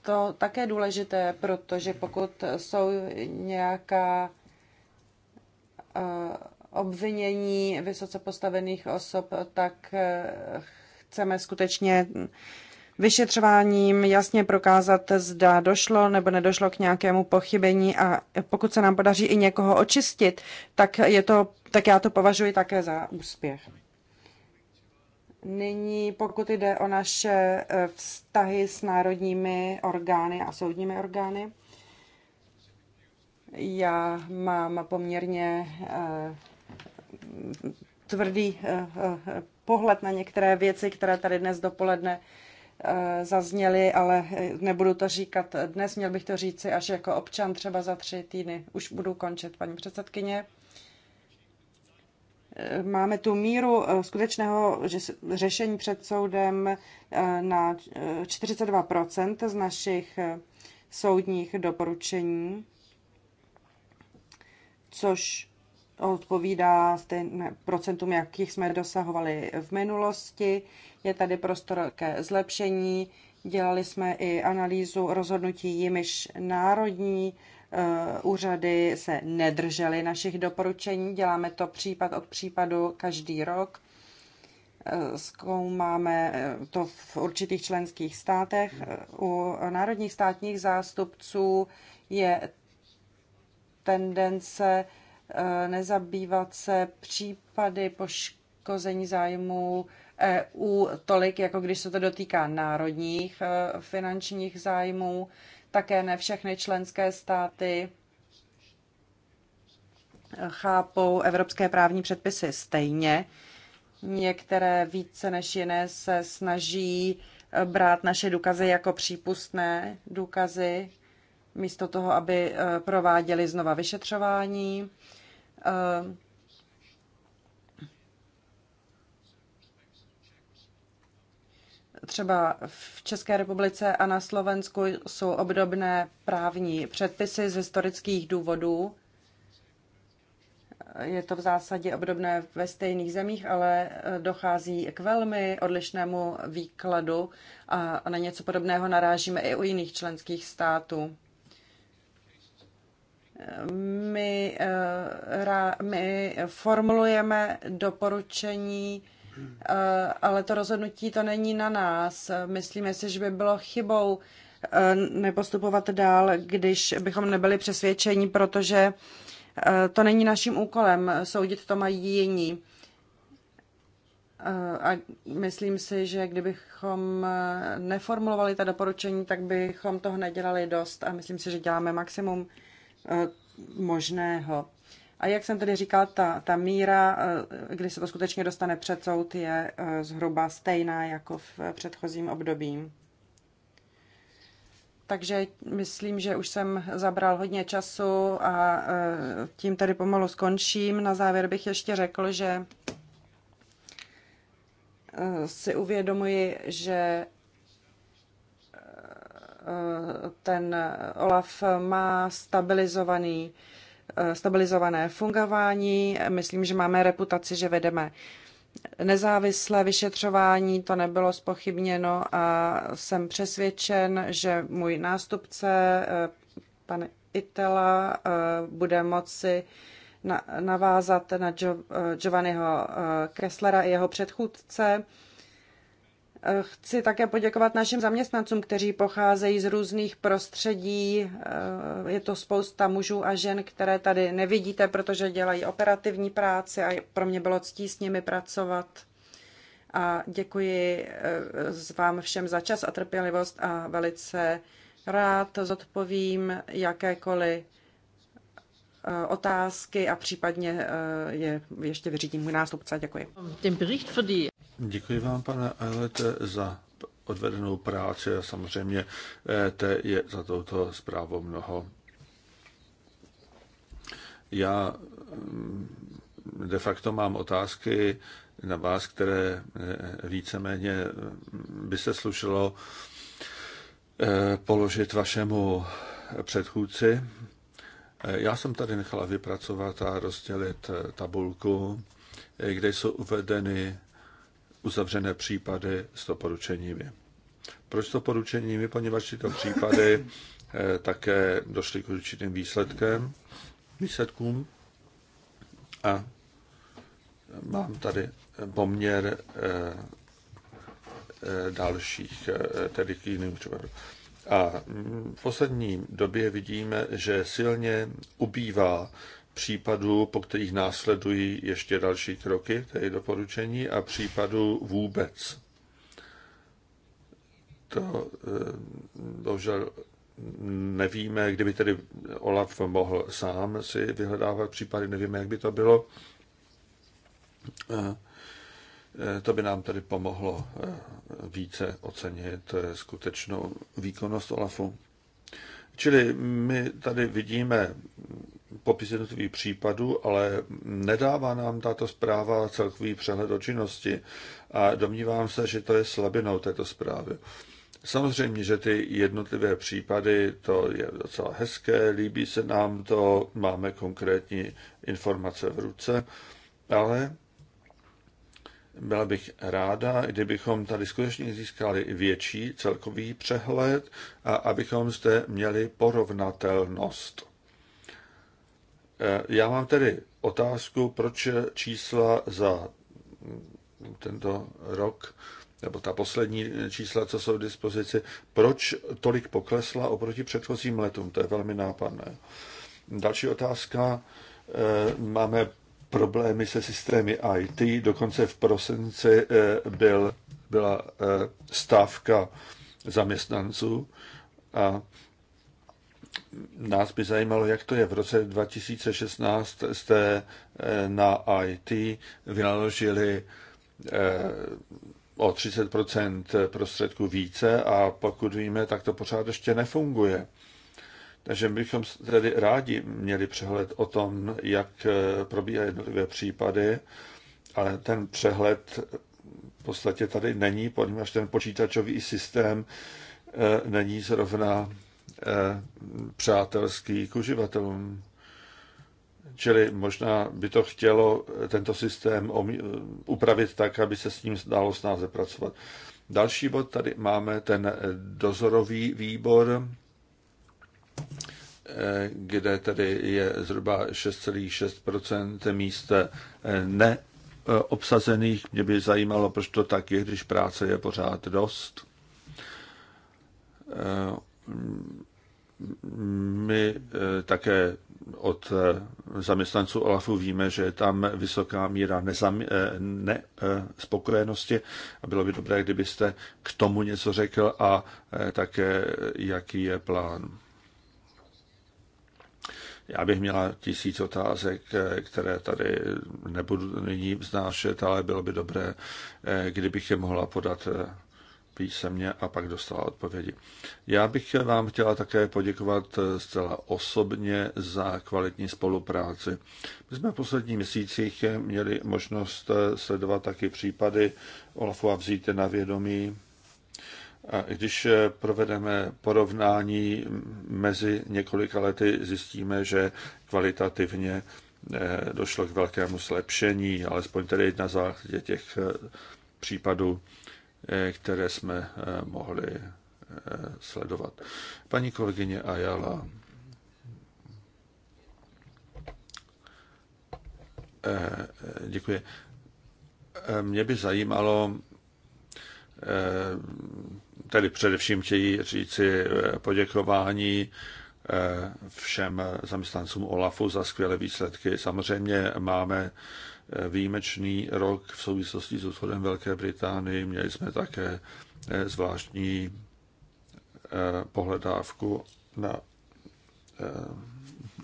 to také důležité, protože pokud jsou nějaká eh, obvinění vysoce postavených osob, tak eh, chceme skutečně vyšetřováním jasně prokázat, zda došlo nebo nedošlo k nějakému pochybení a pokud se nám podaří i někoho očistit, tak, je to, tak já to považuji také za úspěch. Nyní, pokud jde o naše eh, vztahy s národními orgány a soudními orgány, já mám poměrně eh, tvrdý eh, pohled na některé věci, které tady dnes dopoledne Eh, zazněly, ale eh, nebudu to říkat dnes, měl bych to říci až jako občan třeba za tři týdny. Už budu končit, paní předsedkyně. Eh, máme tu míru skutečného řešení před soudem na 42% z našich soudních doporučení, což odpovídá procentům, jakých jsme dosahovali v minulosti. Je tady prostor ke zlepšení. Dělali jsme i analýzu rozhodnutí, jimiž národní eh, úřady se nedržely našich doporučení. Děláme to případ od případu každý rok. Eh, zkoumáme eh, to v určitých členských státech. U národních státních zástupců je tendence nezabývat se případy poškození zájmů EU tolik, jako když se to dotýká národních e, finančních zájmů. Také ne všechny členské státy e, chápou evropské právní předpisy stejně. Některé více než jiné se snaží e, brát naše důkazy jako přípustné důkazy, místo toho, aby prováděli znova vyšetřování. třeba v České republice a na Slovensku jsou obdobné právní předpisy z historických důvodů. Je to v zásadě obdobné ve stejných zemích, ale eh, dochází k velmi odlišnému výkladu a na něco podobného narážíme i u jiných členských států. My, eh, my formulujeme doporučení Eh, ale to rozhodnutí to není na nás. Myslíme si, že by bylo chybou eh, nepostupovat dál, když bychom nebyli přesvědčeni, protože eh, to není naším úkolem. Soudit to mají jiní. A myslím si, že kdybychom neformulovali ta doporučení, tak bychom toho nedělali dost a myslím si, že děláme maximum možného. A jak jsem tedy říkal, ta, ta míra, eh, kdy se to skutečně dostane před soud, je eh, zhruba stejná jako v předchozím období. Takže myslím, že už jsem zabral hodně času a eh, tím tady pomalu skončím. Na závěr bych ještě řekl, že si uvědomuji, že ten Olaf má stabilizovaný Eh, stabilizované fungování. Myslím, že máme reputaci, že vedeme nezávislé vyšetřování, to nebylo spochybněno a jsem přesvědčen, že můj nástupce, eh, pan Itela, eh, bude moci navázat na Giovanniho Kesslera i jeho předchůdce Chci také poděkovat našim zaměstnancům, kteří pocházejí z různých prostředí. Eh, je to spousta mužů a žen, které tady nevidíte, protože dělají operativní práci a pro mě bylo ctí s nimi pracovat. A děkuji eh, vám všem za čas a trpělivost a velice rád zodpovím jakékoliv Eh, otázky a případně eh, je ještě vyřídím můj nástupce. Děkuji. Děkuji vám, pane Eilete, za odvedenou práci a samozřejmě eh, té je za touto zprávou mnoho. Já mm, de facto mám otázky na vás, které víceméně mm, by se slušelo položit vašemu předchůdci, já jsem tady nechala vypracovat a rozdělit eh, tabulku, eh, kde jsou uvedeny uzavřené případy s doporučeními. Proč s doporučeními? Poněvadž tyto případy eh, také došly k určitým výsledkem, výsledkům a mám tady poměr dalších, tedy k jiným případům. A v poslední době vidíme, že silně ubývá případů, po kterých následují ještě další kroky, tedy doporučení, a případů vůbec. To eh, bohužel nevíme, kdyby tedy Olaf mohl sám si vyhledávat případy, nevíme, jak by to bylo. Eh, Eh, to by nám tedy pomohlo eh, více ocenit eh, skutečnou výkonnost OLAFu. Čili my tady vidíme mm, popis jednotlivých případů, ale nedává nám tato zpráva celkový přehled o činnosti a domnívám se, že to je slabinou této zprávy. Samozřejmě, že ty jednotlivé případy, to je docela hezké, líbí se nám to, máme konkrétní informace v ruce, ale byla bych ráda, kdybychom tady skutečně získali větší celkový přehled a abychom zde měli porovnatelnost. E, já mám tedy otázku, proč čísla za tento rok, nebo ta poslední čísla, co jsou v dispozici, proč tolik poklesla oproti předchozím letům? To je velmi nápadné. Další otázka. E, máme problémy se systémy IT. Dokonce v prosinci eh, byl, byla eh, stávka zaměstnanců a nás by zajímalo, jak to je. V roce 2016 jste eh, na IT vynaložili o 30 prostředků více a pokud víme, tak to pořád ještě nefunguje. Takže bychom tedy rádi měli přehled o tom, jak eh, probíhají jednotlivé případy, ale ten přehled eh, v podstatě tady není, poněvadž ten počítačový systém eh, není zrovna přátelský k uživatelům. Čili možná by to chtělo tento systém upravit tak, aby se s ním dalo snáze pracovat. Další bod tady máme ten dozorový výbor, kde tedy je zhruba 6,6 míst eh, neobsazených. Mě by zajímalo, proč to tak je, když práce je pořád dost. Eh, my eh, také od zaměstnanců OLAFu víme, že je tam vysoká míra nespokojenosti a bylo by dobré, kdybyste k tomu něco řekl a také jaký je plán. Já bych měla tisíc otázek, eh, které tady nebudu nyní vznášet, ale bylo by dobré, eh, kdybych je mohla podat eh, písemně a pak dostala odpovědi. Já bych vám chtěla také poděkovat zcela osobně za kvalitní spolupráci. My jsme v posledních měsících měli možnost sledovat taky případy Olafu a vzít je na vědomí a když eh, provedeme porovnání mezi několika lety, zjistíme, že kvalitativně eh, došlo k velkému zlepšení, alespoň tedy na základě těch eh, případů, které jsme mohli sledovat. Paní kolegyně Ayala, Děkuji. Mě by zajímalo, Eh, tedy především chtějí říci eh, poděkování eh, všem zaměstnancům OLAFu za skvělé výsledky. Samozřejmě máme výjimečný rok v souvislosti s odchodem Velké Británii. Měli jsme také zvláštní pohledávku na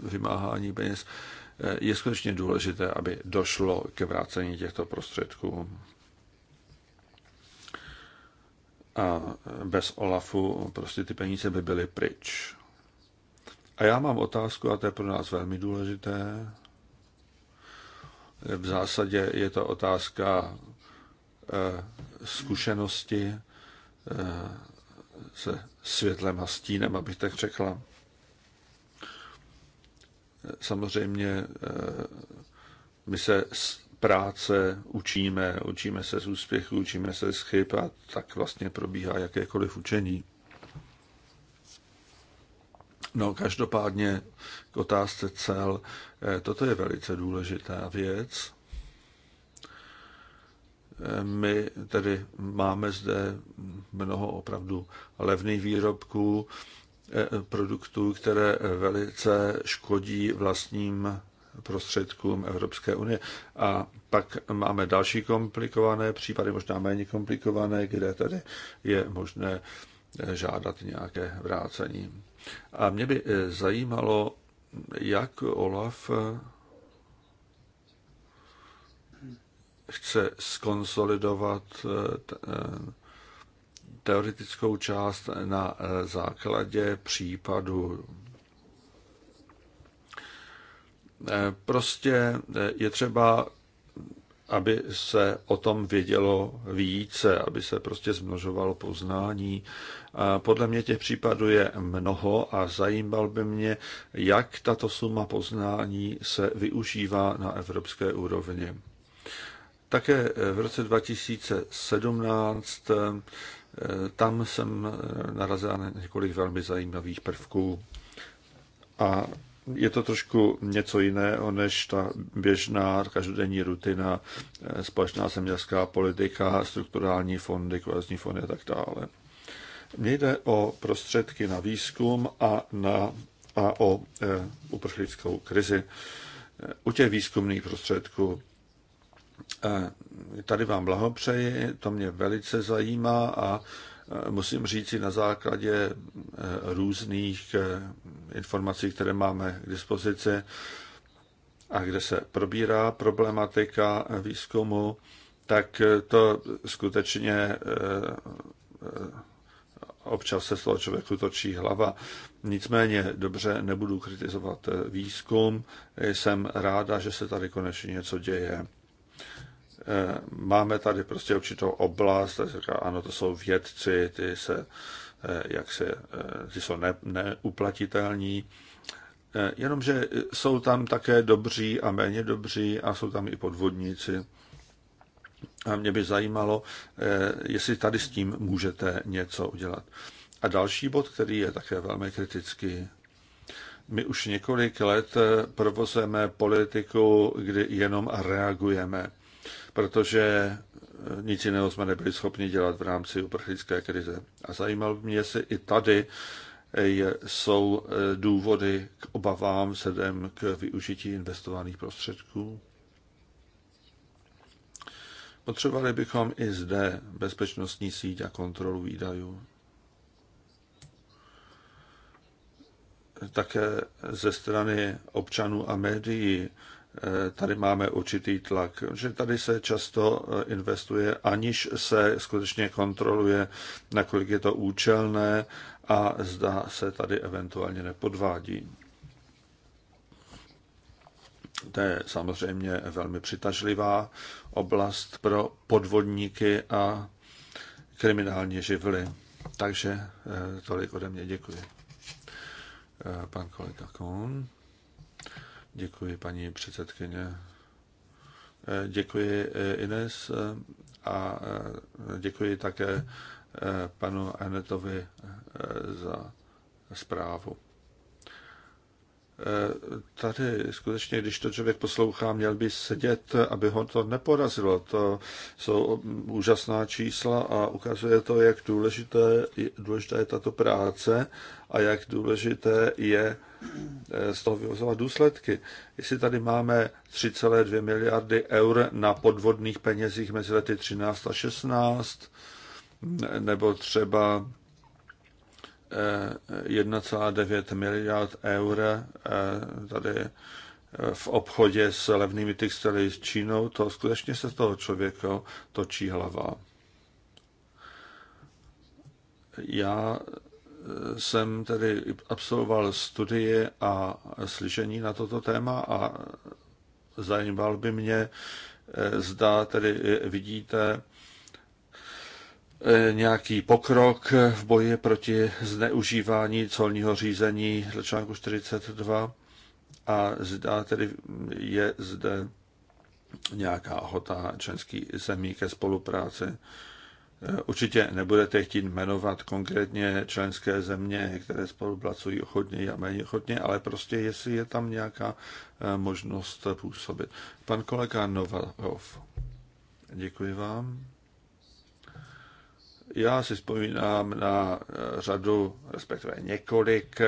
vymáhání peněz. Je skutečně důležité, aby došlo ke vrácení těchto prostředků. A bez OLAFu prostě ty peníze by byly pryč. A já mám otázku, a to je pro nás velmi důležité. V zásadě je to otázka eh, zkušenosti eh, se světlem a stínem, abych tak řekla. Samozřejmě eh, my se práce učíme, učíme se z úspěchu, učíme se z chyb a tak vlastně probíhá jakékoliv učení. No, každopádně k otázce cel. Eh, toto je velice důležitá věc. Eh, my tedy máme zde mnoho opravdu levných výrobků, eh, produktů, které velice škodí vlastním prostředkům Evropské unie. A pak máme další komplikované případy, možná méně komplikované, kde tady je možné eh, žádat nějaké vrácení. A mě by eh, zajímalo, jak Olaf eh, chce skonsolidovat teoretickou část na základě případu Eh, prostě eh, je třeba, aby se o tom vědělo více, aby se prostě zmnožovalo poznání. podle mě těch případů je mnoho a zajímal by mě, jak tato suma poznání se využívá na evropské úrovni. Také eh, v roce 2017 tam jsem narazil na několik velmi zajímavých prvků. A je to trošku něco jiného než ta běžná každodenní rutina, eh, společná zemědělská politika, strukturální fondy, kvalitní fondy a tak dále. Mně jde o prostředky na výzkum a, na, a o e, uprchlickou krizi. Eh, u těch výzkumných prostředků e, tady vám blahopřeji, to mě velice zajímá a musím říci na základě eh, různých eh, informací, které máme k dispozici a kde se probírá problematika eh, výzkumu, tak to skutečně občas se z toho člověku točí hlava. Nicméně dobře, nebudu kritizovat výzkum, jsem ráda, že se tady konečně něco děje. Eh, máme tady prostě určitou oblast, tak říká, ano, to jsou vědci, ty se, eh, jak se, eh, ty jsou ne, neuplatitelní, jenomže jsou tam také dobří a méně dobří a jsou tam i podvodníci. A mě by zajímalo, jestli tady s tím můžete něco udělat. A další bod, který je také velmi kritický, my už několik let provozujeme politiku, kdy jenom reagujeme protože eh, nic jiného jsme nebyli schopni dělat v rámci uprchlické krize. A zajímal mě, jestli i tady eh, jsou eh, důvody k obavám vzhledem k využití investovaných prostředků. Potřebovali bychom i zde bezpečnostní síť a kontrolu výdajů. Také ze strany občanů a médií Eh, tady máme určitý tlak, že tady se často eh, investuje, aniž se skutečně kontroluje, nakolik je to účelné a zda se tady eventuálně nepodvádí. To je samozřejmě velmi přitažlivá oblast pro podvodníky a kriminální živly. Takže eh, tolik ode mě děkuji. Pan kolega Kohn. Děkuji, paní předsedkyně. Eh, děkuji eh, Ines eh, a děkuji také panu Anetovi za zprávu. Tady skutečně, když to člověk poslouchá, měl by sedět, aby ho to neporazilo. To jsou úžasná čísla a ukazuje to, jak důležité, důležitá je tato práce a jak důležité je Eh, z toho vyvozovat důsledky. Jestli tady máme 3,2 miliardy eur na podvodných penězích mezi lety 13 a 16, nebo třeba 1,9 eh, miliard eur eh, tady v obchodě s levnými textily s Čínou, to skutečně se z toho člověka točí hlava. Já jsem tedy absolvoval studie a slyšení na toto téma a zajímal by mě, eh, zda tedy vidíte eh, nějaký pokrok v boji proti zneužívání colního řízení dle článku 42 a zda tedy je zde nějaká hota členský zemí ke spolupráci. Eh, určitě nebudete chtít jmenovat konkrétně členské země, které spolupracují ochotně a méně ochotně, ale prostě jestli je tam nějaká eh, možnost působit. Pan kolega Novakov, děkuji vám. Já si vzpomínám na eh, řadu, respektive několik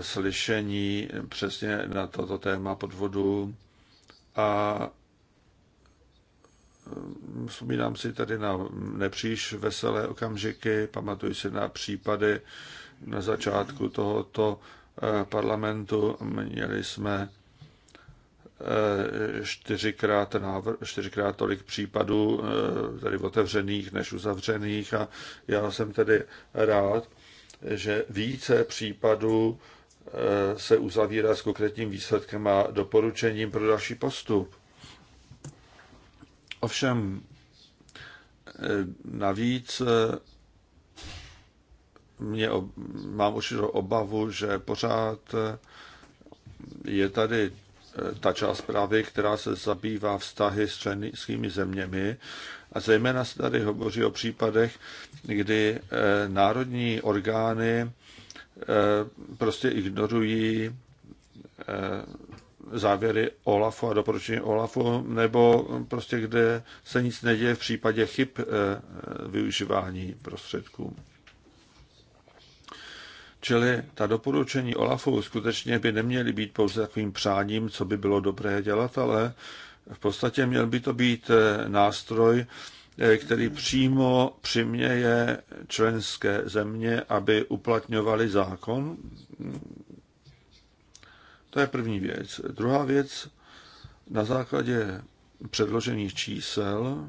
slyšení přesně na toto téma podvodu a vzpomínám si tady na nepříš veselé okamžiky, pamatuju si na případy na začátku tohoto eh, parlamentu. Měli jsme eh, čtyřikrát, návr, čtyřikrát tolik případů eh, tady otevřených než uzavřených a já jsem tedy rád, že více případů se uzavírá s konkrétním výsledkem a doporučením pro další postup. Ovšem, eh, navíc eh, mě, mám určitou obavu, že pořád eh, je tady ta část právy, která se zabývá vztahy s členskými zeměmi a zejména se tady hovoří o případech, kdy národní orgány prostě ignorují závěry OLAFu a doporučení OLAFu, nebo prostě kde se nic neděje v případě chyb eh, využívání prostředků. Čili ta doporučení OLAFu skutečně by neměly být pouze takovým přáním, co by bylo dobré dělat, ale v podstatě měl by to být eh, nástroj, eh, který přímo přiměje členské země, aby uplatňovali zákon to je první věc. Druhá věc, na základě předložených čísel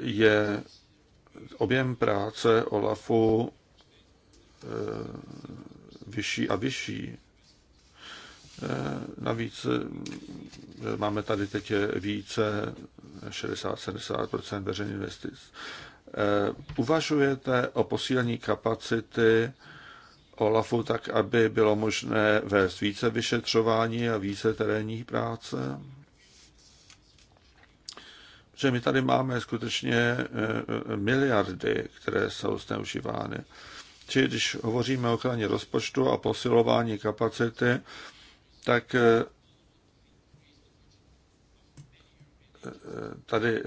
je objem práce OLAFu eh, vyšší a vyšší. Eh, navíc eh, máme tady teď více 60-70 veřejných investic. Uvažujete o posílení kapacity OLAFu tak, aby bylo možné vést více vyšetřování a více terénní práce? Že my tady máme skutečně e, e, miliardy, které jsou zneužívány. Či když hovoříme o ochraně rozpočtu a posilování kapacity, tak e, tady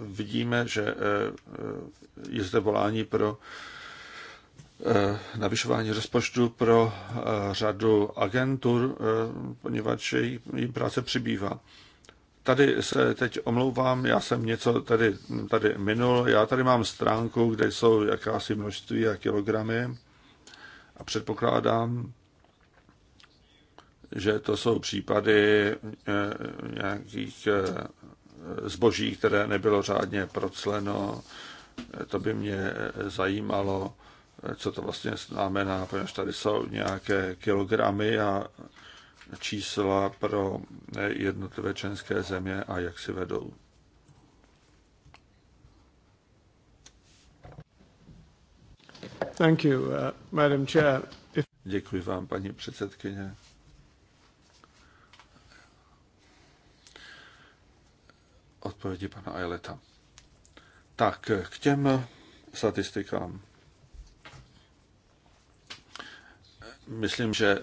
vidíme, že je zde volání pro Eh, navyšování rozpočtu pro eh, řadu agentur, eh, poněvadž její práce přibývá. Tady se teď omlouvám, já jsem něco tady, tady minul. Já tady mám stránku, kde jsou jakási množství a kilogramy a předpokládám, že to jsou případy nějakých zboží, které nebylo řádně procleno. To by mě zajímalo co to vlastně znamená, protože tady jsou nějaké kilogramy a čísla pro jednotlivé členské země a jak si vedou. Thank you, uh, Madam Chair. If... Děkuji vám, paní předsedkyně. Odpovědi pana Aileta. Tak, k těm statistikám. Myslím, že eh,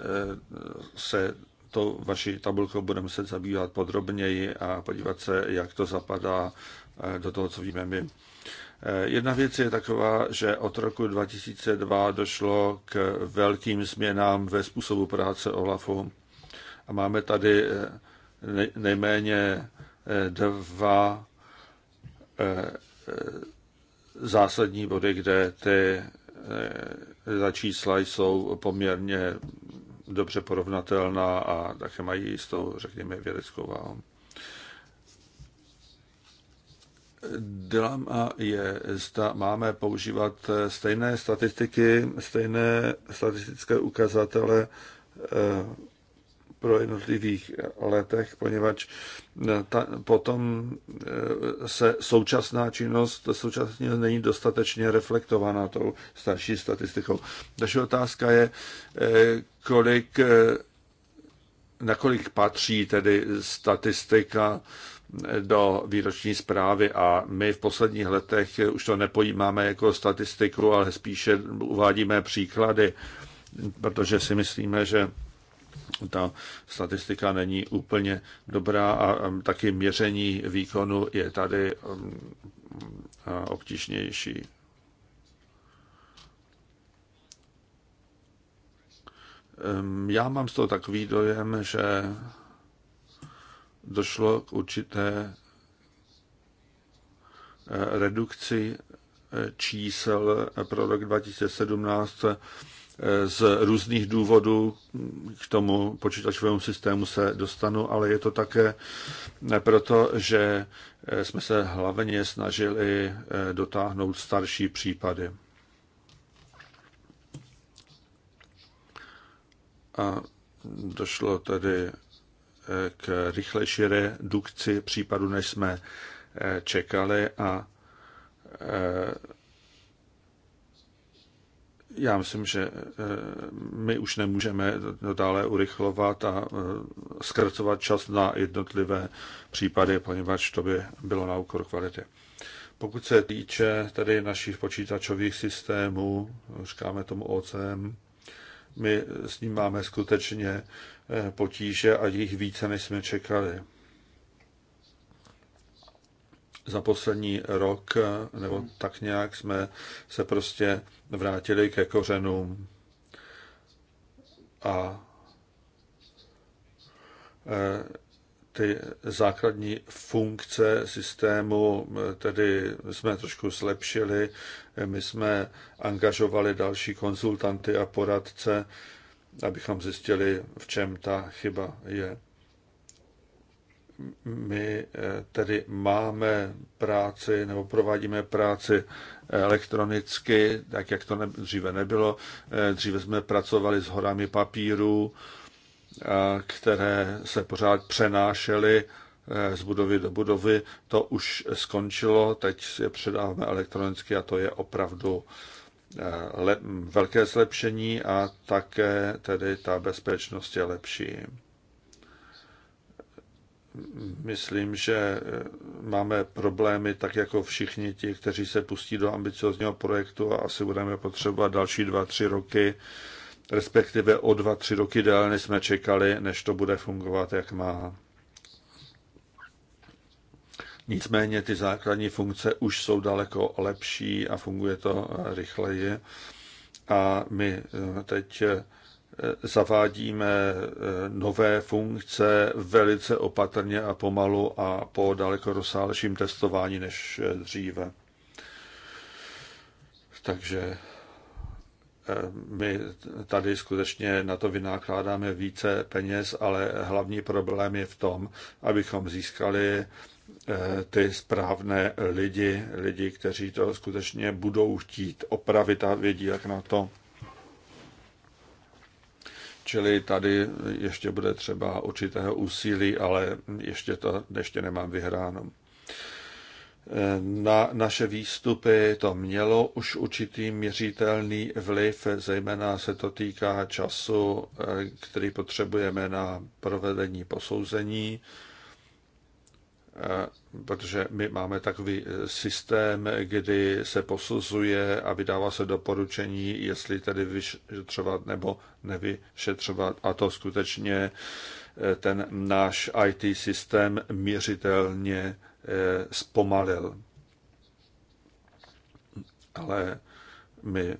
se to vaší tabulkou budeme se zabývat podrobněji a podívat se, jak to zapadá eh, do toho, co víme my. Eh, jedna věc je taková, že od roku 2002 došlo k velkým změnám ve způsobu práce OLAFu a máme tady nejméně dva zásadní body, kde ty ta čísla jsou poměrně dobře porovnatelná a také mají jistou, řekněme, vědeckou váhu. Dilema je, zda máme používat stejné statistiky, stejné statistické ukazatele eh, pro jednotlivých letech, poněvadž eh, ta, potom eh, se současná činnost současně není dostatečně reflektovaná tou starší statistikou. Další otázka je, eh, kolik, nakolik patří tedy statistika do výroční zprávy a my v posledních letech už to nepojímáme jako statistiku, ale spíše uvádíme příklady, protože si myslíme, že ta statistika není úplně dobrá a taky měření výkonu je tady um, obtížnější. Já mám z toho takový dojem, že došlo k určité eh, redukci eh, čísel eh, pro rok 2017 z různých důvodů k tomu počítačovému systému se dostanu, ale je to také proto, že jsme se hlavně snažili dotáhnout starší případy. A došlo tedy eh, k rychlejší redukci případů, než jsme eh, čekali a eh, já myslím, že eh, my už nemůžeme dále urychlovat a eh, zkracovat čas na jednotlivé případy, poněvadž to by bylo na úkor kvality. Pokud se týče tady našich počítačových systémů, říkáme tomu OCM, my s ním máme skutečně eh, potíže a jich více, než jsme čekali za poslední rok nebo tak nějak jsme se prostě vrátili ke kořenům a e, ty základní funkce systému e, tedy jsme trošku zlepšili. My jsme angažovali další konzultanty a poradce, abychom zjistili, v čem ta chyba je my eh, tedy máme práci nebo provádíme práci elektronicky, tak jak to ne, dříve nebylo. Eh, dříve jsme pracovali s horami papíru, eh, které se pořád přenášely z budovy do budovy. To už skončilo, teď je předáváme elektronicky a to je opravdu velké zlepšení a také tedy ta bezpečnost je lepší myslím, že e, máme problémy tak jako všichni ti, kteří se pustí do ambiciozního projektu a asi budeme potřebovat další dva, tři roky, respektive o dva, tři roky déle, než jsme čekali, než to bude fungovat, jak má. Nicméně ty základní funkce už jsou daleko lepší a funguje to e, rychleji. A my e, teď Eh, zavádíme eh, nové funkce velice opatrně a pomalu a po daleko rozsáhlejším testování než eh, dříve. Takže my tady skutečně na to vynakládáme více peněz, ale hlavní problém je v tom, abychom získali ty správné lidi, lidi, kteří to skutečně budou chtít opravit a vědí, jak na to. Čili tady ještě bude třeba určitého úsilí, ale ještě to ještě nemám vyhráno. Na naše výstupy to mělo už určitý měřitelný vliv, zejména se to týká času, který potřebujeme na provedení posouzení protože my máme takový e, systém, kdy se posuzuje a vydává se doporučení, jestli tedy vyšetřovat nebo nevyšetřovat. A to skutečně e, ten náš IT systém měřitelně e, zpomalil. Ale my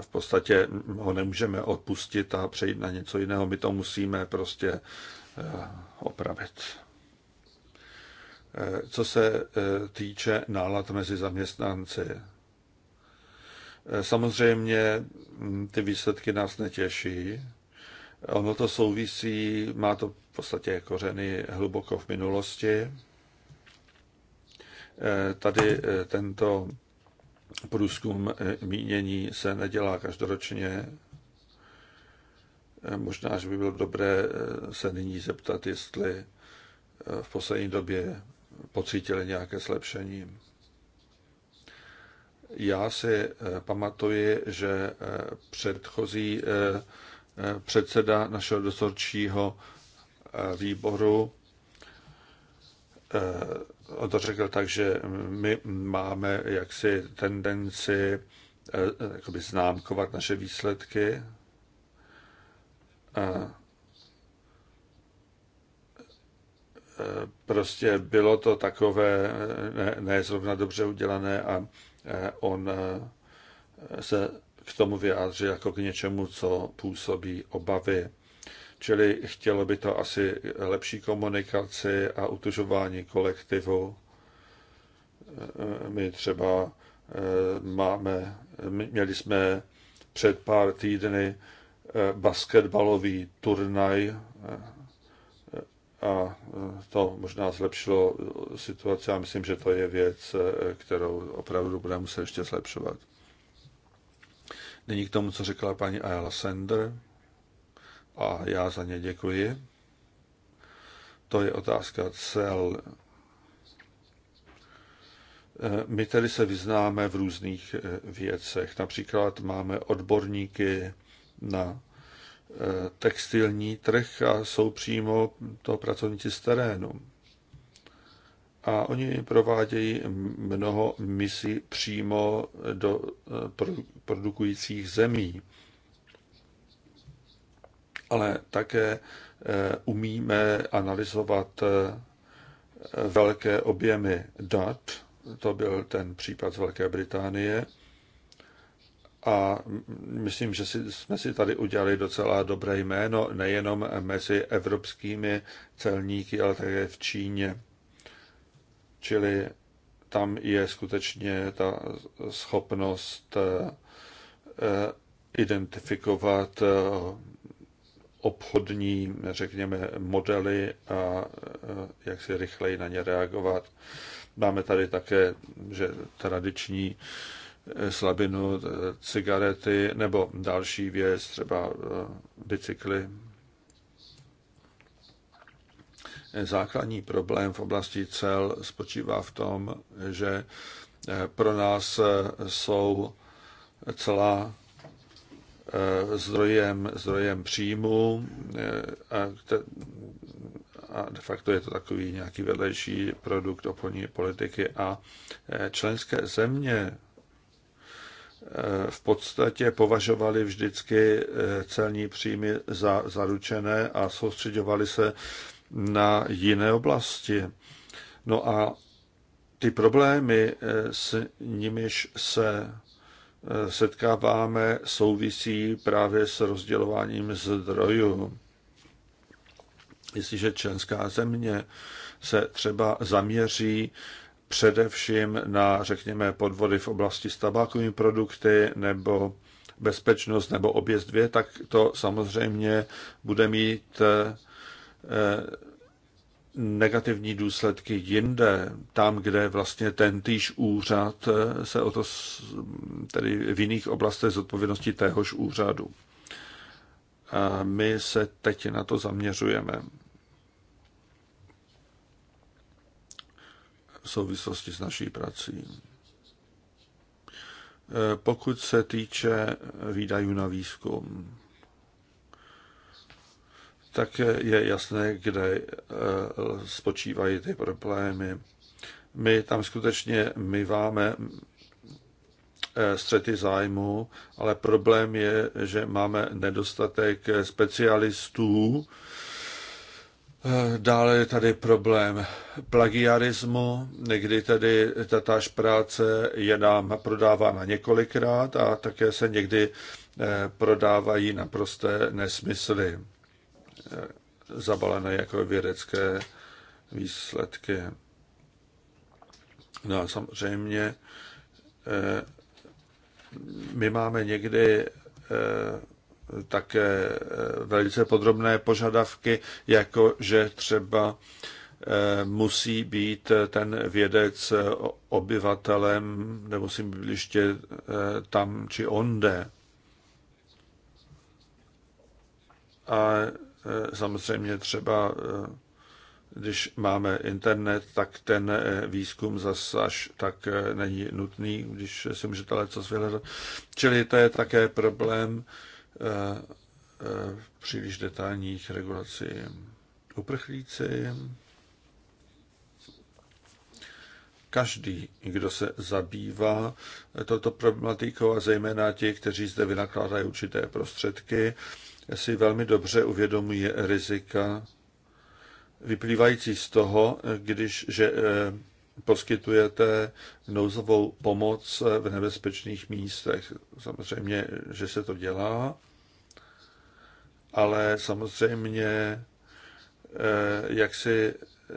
v podstatě ho nemůžeme odpustit a přejít na něco jiného. My to musíme prostě opravit. Eh, co se eh, týče nálad mezi zaměstnanci. Eh, samozřejmě hm, ty výsledky nás netěší. Ono to souvisí, má to v podstatě kořeny hluboko v minulosti. Tady tento průzkum mínění se nedělá každoročně. Možná, že by bylo dobré se nyní zeptat, jestli v poslední době pocítili nějaké zlepšení. Já si eh, pamatuji, že eh, předchozí eh, předseda našeho dozorčího výboru on to řekl tak, že my máme jaksi tendenci známkovat naše výsledky. prostě bylo to takové ne, ne zrovna dobře udělané a eh, on eh, se k tomu vyjádřil jako k něčemu, co působí obavy. Čili chtělo by to asi lepší komunikaci a utužování kolektivu. Eh, my třeba máme, měli jsme před pár týdny basketbalový turnaj a e, to možná zlepšilo e, situaci. a myslím, že to je věc, e, kterou opravdu bude muset ještě zlepšovat. Nyní k tomu, co řekla paní Ayala Sender a já za ně děkuji. To je otázka cel. My tedy se vyznáme v různých věcech. Například máme odborníky na textilní trh a jsou přímo to pracovníci z terénu. A oni provádějí mnoho misí přímo do eh, produkujících zemí. Ale také eh, umíme analyzovat eh, velké objemy dat. To byl ten případ z Velké Británie a myslím, že si, jsme si tady udělali docela dobré jméno, nejenom mezi evropskými celníky, ale také v Číně. Čili tam je skutečně ta schopnost eh, eh, identifikovat eh, obchodní, řekněme, modely a jak si rychleji na ně reagovat. Máme tady také, že tradiční Eh, slabinu, eh, cigarety nebo další věc, třeba eh, bicykly. Základní problém v oblasti cel spočívá v tom, že pro nás jsou celá zdrojem, zdrojem příjmu a de facto je to takový nějaký vedlejší produkt obchodní politiky a členské země v podstatě považovali vždycky eh, celní příjmy za zaručené a soustředovali se na jiné oblasti. No a ty problémy, eh, s nimiž se eh, setkáváme, souvisí právě s rozdělováním zdrojů. Jestliže členská země se třeba zaměří především na, řekněme, podvody v oblasti s tabákovými produkty nebo bezpečnost nebo obě dvě, tak to samozřejmě bude mít eh, negativní důsledky jinde, tam, kde vlastně ten týž úřad eh, se o to, tedy v jiných oblastech zodpovědnosti téhož úřadu. A my se teď na to zaměřujeme. v souvislosti s naší prací. E, pokud se týče výdajů na výzkum, tak je jasné, kde e, spočívají ty problémy. My tam skutečně myváme e, střety zájmu, ale problém je, že máme nedostatek specialistů Dále je tady problém plagiarismu, někdy tedy tatáž práce je nám prodávána několikrát a také se někdy eh, prodávají naprosté nesmysly, eh, zabalené jako vědecké výsledky. No a samozřejmě eh, my máme někdy také eh, velice podrobné požadavky, jako že třeba eh, musí být eh, ten vědec obyvatelem, nebo si být tam či onde. A samozřejmě třeba, když máme internet, tak ten výzkum zase až tak není nutný, když si můžete co vyhledat. Čili to je také problém, Eh, příliš detailních regulací. Uprchlíci, každý, kdo se zabývá touto problematikou a zejména ti, kteří zde vynakládají určité prostředky, si velmi dobře uvědomují rizika vyplývající z toho, když, že eh, poskytujete nouzovou pomoc v nebezpečných místech. Samozřejmě, že se to dělá, ale samozřejmě, eh, jak si eh,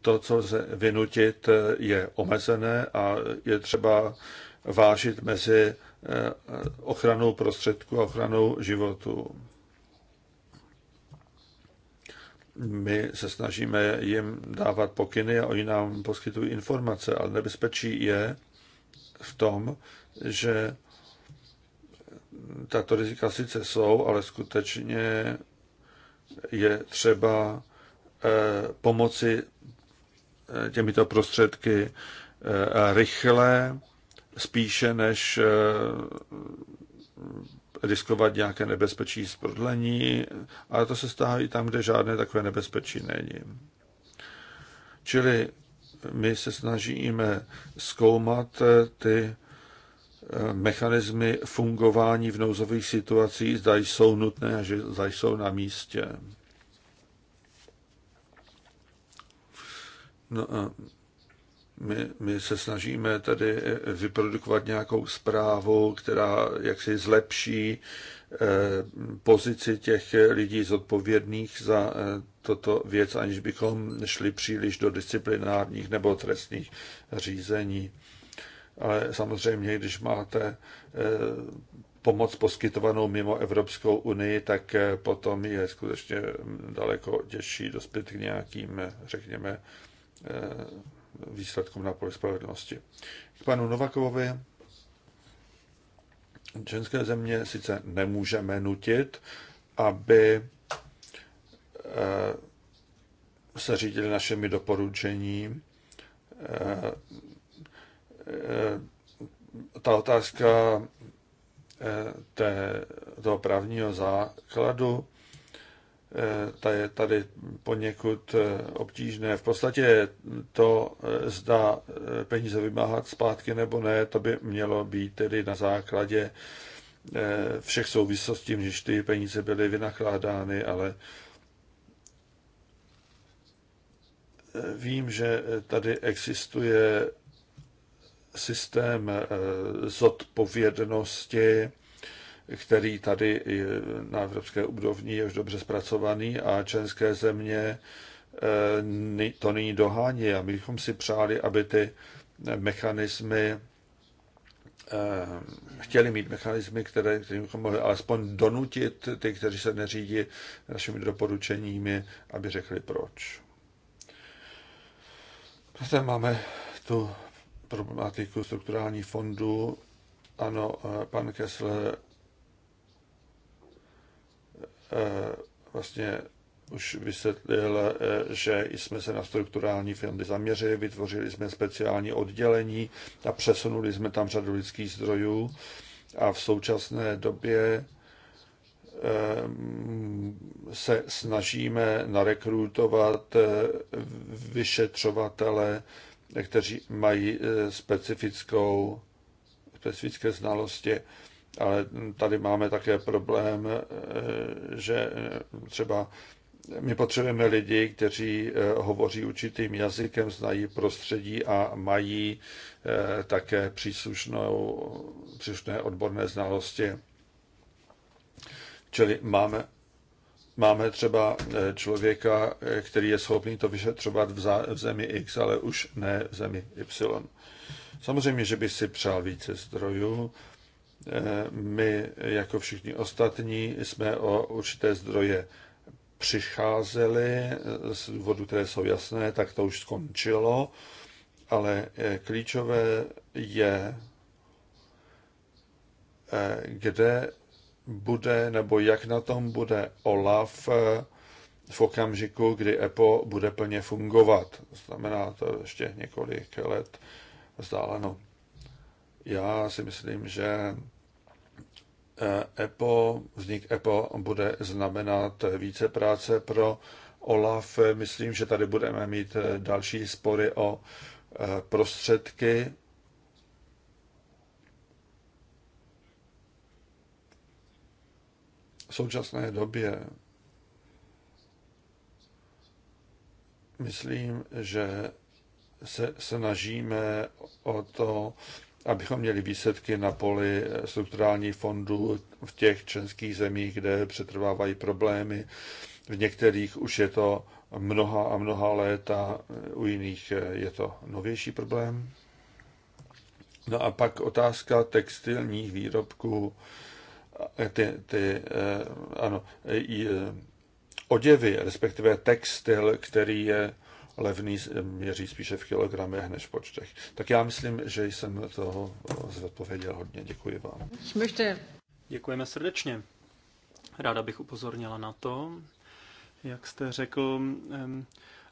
to, co se vynutit, eh, je omezené a je třeba vážit mezi ochranou prostředku a ochranou životu. my se snažíme jim dávat pokyny a oni nám poskytují informace, ale nebezpečí je v tom, že tato rizika sice jsou, ale skutečně je třeba eh, pomoci eh, těmito prostředky eh, rychle, spíše než riskovat nějaké nebezpečí z prodlení, ale to se stává i tam, kde žádné takové nebezpečí není. Čili my se snažíme zkoumat eh, ty eh, mechanismy fungování v nouzových situacích, zda jsou nutné a zda jsou na místě. No a my, my se snažíme tady vyprodukovat nějakou zprávu, která jaksi zlepší eh, pozici těch lidí zodpovědných za eh, toto věc, aniž bychom šli příliš do disciplinárních nebo trestních řízení. Ale samozřejmě, když máte eh, pomoc poskytovanou mimo Evropskou unii, tak potom je skutečně daleko těžší dospět k nějakým, řekněme, výsledkům na poli spravedlnosti. K panu Novakovovi. Ženské země sice nemůžeme nutit, aby eh, se řídili našimi doporučení. Eh, eh, ta otázka toho právního základu Eh, ta je tady poněkud eh, obtížné. V podstatě to, eh, zda peníze vymáhat zpátky nebo ne, to by mělo být tedy na základě všech souvislostí, když ty peníze byly vynakládány, ale vím, že tady existuje systém zodpovědnosti který tady na evropské úrovni je už dobře zpracovaný a členské země eh, to nyní dohání. A my bychom si přáli, aby ty mechanismy eh, chtěli mít mechanismy, které, které bychom mohli alespoň donutit ty, kteří se neřídí našimi doporučeními, aby řekli proč. Zde máme tu problematiku strukturální fondu. Ano, eh, pan Kessler Eh, vlastně už vysvětlil, eh, že jsme se na strukturální fondy zaměřili, vytvořili jsme speciální oddělení a přesunuli jsme tam řadu lidských zdrojů a v současné době eh, se snažíme narekrutovat vyšetřovatele, kteří mají specifickou, specifické znalosti ale tady máme také problém, eh, že eh, třeba my potřebujeme lidi, kteří eh, hovoří určitým jazykem, znají prostředí a mají také příslušnou, příslušné odborné znalosti. Čili máme, máme třeba člověka, který je schopný to vyšetřovat v, zá, v zemi X, ale už ne v zemi Y. Samozřejmě, že by si přál více zdrojů, my, jako všichni ostatní, jsme o určité zdroje přicházeli z důvodů, které jsou jasné, tak to už skončilo, ale eh, klíčové je, eh, kde bude nebo jak na tom bude OLAF eh, v okamžiku, kdy EPO bude plně fungovat. To znamená to ještě několik let vzdáleno. Já si myslím, že EPO, eh, vznik EPO bude znamenat více práce pro OLAF. Myslím, že tady budeme mít eh, další spory o eh, prostředky. V současné době myslím, že se snažíme o to, abychom měli výsledky na poli strukturálních fondů v těch členských zemích, kde přetrvávají problémy. V některých už je to mnoha a mnoha let a u jiných je to novější problém. No a pak otázka textilních výrobků. Ty, ty, eh, ano, eh, oděvy, respektive textil, který je levný eh, měří spíše v kilogramech než v počtech. Tak já myslím, že jsem toho eh, zodpověděl hodně. Děkuji vám. Děkujeme srdečně. Ráda bych upozornila na to, jak jste řekl,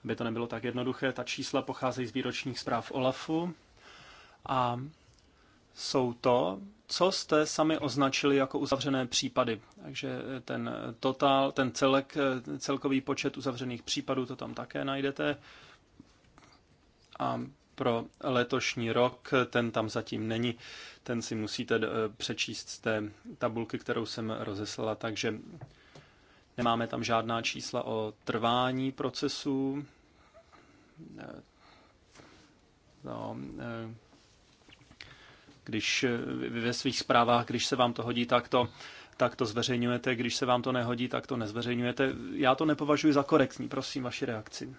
aby to nebylo tak jednoduché, ta čísla pocházejí z výročních zpráv OLAFu a jsou to co jste sami označili jako uzavřené případy. Takže ten totál, ten celek, celkový počet uzavřených případů, to tam také najdete. A pro letošní rok, ten tam zatím není, ten si musíte eh, přečíst z té tabulky, kterou jsem rozeslala, takže nemáme tam žádná čísla o trvání procesu, eh, no, eh, když eh, ve svých zprávách, když se vám to hodí, tak to, tak to zveřejňujete, když se vám to nehodí, tak to nezveřejňujete. Já to nepovažuji za korektní, prosím, vaši reakci.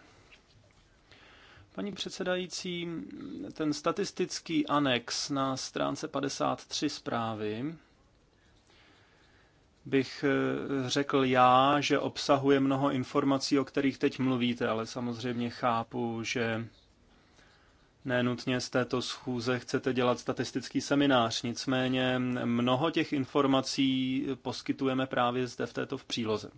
Paní předsedající, ten statistický anex na stránce 53 zprávy bych eh, řekl já, že obsahuje mnoho informací, o kterých teď mluvíte, ale samozřejmě chápu, že Nenutně z této schůze chcete dělat statistický seminář, nicméně mnoho těch informací poskytujeme právě zde v této v příloze.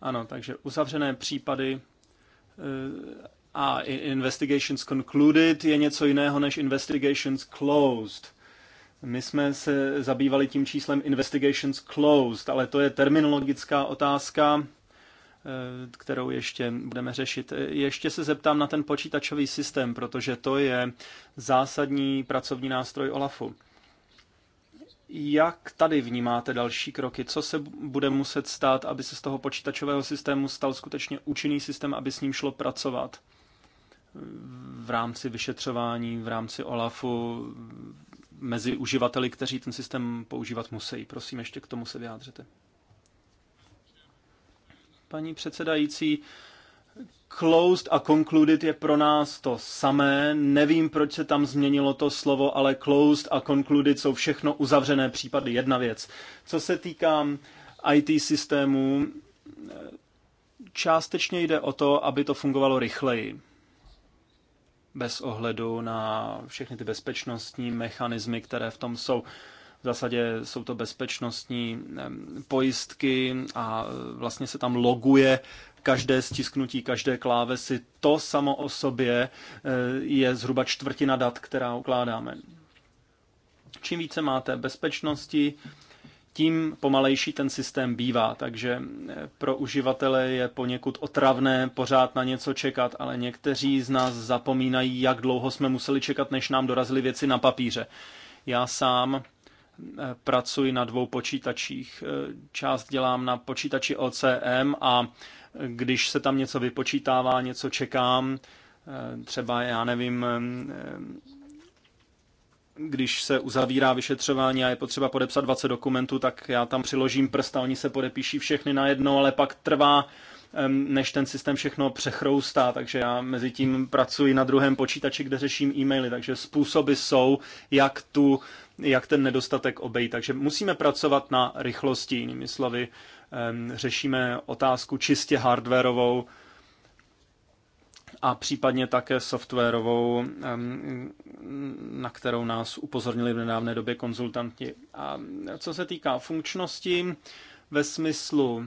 Ano, takže uzavřené případy eh, a investigations concluded je něco jiného než investigations closed. My jsme se zabývali tím číslem investigations closed, ale to je terminologická otázka. Eh, kterou ještě budeme řešit. Ještě se zeptám na ten počítačový systém, protože to je zásadní pracovní nástroj OLAFu. Jak tady vnímáte další kroky? Co se bude muset stát, aby se z toho počítačového systému stal skutečně účinný systém, aby s ním šlo pracovat? V rámci vyšetřování, v rámci OLAFu, mezi uživateli, kteří ten systém používat musí. Prosím, ještě k tomu se vyjádřete paní předsedající. Closed a concluded je pro nás to samé. Nevím, proč se tam změnilo to slovo, ale closed a concluded jsou všechno uzavřené případy. Jedna věc. Co se týká IT systémů, částečně jde o to, aby to fungovalo rychleji. Bez ohledu na všechny ty bezpečnostní mechanismy, které v tom jsou zásadě jsou to bezpečnostní pojistky a e, vlastně se tam loguje každé stisknutí, každé klávesy. To samo o sobě e, je zhruba čtvrtina dat, která ukládáme. Čím více máte bezpečnosti, tím pomalejší ten systém bývá, takže e, pro uživatele je poněkud otravné pořád na něco čekat, ale někteří z nás zapomínají, jak dlouho jsme museli čekat, než nám dorazily věci na papíře. Já sám pracuji na dvou počítačích. Část dělám na počítači OCM a když se tam něco vypočítává, něco čekám, třeba já nevím, když se uzavírá vyšetřování a je potřeba podepsat 20 dokumentů, tak já tam přiložím prst a oni se podepíší všechny najednou, ale pak trvá, než ten systém všechno přechroustá, takže já mezi tím pracuji na druhém počítači, kde řeším e-maily, takže způsoby jsou, jak tu jak ten nedostatek obejít. Takže musíme pracovat na rychlosti, jinými slovy. Řešíme otázku čistě hardwareovou a případně také softwarovou, na kterou nás upozornili v nedávné době konzultanti. A co se týká funkčnosti ve smyslu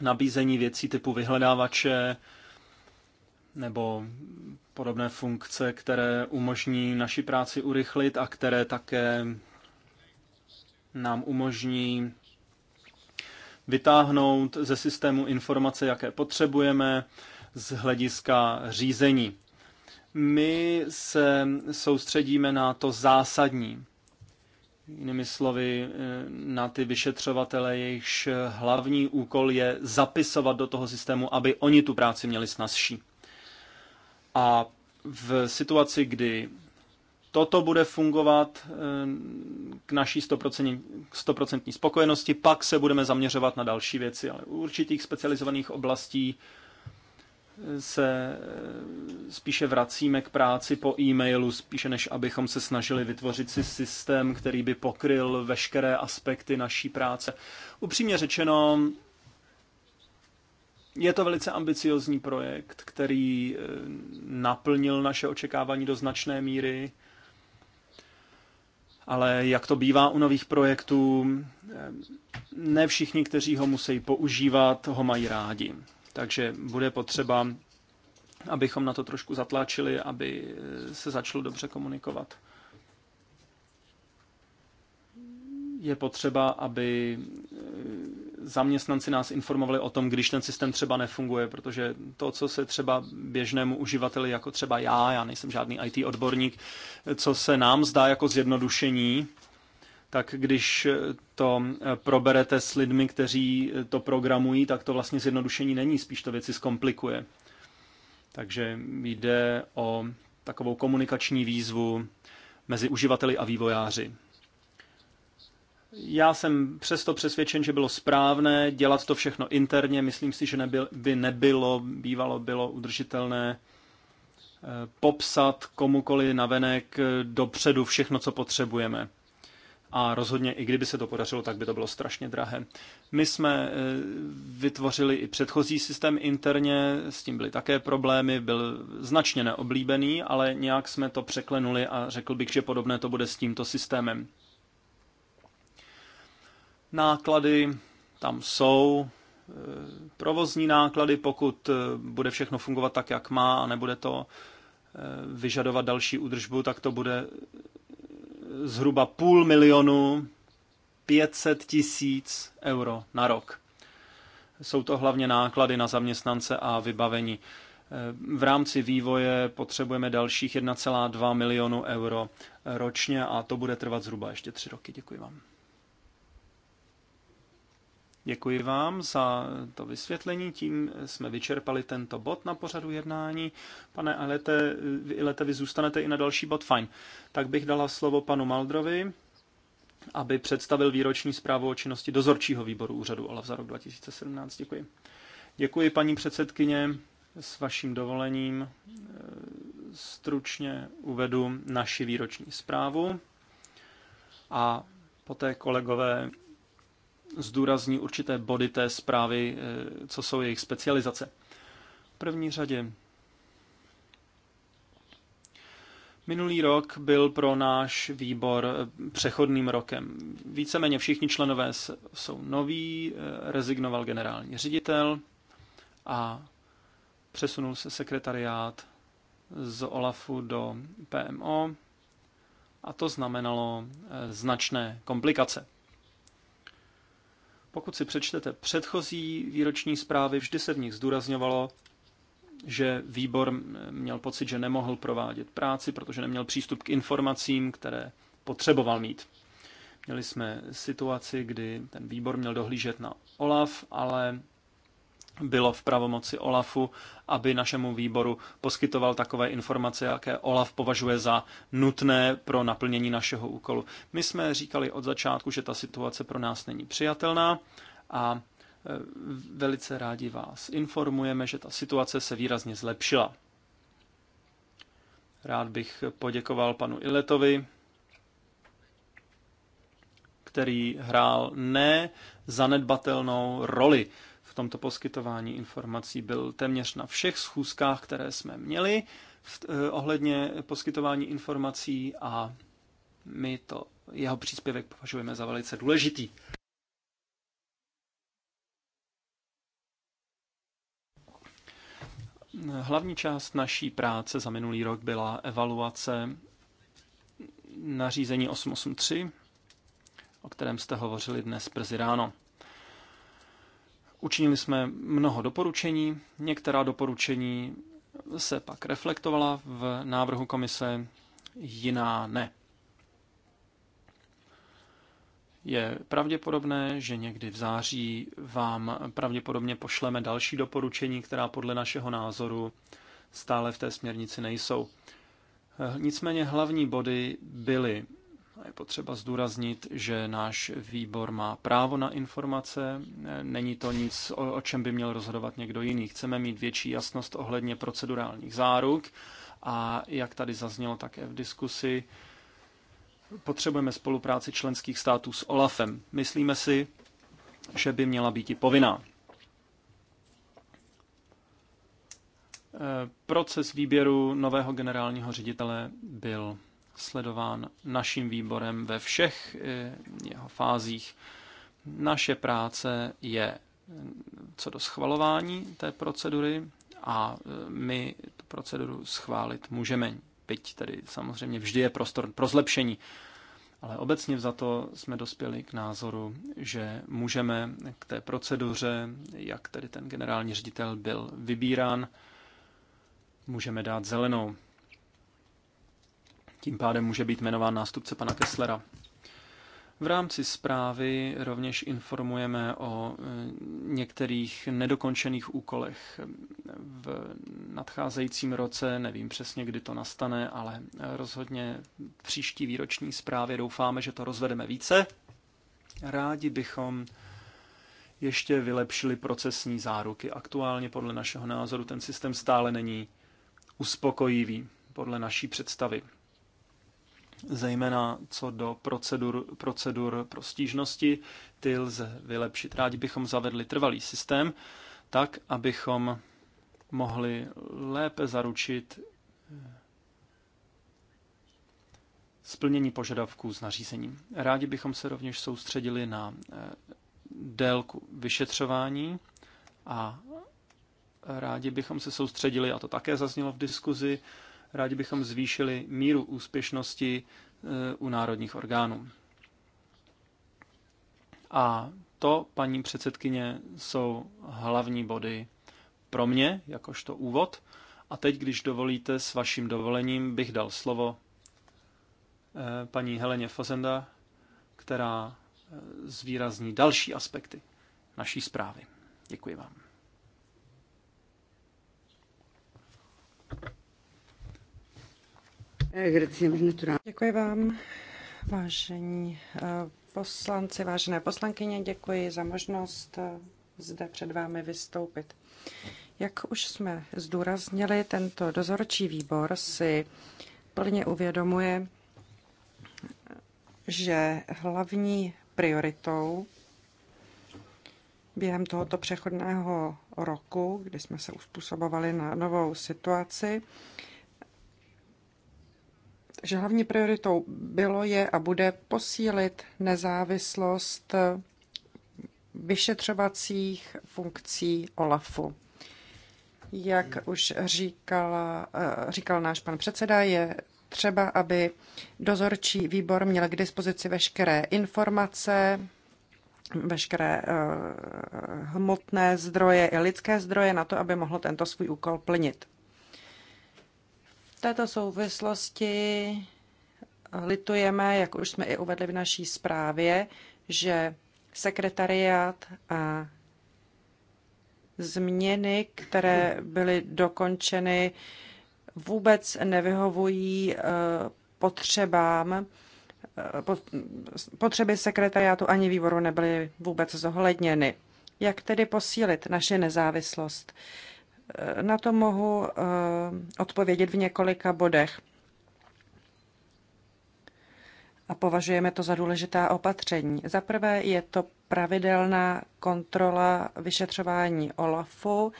nabízení věcí typu vyhledávače, nebo podobné funkce, které umožní naši práci urychlit a které také nám umožní vytáhnout ze systému informace, jaké potřebujeme z hlediska řízení. My se soustředíme na to zásadní, jinými slovy, na ty vyšetřovatele, jejichž hlavní úkol je zapisovat do toho systému, aby oni tu práci měli snazší. A v situaci, kdy toto bude fungovat eh, k naší 100%, 100% spokojenosti, pak se budeme zaměřovat na další věci, ale u určitých specializovaných oblastí eh, se eh, spíše vracíme k práci po e-mailu, spíše než abychom se snažili vytvořit si systém, který by pokryl veškeré aspekty naší práce. Upřímně řečeno, je to velice ambiciozní projekt, který eh, naplnil naše očekávání do značné míry, ale jak to bývá u nových projektů, eh, ne všichni, kteří ho musí používat, ho mají rádi. Takže bude potřeba, abychom na to trošku zatlačili, aby eh, se začalo dobře komunikovat. Je potřeba, aby zaměstnanci nás informovali o tom, když ten systém třeba nefunguje, protože to, co se třeba běžnému uživateli, jako třeba já, já nejsem žádný IT odborník, co se nám zdá jako zjednodušení, tak když to eh, proberete s lidmi, kteří eh, to programují, tak to vlastně zjednodušení není, spíš to věci zkomplikuje. Takže jde o takovou komunikační výzvu mezi uživateli a vývojáři. Já jsem přesto přesvědčen, že bylo správné dělat to všechno interně. Myslím si, že nebyl, by nebylo, bývalo bylo udržitelné eh, popsat komukoli navenek eh, dopředu všechno, co potřebujeme. A rozhodně, i kdyby se to podařilo, tak by to bylo strašně drahé. My jsme eh, vytvořili i předchozí systém interně, s tím byly také problémy, byl značně neoblíbený, ale nějak jsme to překlenuli a řekl bych, že podobné to bude s tímto systémem náklady tam jsou, e, provozní náklady, pokud e, bude všechno fungovat tak, jak má a nebude to e, vyžadovat další údržbu, tak to bude zhruba půl milionu 500 tisíc euro na rok. Jsou to hlavně náklady na zaměstnance a vybavení. V rámci vývoje potřebujeme dalších 1,2 milionu euro ročně a to bude trvat zhruba ještě tři roky. Děkuji vám. Děkuji vám za to vysvětlení. Tím jsme vyčerpali tento bod na pořadu jednání. Pane Alete, Ilete, vy zůstanete i na další bod? Fajn. Tak bych dala slovo panu Maldrovi, aby představil výroční zprávu o činnosti dozorčího výboru úřadu OLAF za rok 2017. Děkuji. Děkuji, paní předsedkyně. S vaším dovolením eh, stručně uvedu naši výroční zprávu a poté kolegové zdůrazní určité body té zprávy, eh, co jsou jejich specializace. V první řadě Minulý rok byl pro náš výbor eh, přechodným rokem. Víceméně všichni členové jsou noví, eh, rezignoval generální ředitel a přesunul se sekretariát z OLAFu do PMO a to znamenalo značné komplikace. Pokud si přečtete předchozí výroční zprávy, vždy se v nich zdůrazňovalo, že výbor měl pocit, že nemohl provádět práci, protože neměl přístup k informacím, které potřeboval mít. Měli jsme situaci, kdy ten výbor měl dohlížet na OLAF, ale bylo v pravomoci OLAFu, aby našemu výboru poskytoval takové informace, jaké OLAF považuje za nutné pro naplnění našeho úkolu. My jsme říkali od začátku, že ta situace pro nás není přijatelná a e, velice rádi vás informujeme, že ta situace se výrazně zlepšila. Rád bych poděkoval panu Iletovi, který hrál ne zanedbatelnou roli v tomto poskytování informací byl téměř na všech schůzkách, které jsme měli v, eh, ohledně poskytování informací a my to jeho příspěvek považujeme za velice důležitý. Hlavní část naší práce za minulý rok byla evaluace nařízení 883, o kterém jste hovořili dnes brzy ráno. Učinili jsme mnoho doporučení, některá doporučení se pak reflektovala v návrhu komise, jiná ne. Je pravděpodobné, že někdy v září vám pravděpodobně pošleme další doporučení, která podle našeho názoru stále v té směrnici nejsou. Nicméně hlavní body byly a je potřeba zdůraznit, že náš výbor má právo na informace, není to nic, o, o čem by měl rozhodovat někdo jiný. Chceme mít větší jasnost ohledně procedurálních záruk a jak tady zaznělo také v diskusi, potřebujeme spolupráci členských států s OLAFem. Myslíme si, že by měla být i povinná. E, proces výběru nového generálního ředitele byl sledován naším výborem ve všech eh, jeho fázích. Naše práce je eh, co do schvalování té procedury a eh, my tu proceduru schválit můžeme. Byť tady samozřejmě vždy je prostor pro zlepšení. Ale obecně za to jsme dospěli k názoru, že můžeme k té proceduře, jak tedy ten generální ředitel byl vybírán, můžeme dát zelenou. Tím pádem může být jmenován nástupce pana Kesslera. V rámci zprávy rovněž informujeme o e, některých nedokončených úkolech. V nadcházejícím roce, nevím přesně, kdy to nastane, ale rozhodně v příští výroční zprávě doufáme, že to rozvedeme více. Rádi bychom ještě vylepšili procesní záruky. Aktuálně podle našeho názoru ten systém stále není uspokojivý podle naší představy zejména co do procedur, procedur pro stížnosti, ty lze vylepšit. Rádi bychom zavedli trvalý systém, tak, abychom mohli lépe zaručit eh, splnění požadavků s nařízením. Rádi bychom se rovněž soustředili na eh, délku vyšetřování a rádi bychom se soustředili, a to také zaznělo v diskuzi, Rádi bychom zvýšili míru úspěšnosti e, u národních orgánů. A to, paní předsedkyně, jsou hlavní body pro mě, jakožto úvod. A teď, když dovolíte, s vaším dovolením bych dal slovo e, paní Heleně Fozenda, která e, zvýrazní další aspekty naší zprávy. Děkuji vám. Děkuji vám, vážení eh, poslanci, vážené poslankyně, děkuji za možnost eh, zde před vámi vystoupit. Jak už jsme zdůraznili, tento dozorčí výbor si plně uvědomuje, že hlavní prioritou během tohoto přechodného roku, kdy jsme se uspůsobovali na novou situaci, že hlavní prioritou bylo je a bude posílit nezávislost vyšetřovacích funkcí OLAFu. Jak už říkala, eh, říkal náš pan předseda, je třeba, aby dozorčí výbor měl k dispozici veškeré informace, veškeré eh, hmotné zdroje i lidské zdroje na to, aby mohl tento svůj úkol plnit této souvislosti litujeme, jak už jsme i uvedli v naší zprávě, že sekretariát a změny, které byly dokončeny, vůbec nevyhovují eh, potřebám. Eh, potřeby sekretariátu ani výboru nebyly vůbec zohledněny. Jak tedy posílit naše nezávislost? Na to mohu eh, odpovědět v několika bodech. A považujeme to za důležitá opatření. Za prvé je to pravidelná kontrola vyšetřování OLAFu.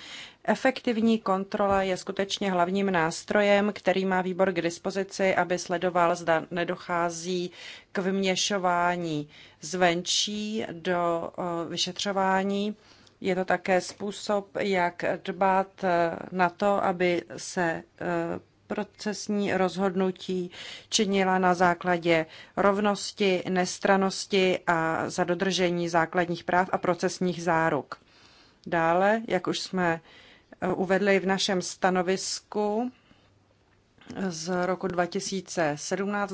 Efektivní kontrola je skutečně hlavním nástrojem, který má výbor k dispozici, aby sledoval, zda nedochází k vyměšování zvenčí do eh, vyšetřování je to také způsob, jak dbát eh, na to, aby se eh, procesní rozhodnutí činila na základě rovnosti, nestranosti a za dodržení základních práv a procesních záruk. Dále, jak už jsme eh, uvedli v našem stanovisku z roku 2017,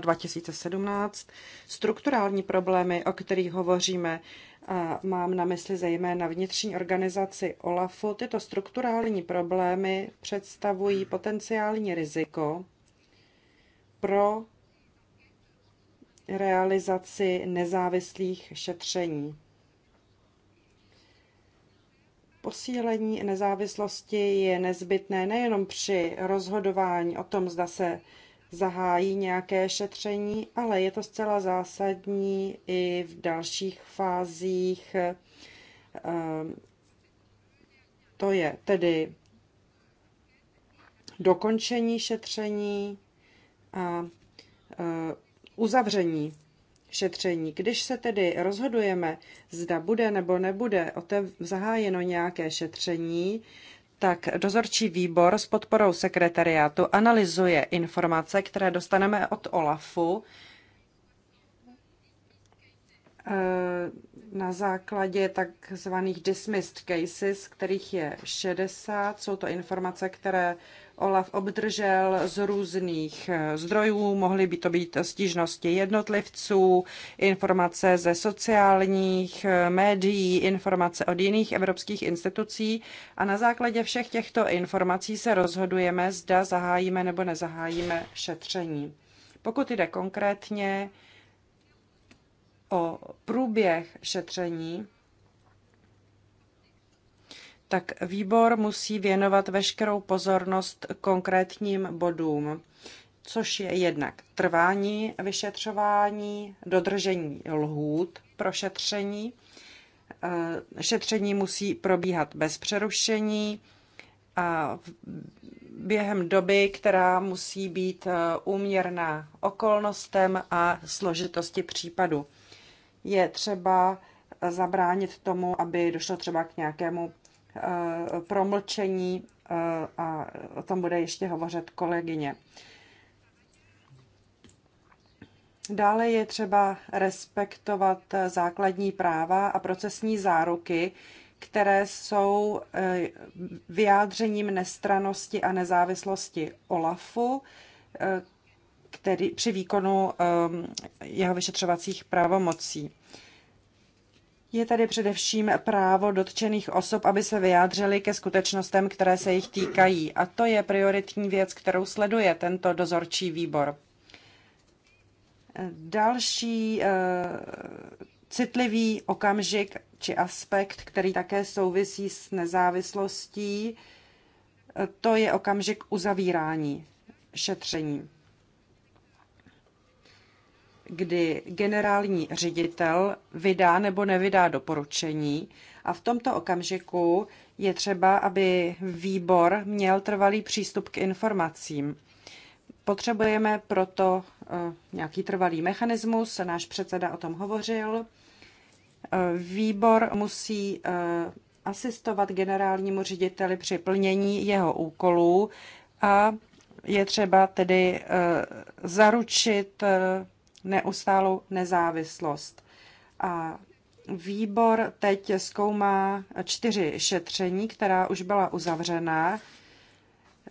2017, strukturální problémy, o kterých hovoříme, a mám na mysli zejména vnitřní organizaci OLAFu, tyto strukturální problémy představují potenciální riziko pro realizaci nezávislých šetření. Posílení nezávislosti je nezbytné nejenom při rozhodování o tom, zda se zahájí nějaké šetření, ale je to zcela zásadní i v dalších fázích. Ehm, to je tedy dokončení šetření a eh, uzavření šetření. Když se tedy rozhodujeme, zda bude nebo nebude zahájeno nějaké šetření, tak dozorčí výbor s podporou sekretariátu analyzuje informace, které dostaneme od OLAFu eh, na základě takzvaných dismissed cases, kterých je 60. Jsou to informace, které OLAF obdržel z různých eh, zdrojů. Mohly by to být stížnosti jednotlivců, informace ze sociálních eh, médií, informace od jiných evropských institucí. A na základě všech těchto informací se rozhodujeme, zda zahájíme nebo nezahájíme šetření. Pokud jde konkrétně o průběh šetření, tak výbor musí věnovat veškerou pozornost konkrétním bodům, což je jednak trvání vyšetřování, dodržení lhůt pro šetření. Eh, šetření musí probíhat bez přerušení a během doby, která musí být eh, úměrná okolnostem a složitosti případu. Je třeba eh, zabránit tomu, aby došlo třeba k nějakému Eh, promlčení eh, a o tom bude ještě hovořit kolegyně. Dále je třeba respektovat základní práva a procesní záruky, které jsou eh, vyjádřením nestranosti a nezávislosti OLAFu, který při výkonu jeho vyšetřovacích pravomocí. Je tady především právo dotčených osob, aby se vyjádřili ke skutečnostem, které se jich týkají. A to je prioritní věc, kterou sleduje tento dozorčí výbor. Další eh, citlivý okamžik či aspekt, který také souvisí s nezávislostí, eh, to je okamžik uzavírání šetření kdy generální ředitel vydá nebo nevydá doporučení a v tomto okamžiku je třeba, aby výbor měl trvalý přístup k informacím. Potřebujeme proto eh, nějaký trvalý mechanismus, náš předseda o tom hovořil. Eh, výbor musí eh, asistovat generálnímu řediteli při plnění jeho úkolů a je třeba tedy zaručit neustálou nezávislost. A výbor teď zkoumá čtyři šetření, která už byla uzavřená,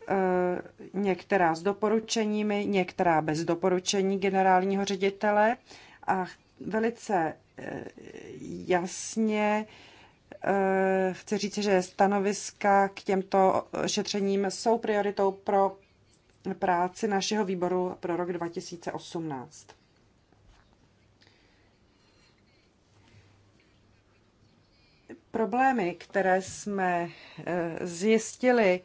eh, některá s doporučeními, některá bez doporučení generálního ředitele a velice eh, jasně eh, chci říct, že stanoviska k těmto šetřením jsou prioritou pro práci našeho výboru pro rok 2018. problémy, které jsme eh, zjistili,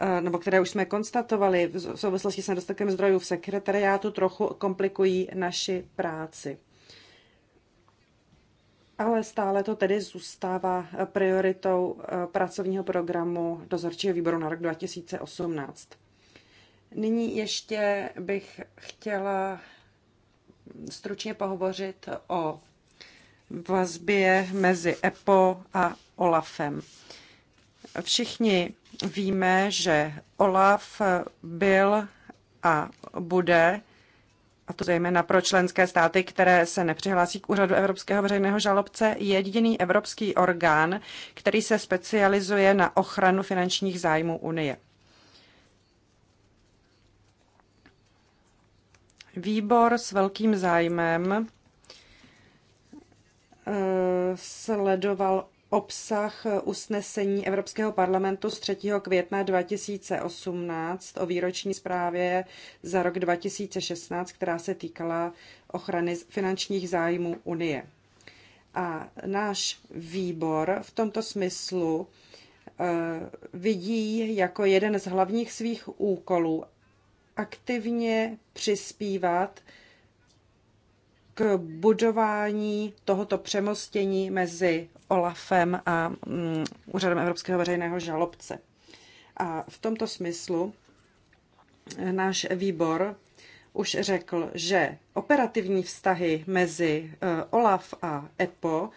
eh, nebo které už jsme konstatovali v souvislosti s nedostatkem zdrojů v sekretariátu, trochu komplikují naši práci. Ale stále to tedy zůstává eh, prioritou pracovního programu dozorčího výboru na rok 2018. Nyní ještě bych chtěla stručně pohovořit o vazbě mezi EPO a OLAFem. Všichni víme, že OLAF byl a bude, a to zejména pro členské státy, které se nepřihlásí k úřadu Evropského veřejného žalobce, jediný evropský orgán, který se specializuje na ochranu finančních zájmů Unie. Výbor s velkým zájmem sledoval obsah usnesení Evropského parlamentu z 3. května 2018 o výroční zprávě za rok 2016, která se týkala ochrany finančních zájmů Unie. A náš výbor v tomto smyslu eh, vidí jako jeden z hlavních svých úkolů aktivně přispívat k budování tohoto přemostění mezi OLAFem a mm, Úřadem Evropského veřejného žalobce. A v tomto smyslu náš výbor už řekl, že operativní vztahy mezi e, OLAF a EPO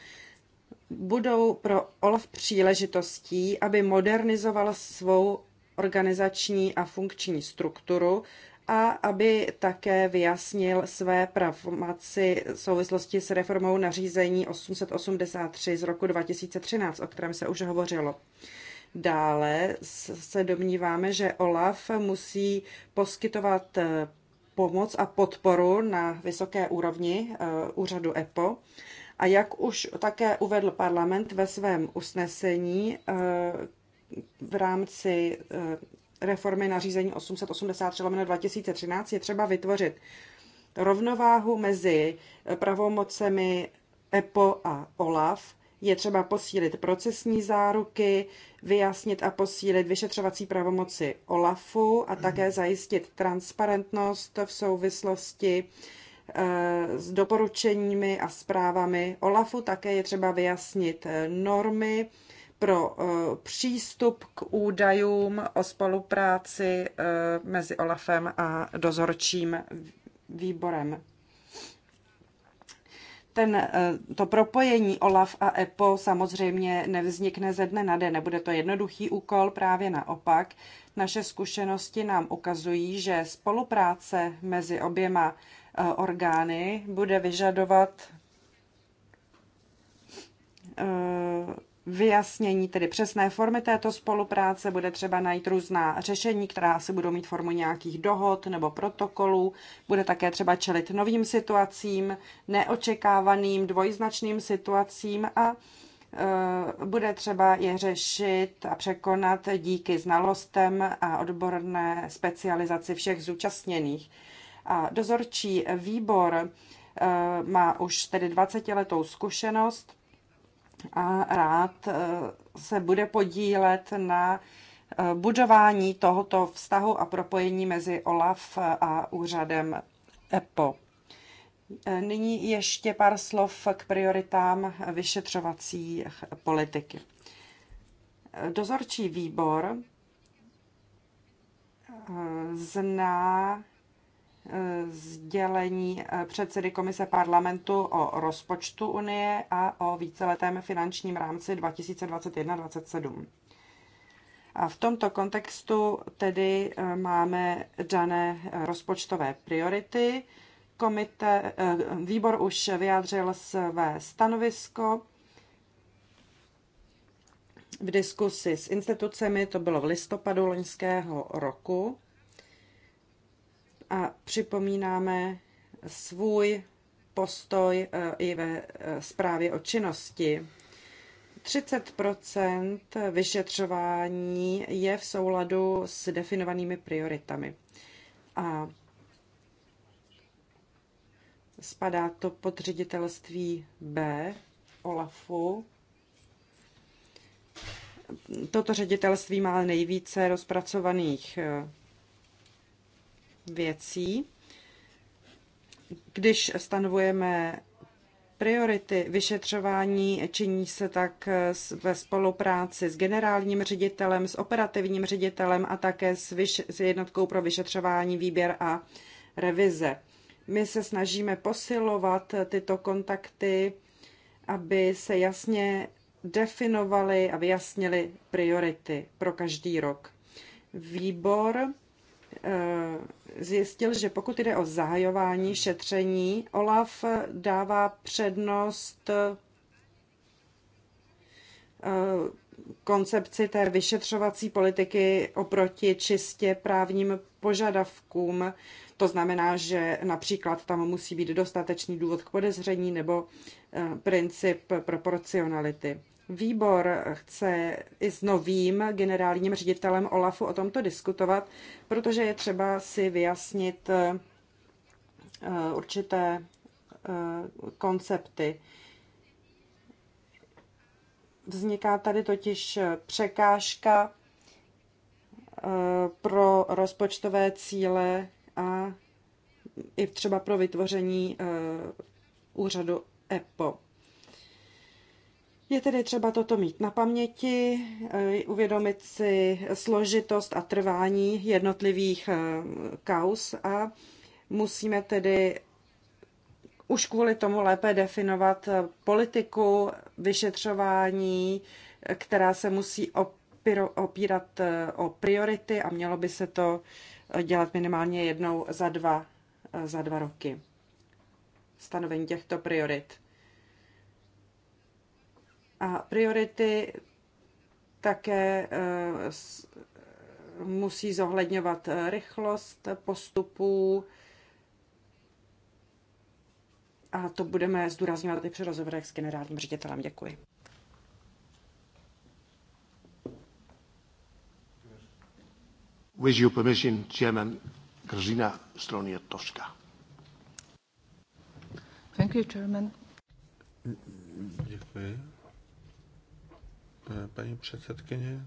budou pro OLAF příležitostí, aby modernizoval svou organizační a funkční strukturu a aby také vyjasnil své pravomaci v souvislosti s reformou nařízení 883 z roku 2013, o kterém se už hovořilo. Dále se domníváme, že OLAF musí poskytovat eh, pomoc a podporu na vysoké úrovni eh, úřadu EPO. A jak už také uvedl parlament ve svém usnesení eh, v rámci reformy nařízení 883 2013 je třeba vytvořit rovnováhu mezi eh, pravomocemi EPO a OLAF. Je třeba posílit procesní záruky, vyjasnit a posílit vyšetřovací pravomoci OLAFu a mhm. také zajistit transparentnost v souvislosti eh, s doporučeními a zprávami OLAFu. Také je třeba vyjasnit eh, normy pro eh, přístup k údajům o spolupráci eh, mezi OLAFem a dozorčím výborem. Ten, eh, to propojení OLAF a EPO samozřejmě nevznikne ze dne na den, nebude to jednoduchý úkol, právě naopak. Naše zkušenosti nám ukazují, že spolupráce mezi oběma orgány bude vyžadovat vyjasnění, tedy přesné formy této spolupráce, bude třeba najít různá řešení, která si budou mít formu nějakých dohod nebo protokolů. Bude také třeba čelit novým situacím, neočekávaným, dvojznačným situacím a e, bude třeba je řešit a překonat díky znalostem a odborné specializaci všech zúčastněných. A dozorčí výbor e, má už tedy 20 letou zkušenost a rád eh, se bude podílet na eh, budování tohoto vztahu a propojení mezi OLAF a úřadem EPO. Eh, nyní ještě pár slov k prioritám vyšetřovací politiky. Dozorčí výbor zná sdělení eh, předsedy Komise parlamentu o rozpočtu Unie a o víceletém finančním rámci 2021-2027. A v tomto kontextu tedy eh, máme dané eh, rozpočtové priority. Komite, výbor už vyjádřil své stanovisko v diskusi s institucemi, to bylo v listopadu loňského roku a připomínáme svůj postoj eh, i ve eh, zprávě o činnosti. 30 vyšetřování je v souladu s definovanými prioritami. A spadá to pod ředitelství B OLAFu. Toto ředitelství má nejvíce rozpracovaných eh, věcí. Když stanovujeme priority vyšetřování činí se tak ve spolupráci s generálním ředitelem, s operativním ředitelem a také s, vyš- s jednotkou pro vyšetřování, výběr a revize. My se snažíme posilovat tyto kontakty, aby se jasně definovaly a vyjasnily priority pro každý rok. Výbor Eh, zjistil, že pokud jde o zahajování šetření, OLAF dává přednost eh, koncepci té vyšetřovací politiky oproti čistě právním požadavkům. To znamená, že například tam musí být dostatečný důvod k podezření nebo eh, princip proporcionality. Výbor chce i s novým generálním ředitelem OLAFu o tomto diskutovat, protože je třeba si vyjasnit eh, určité eh, koncepty. Vzniká tady totiž překážka eh, pro rozpočtové cíle a i třeba pro vytvoření úřadu EPO. Je tedy třeba toto mít na paměti, eh, uvědomit si složitost a trvání jednotlivých eh, kaus a musíme tedy už kvůli tomu lépe definovat eh, politiku vyšetřování, která se musí opírat o priority a mělo by se to dělat minimálně jednou za dva, za dva roky. Stanovení těchto priorit. A priority také eh, musí zohledňovat eh, rychlost postupů a to budeme zdůrazňovat i při rozhovorech s generálním ředitelem. Děkuji. With your permission, Chairman, Grzina Stroniatowska. Thank you, Chairman. Děkuji. Eh, paní předsedkyně.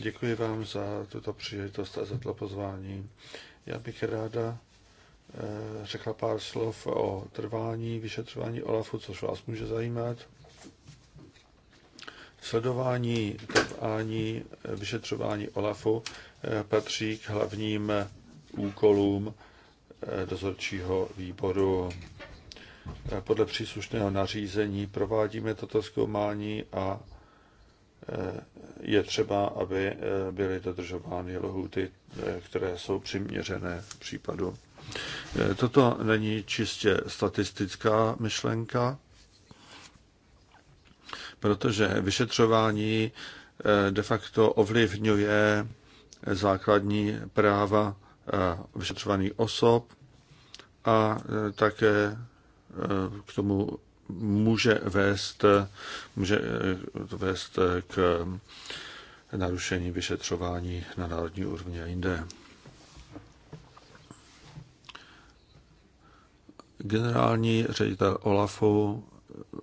Děkuji vám za tuto příležitost a za to pozvání. Já bych ráda eh, řekla pár slov o trvání vyšetřování OLAFu, což vás může zajímat. Sledování trvání vyšetřování OLAFu eh, patří k hlavním úkolům dozorčího výboru. Podle příslušného nařízení provádíme toto zkoumání a Eh, je třeba, aby eh, byly dodržovány lohuty, eh, které jsou přiměřené v případu. Toto není čistě statistická myšlenka, protože vyšetřování de facto ovlivňuje základní práva vyšetřovaných osob a také k tomu může vést, může eh, vést k narušení vyšetřování na národní úrovni a jinde. Generální ředitel OLAFu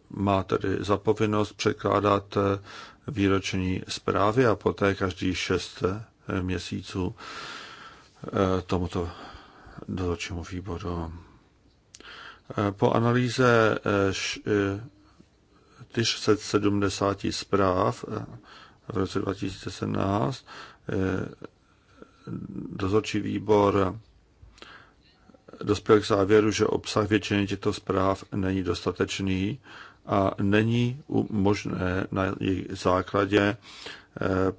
má tedy zapovinnost překládat eh, výroční zprávy a poté každý šest eh, měsíců tomuto dozorčímu výboru. Po analýze 470 eh, eh, zpráv eh, v roce 2017 dozorčí výbor dospěl k závěru, že obsah většiny těchto zpráv není dostatečný a není možné na jejich základě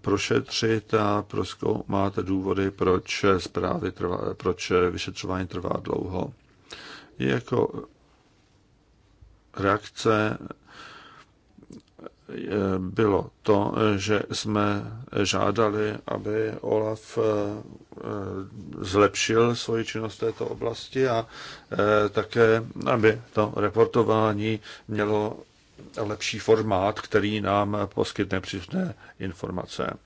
prošetřit a proskoumat důvody, proč, zprávy trvá, proč vyšetřování trvá dlouho jako reakce bylo to, že jsme žádali, aby OLAF eh, zlepšil svoji činnost v této oblasti a eh, také, aby to reportování mělo lepší formát, který nám poskytne příslušné informace.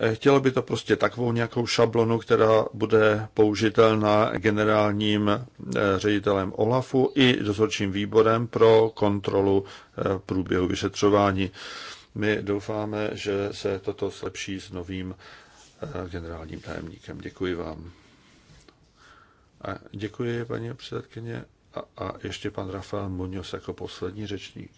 Eh, chtělo by to prostě takovou nějakou šablonu, která bude použitelná generálním eh, ředitelem OLAFu i dozorčím výborem pro kontrolu eh, průběhu vyšetřování. My doufáme, že se toto zlepší s novým generálním tajemníkem. Děkuji vám. A děkuji, paní předsedkyně. A, a ještě pan Rafael Muñoz jako poslední řečník.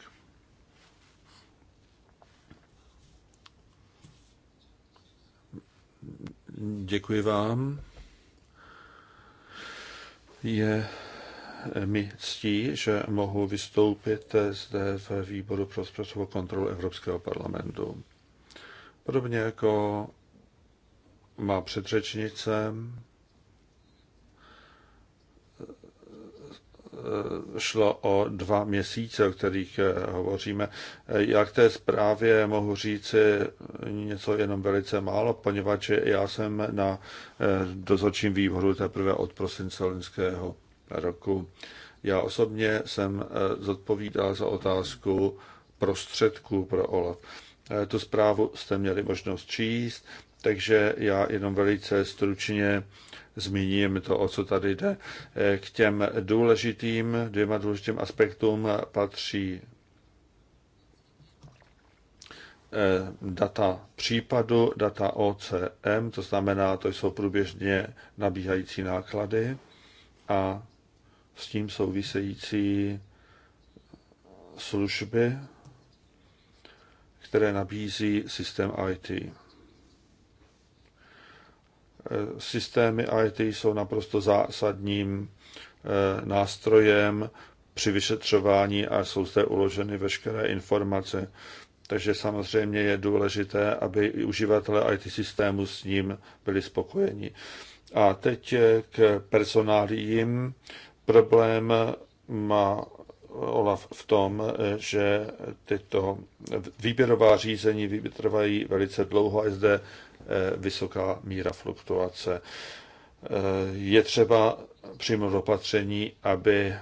Děkuji vám. Je mi ctí, že mohu vystoupit zde v výboru pro zpracovou kontrolu Evropského parlamentu. Podobně jako má předřečnice, Eh, šlo o dva měsíce, o kterých eh, hovoříme. Eh, já k té zprávě mohu říci něco jenom velice málo, poněvadž já jsem na dozorčím výboru teprve od prosince loňského roku. Já osobně jsem zodpovídal za otázku prostředků pro OLAF. Tu zprávu jste měli možnost číst, takže já jenom velice stručně zmíním to, o co tady jde. Eh, k těm důležitým, dvěma důležitým aspektům patří eh, data případu, data OCM, to znamená, to jsou průběžně nabíhající náklady a s tím související služby, které nabízí systém IT. Eh, systémy IT jsou naprosto zásadním eh, nástrojem při vyšetřování a jsou zde uloženy veškeré informace. Takže samozřejmě je důležité, aby uživatelé IT systému s ním byli spokojeni. A teď k personálím. Problém má Olaf v tom, že tyto výběrová řízení vytrvají velice dlouho a je zde Eh, vysoká míra fluktuace. Eh, je třeba přijmout opatření, aby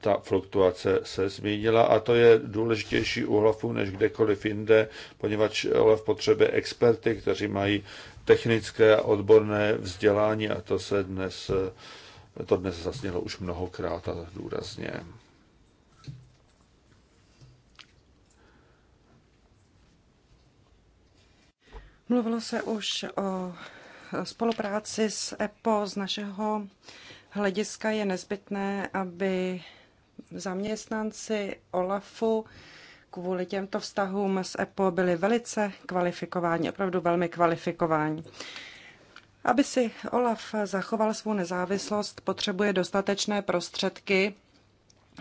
ta fluktuace se zmínila a to je důležitější u OLAFu než kdekoliv jinde, poněvadž OLAF potřebuje experty, kteří mají technické a odborné vzdělání a to se dnes, eh, to dnes zasnělo už mnohokrát a důrazně. Mluvilo se už o spolupráci s EPO. Z našeho hlediska je nezbytné, aby zaměstnanci OLAFu kvůli těmto vztahům s EPO byli velice kvalifikováni, opravdu velmi kvalifikováni. Aby si OLAF zachoval svou nezávislost, potřebuje dostatečné prostředky,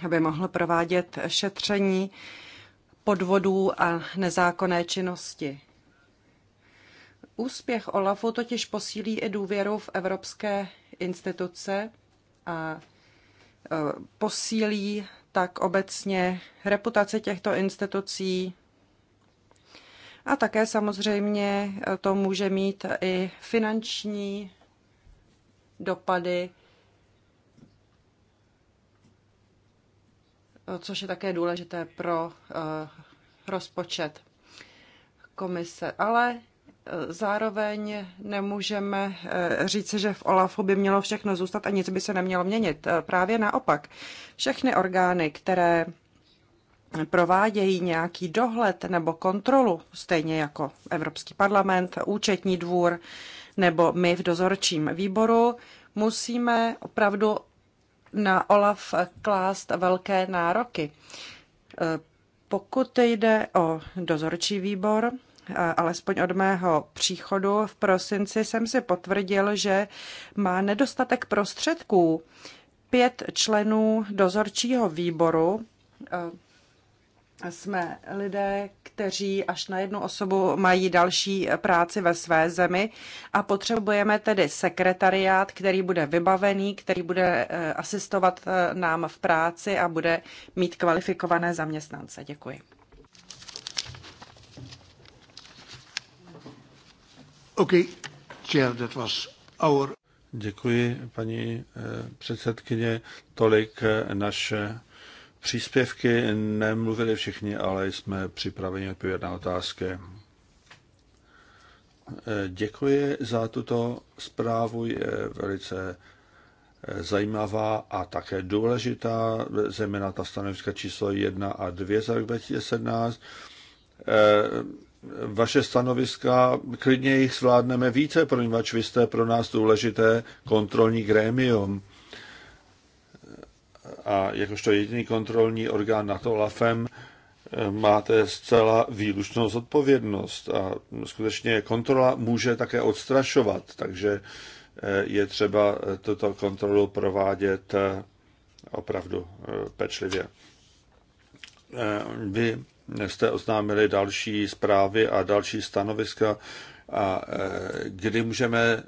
aby mohl provádět šetření podvodů a nezákonné činnosti. Úspěch OLAFu totiž posílí i důvěru v evropské instituce a e, posílí tak obecně reputaci těchto institucí a také samozřejmě e, to může mít i finanční dopady, e, což je také důležité pro rozpočet komise. Ale Zároveň nemůžeme eh, říci, že v OLAFu by mělo všechno zůstat a nic by se nemělo měnit. Eh, právě naopak, všechny orgány, které provádějí nějaký dohled nebo kontrolu, stejně jako Evropský parlament, účetní dvůr nebo my v dozorčím výboru, musíme opravdu na OLAF klást velké nároky. Eh, pokud jde o dozorčí výbor, Eh, alespoň od mého příchodu v prosinci, jsem si potvrdil, že má nedostatek prostředků pět členů dozorčího výboru. Eh, jsme lidé, kteří až na jednu osobu mají další práci ve své zemi a potřebujeme tedy sekretariát, který bude vybavený, který bude eh, asistovat nám v práci a bude mít kvalifikované zaměstnance. Děkuji. Okay. Chair, that was our... Děkuji, paní eh, předsedkyně. Tolik eh, naše příspěvky. Nemluvili všichni, ale jsme připraveni odpovědět na otázky. Eh, děkuji za tuto zprávu, je velice zajímavá a také důležitá, zejména ta stanoviska číslo 1 a 2 za rok 2017 vaše stanoviska, klidně jich zvládneme více, protože vy jste pro nás důležité kontrolní grémium. A jakožto jediný kontrolní orgán na to LAFem eh, máte zcela výlučnou zodpovědnost a skutečně kontrola může také odstrašovat, takže eh, je třeba eh, tuto kontrolu provádět opravdu pečlivě. Vy jste oznámili další zprávy a další stanoviska a e, kdy můžeme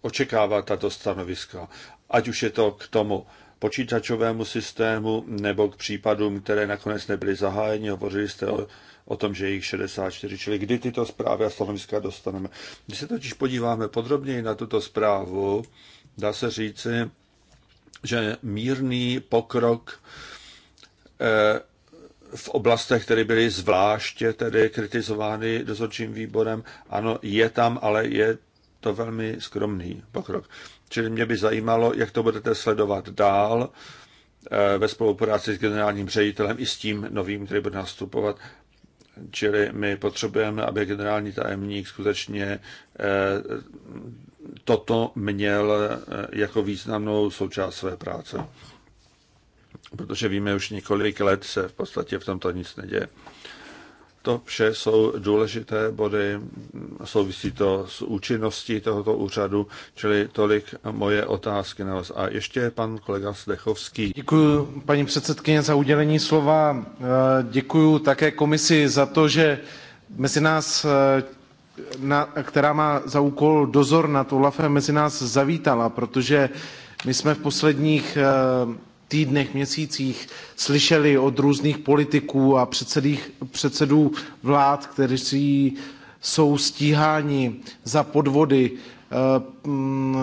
očekávat tato stanoviska. Ať už je to k tomu počítačovému systému nebo k případům, které nakonec nebyly zahájeny. Hovořili jste o, o tom, že jich 64, čili kdy tyto zprávy a stanoviska dostaneme. Když se totiž podíváme podrobněji na tuto zprávu, dá se říci, že mírný pokrok e, v oblastech, které byly zvláště tedy kritizovány dozorčím výborem. Ano, je tam, ale je to velmi skromný pokrok. Čili mě by zajímalo, jak to budete sledovat dál eh, ve spolupráci s generálním ředitelem i s tím novým, který bude nastupovat. Čili my potřebujeme, aby generální tajemník skutečně eh, toto měl eh, jako významnou součást své práce protože víme už několik let se v podstatě v tomto nic neděje. To vše jsou důležité body, souvisí to s účinností tohoto úřadu, čili tolik moje otázky na vás. A ještě pan kolega Zdechovský. Děkuji paní předsedkyně za udělení slova. E, děkuji také komisi za to, že mezi nás, e, na, která má za úkol dozor nad OLAFem, mezi nás zavítala, protože my jsme v posledních e, týdnech, měsících slyšeli od různých politiků a předsedů vlád, kteří jsou stíháni za podvody eh, mm,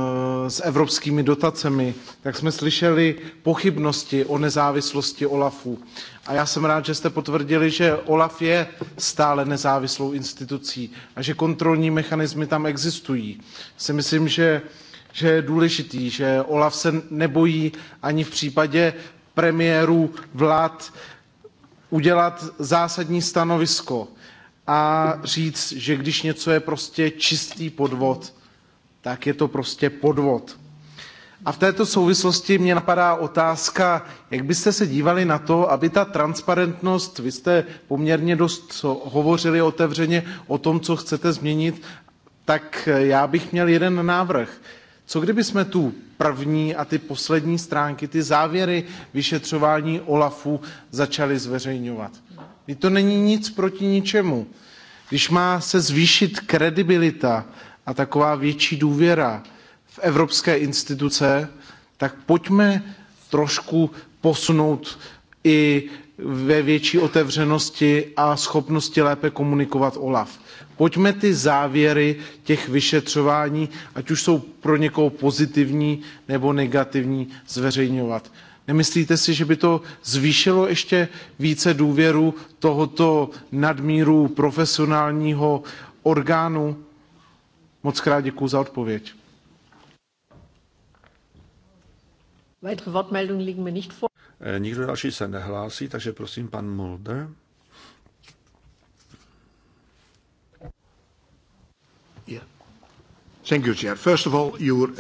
eh, s evropskými dotacemi, tak jsme slyšeli pochybnosti o nezávislosti OLAFu. A já jsem rád, že jste potvrdili, že OLAF je stále nezávislou institucí a že kontrolní mechanismy tam existují. Si myslím, že že je důležitý, že OLAF se nebojí ani v případě premiérů vlád udělat zásadní stanovisko a říct, že když něco je prostě čistý podvod, tak je to prostě podvod. A v této souvislosti mě napadá otázka, jak byste se dívali na to, aby ta transparentnost, vy jste poměrně dost hovořili otevřeně o tom, co chcete změnit, tak já bych měl jeden návrh. Co kdyby jsme tu první a ty poslední stránky, ty závěry vyšetřování OLAFu začali zveřejňovat? I to není nic proti ničemu. Když má se zvýšit kredibilita a taková větší důvěra v evropské instituce, tak pojďme trošku posunout i ve větší otevřenosti a schopnosti lépe komunikovat OLAF. Pojďme ty závěry těch vyšetřování, ať už jsou pro někoho pozitivní nebo negativní, zveřejňovat. Nemyslíte si, že by to zvýšilo ještě více důvěru tohoto nadmíru profesionálního orgánu? Moc krát děkuji za odpověď. Eh, nikdo další se nehlásí, takže prosím pan Mulder. Thank you, Chair. First of all, your... Uh,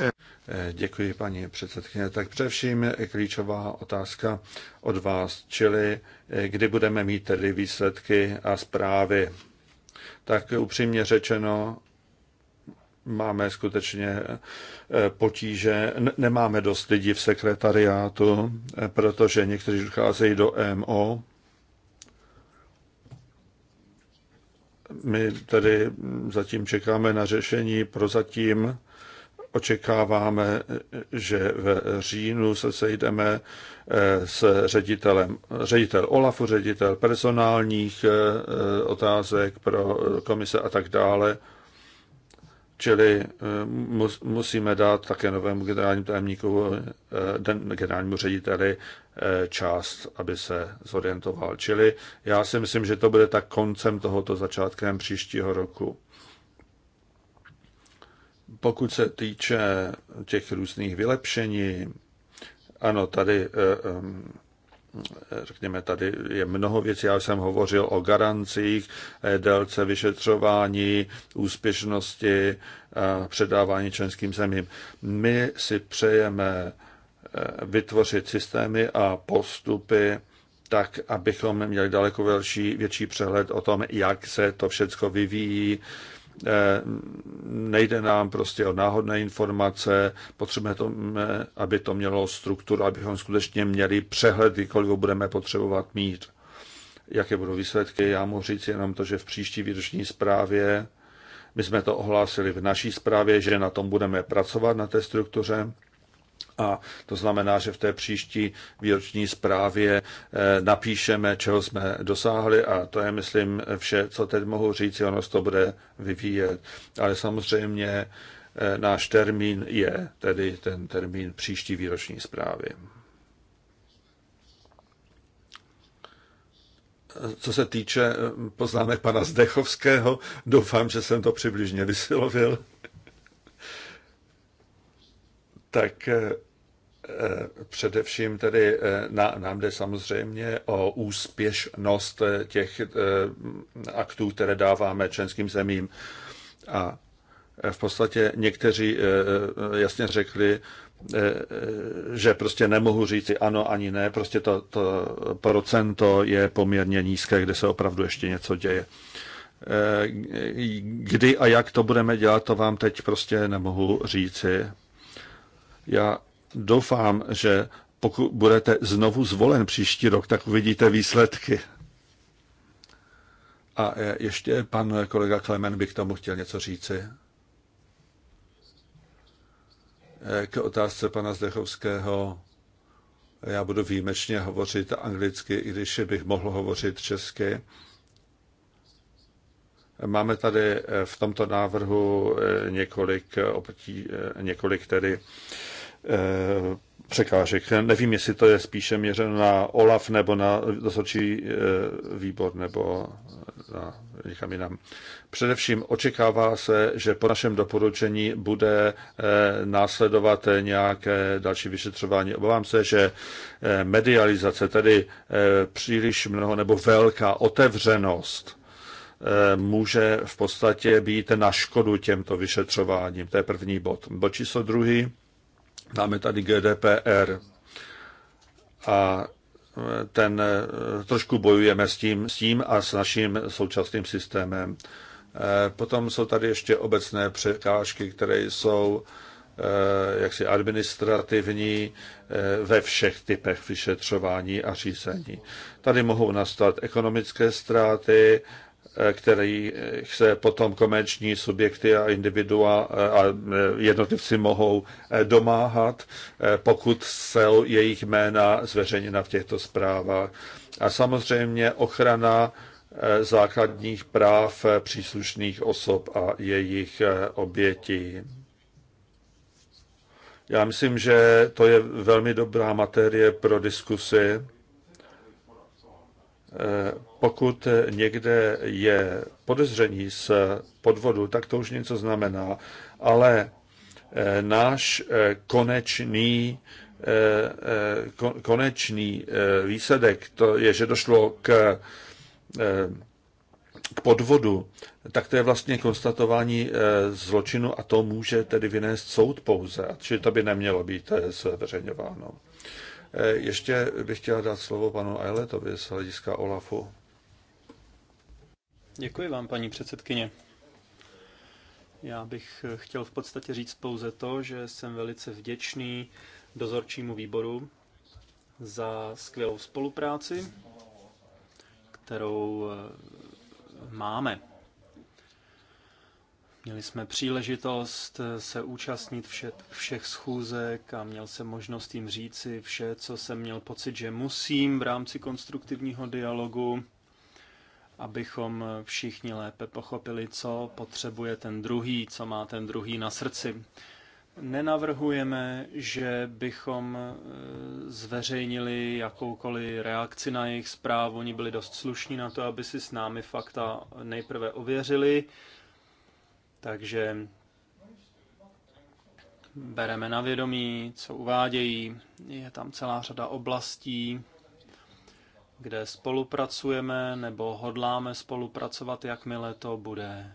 eh, děkuji, paní předsedkyně. Tak především je klíčová otázka od vás, čili eh, kdy budeme mít tedy výsledky a zprávy. Tak upřímně řečeno, máme skutečně eh, potíže, nemáme dost lidí v sekretariátu, protože někteří docházejí do MO, My tedy zatím čekáme na řešení, prozatím očekáváme, že v říjnu se sejdeme eh, s ředitelem, ředitel OLAFu, ředitel personálních eh, otázek pro komise a tak dále. Čili eh, musíme dát také novému generálnímu tajemníku, eh, generálnímu řediteli eh, část, aby se zorientoval. Čili já si myslím, že to bude tak koncem tohoto začátkem příštího roku. Pokud se týče těch různých vylepšení, ano, tady řekněme, tady je mnoho věcí, já jsem hovořil o garancích, eh, délce vyšetřování, úspěšnosti, předávání členským zemím. My si přejeme eh, vytvořit systémy a postupy tak, abychom měli daleko větší, větší přehled o tom, jak se to všechno vyvíjí, Eh, nejde nám prostě o náhodné informace, potřebujeme, to, eh, aby to mělo strukturu, abychom skutečně měli přehled, kolik ho budeme potřebovat mít. Jaké budou výsledky? Já mohu říct jenom to, že v příští výroční zprávě, my jsme to ohlásili v naší zprávě, že na tom budeme pracovat, na té struktuře, a to znamená, že v té příští výroční zprávě eh, napíšeme, čeho jsme dosáhli a to je, myslím, vše, co teď mohu říct, ono se to bude vyvíjet. Ale samozřejmě eh, náš termín je tedy ten termín příští výroční zprávy. Co se týče eh, poznámek pana Zdechovského, doufám, že jsem to přibližně vysilovil tak eh, eh, Především tedy eh, nám jde samozřejmě o úspěšnost těch aktů, které dáváme členským zemím. A v podstatě někteří jasně řekli, že prostě nemohu říci ano ani ne, prostě to, to procento je poměrně nízké, kde se opravdu ještě něco děje. Kdy a jak to budeme dělat, to vám teď prostě nemohu říci. Já doufám, že pokud budete znovu zvolen příští rok, tak uvidíte výsledky. A e, ještě pan kolega Klemen by k tomu chtěl něco říci. E, k otázce pana Zdechovského. Já budu výjimečně hovořit anglicky, i když bych mohl hovořit česky. Máme tady e, v tomto návrhu několik, několik tedy Eh, překážek. Nevím, jestli to je spíše měřeno na OLAF nebo na dosočí eh, výbor nebo na někam jinam. Především očekává se, že po našem doporučení bude eh, následovat nějaké další vyšetřování. Obávám se, že medializace, tedy příliš mnoho nebo velká otevřenost, může v podstatě být na škodu těmto vyšetřováním. To je první bod. Bod číslo druhý Máme tady GDPR a e, ten e, trošku bojujeme s tím, s tím a s naším současným systémem. E, potom jsou tady ještě obecné překážky, které jsou jaksi administrativní ve všech typech vyšetřování a řízení. Tady mohou nastat ekonomické ztráty, Eh, který se potom komerční subjekty a individua eh, a eh, jednotlivci mohou domáhat, pokud se jejich jména zveřejněna v těchto zprávách. A samozřejmě ochrana základních práv příslušných osob a jejich obětí. Já myslím, že to je velmi dobrá materie pro diskusy pokud někde je podezření z podvodu, tak to už něco znamená. Ale eh, náš eh, konečný, eh, konečný výsledek, to je, že došlo k, k podvodu, tak to je vlastně konstatování zločinu a to může tedy vynést soud pouze. Čili to by nemělo být zveřejňováno. Ještě bych chtěla dát slovo panu Eiletovi z hlediska OLAFu. Děkuji vám, paní předsedkyně. Já bych eh, chtěl v podstatě říct pouze to, že jsem velice vděčný dozorčímu výboru za skvělou spolupráci, kterou eh, máme. Měli jsme příležitost eh, se účastnit vše, všech schůzek a měl jsem možnost jim říci vše, co jsem měl pocit, že musím v rámci konstruktivního dialogu abychom všichni lépe pochopili, co potřebuje ten druhý, co má ten druhý na srdci. Nenavrhujeme, že bychom e, zveřejnili jakoukoliv reakci na jejich zprávu. Oni byli dost slušní na to, aby si s námi fakta nejprve ověřili. Takže bereme na vědomí, co uvádějí. Je tam celá řada oblastí, kde spolupracujeme nebo hodláme spolupracovat, jakmile to bude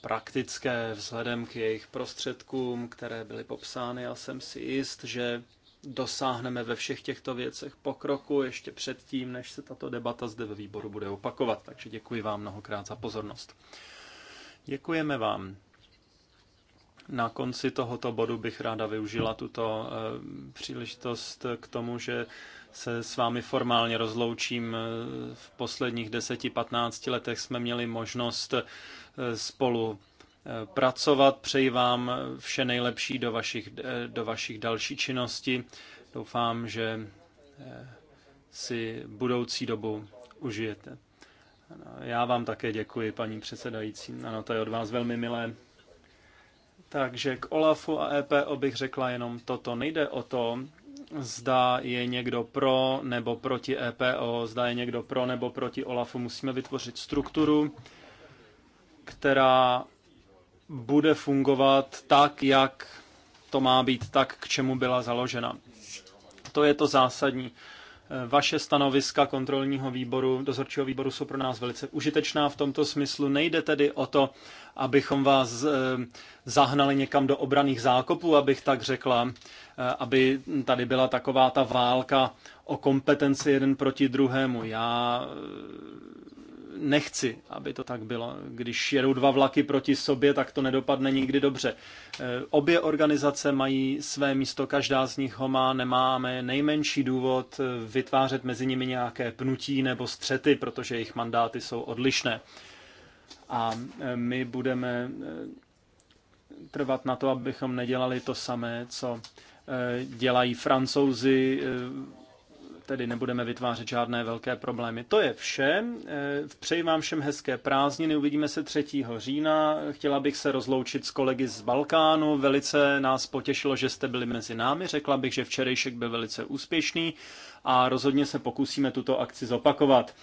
praktické vzhledem k jejich prostředkům, které byly popsány. Já jsem si jist, že dosáhneme ve všech těchto věcech pokroku ještě předtím, než se tato debata zde ve výboru bude opakovat. Takže děkuji vám mnohokrát za pozornost. Děkujeme vám. Na konci tohoto bodu bych ráda využila tuto eh, příležitost k tomu, že se s vámi formálně rozloučím. Eh, v posledních 10-15 letech jsme měli možnost eh, spolu pracovat. Přeji vám vše nejlepší do vašich, do vašich další činnosti. Doufám, že si budoucí dobu užijete. Já vám také děkuji, paní předsedající. Ano, to je od vás velmi milé. Takže k Olafu a EPO bych řekla jenom toto. Nejde o to, zda je někdo pro nebo proti EPO, zda je někdo pro nebo proti Olafu. Musíme vytvořit strukturu, která bude fungovat tak, jak to má být, tak, k čemu byla založena. To je to zásadní. Vaše stanoviska kontrolního výboru, dozorčího výboru jsou pro nás velice užitečná v tomto smyslu. Nejde tedy o to, abychom vás eh, zahnali někam do obraných zákopů, abych tak řekla, eh, aby tady byla taková ta válka o kompetenci jeden proti druhému. Já nechci, aby to tak bylo. Když jedou dva vlaky proti sobě, tak to nedopadne nikdy dobře. Eh, obě organizace mají své místo, každá z nich ho má, nemáme nejmenší důvod eh, vytvářet mezi nimi nějaké pnutí nebo střety, protože jejich mandáty jsou odlišné. A eh, my budeme trvat na to, abychom nedělali to samé, co dělají francouzi tedy nebudeme vytvářet žádné velké problémy. To je vše. Eh, přeji vám všem hezké prázdniny. Uvidíme se 3. října. Chtěla bych se rozloučit s kolegy z Balkánu. Velice nás potěšilo, že jste byli mezi námi. Řekla bych, že včerejšek byl velice úspěšný a rozhodně se pokusíme tuto akci zopakovat.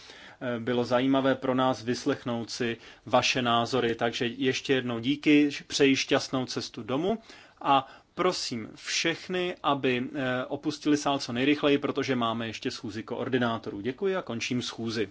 Eh, bylo zajímavé pro nás vyslechnout si vaše názory, takže ještě jednou díky, přeji šťastnou cestu domů a Prosím všechny, aby eh, opustili sál co nejrychleji, protože máme ještě schůzi koordinátorů. Děkuji a končím schůzi.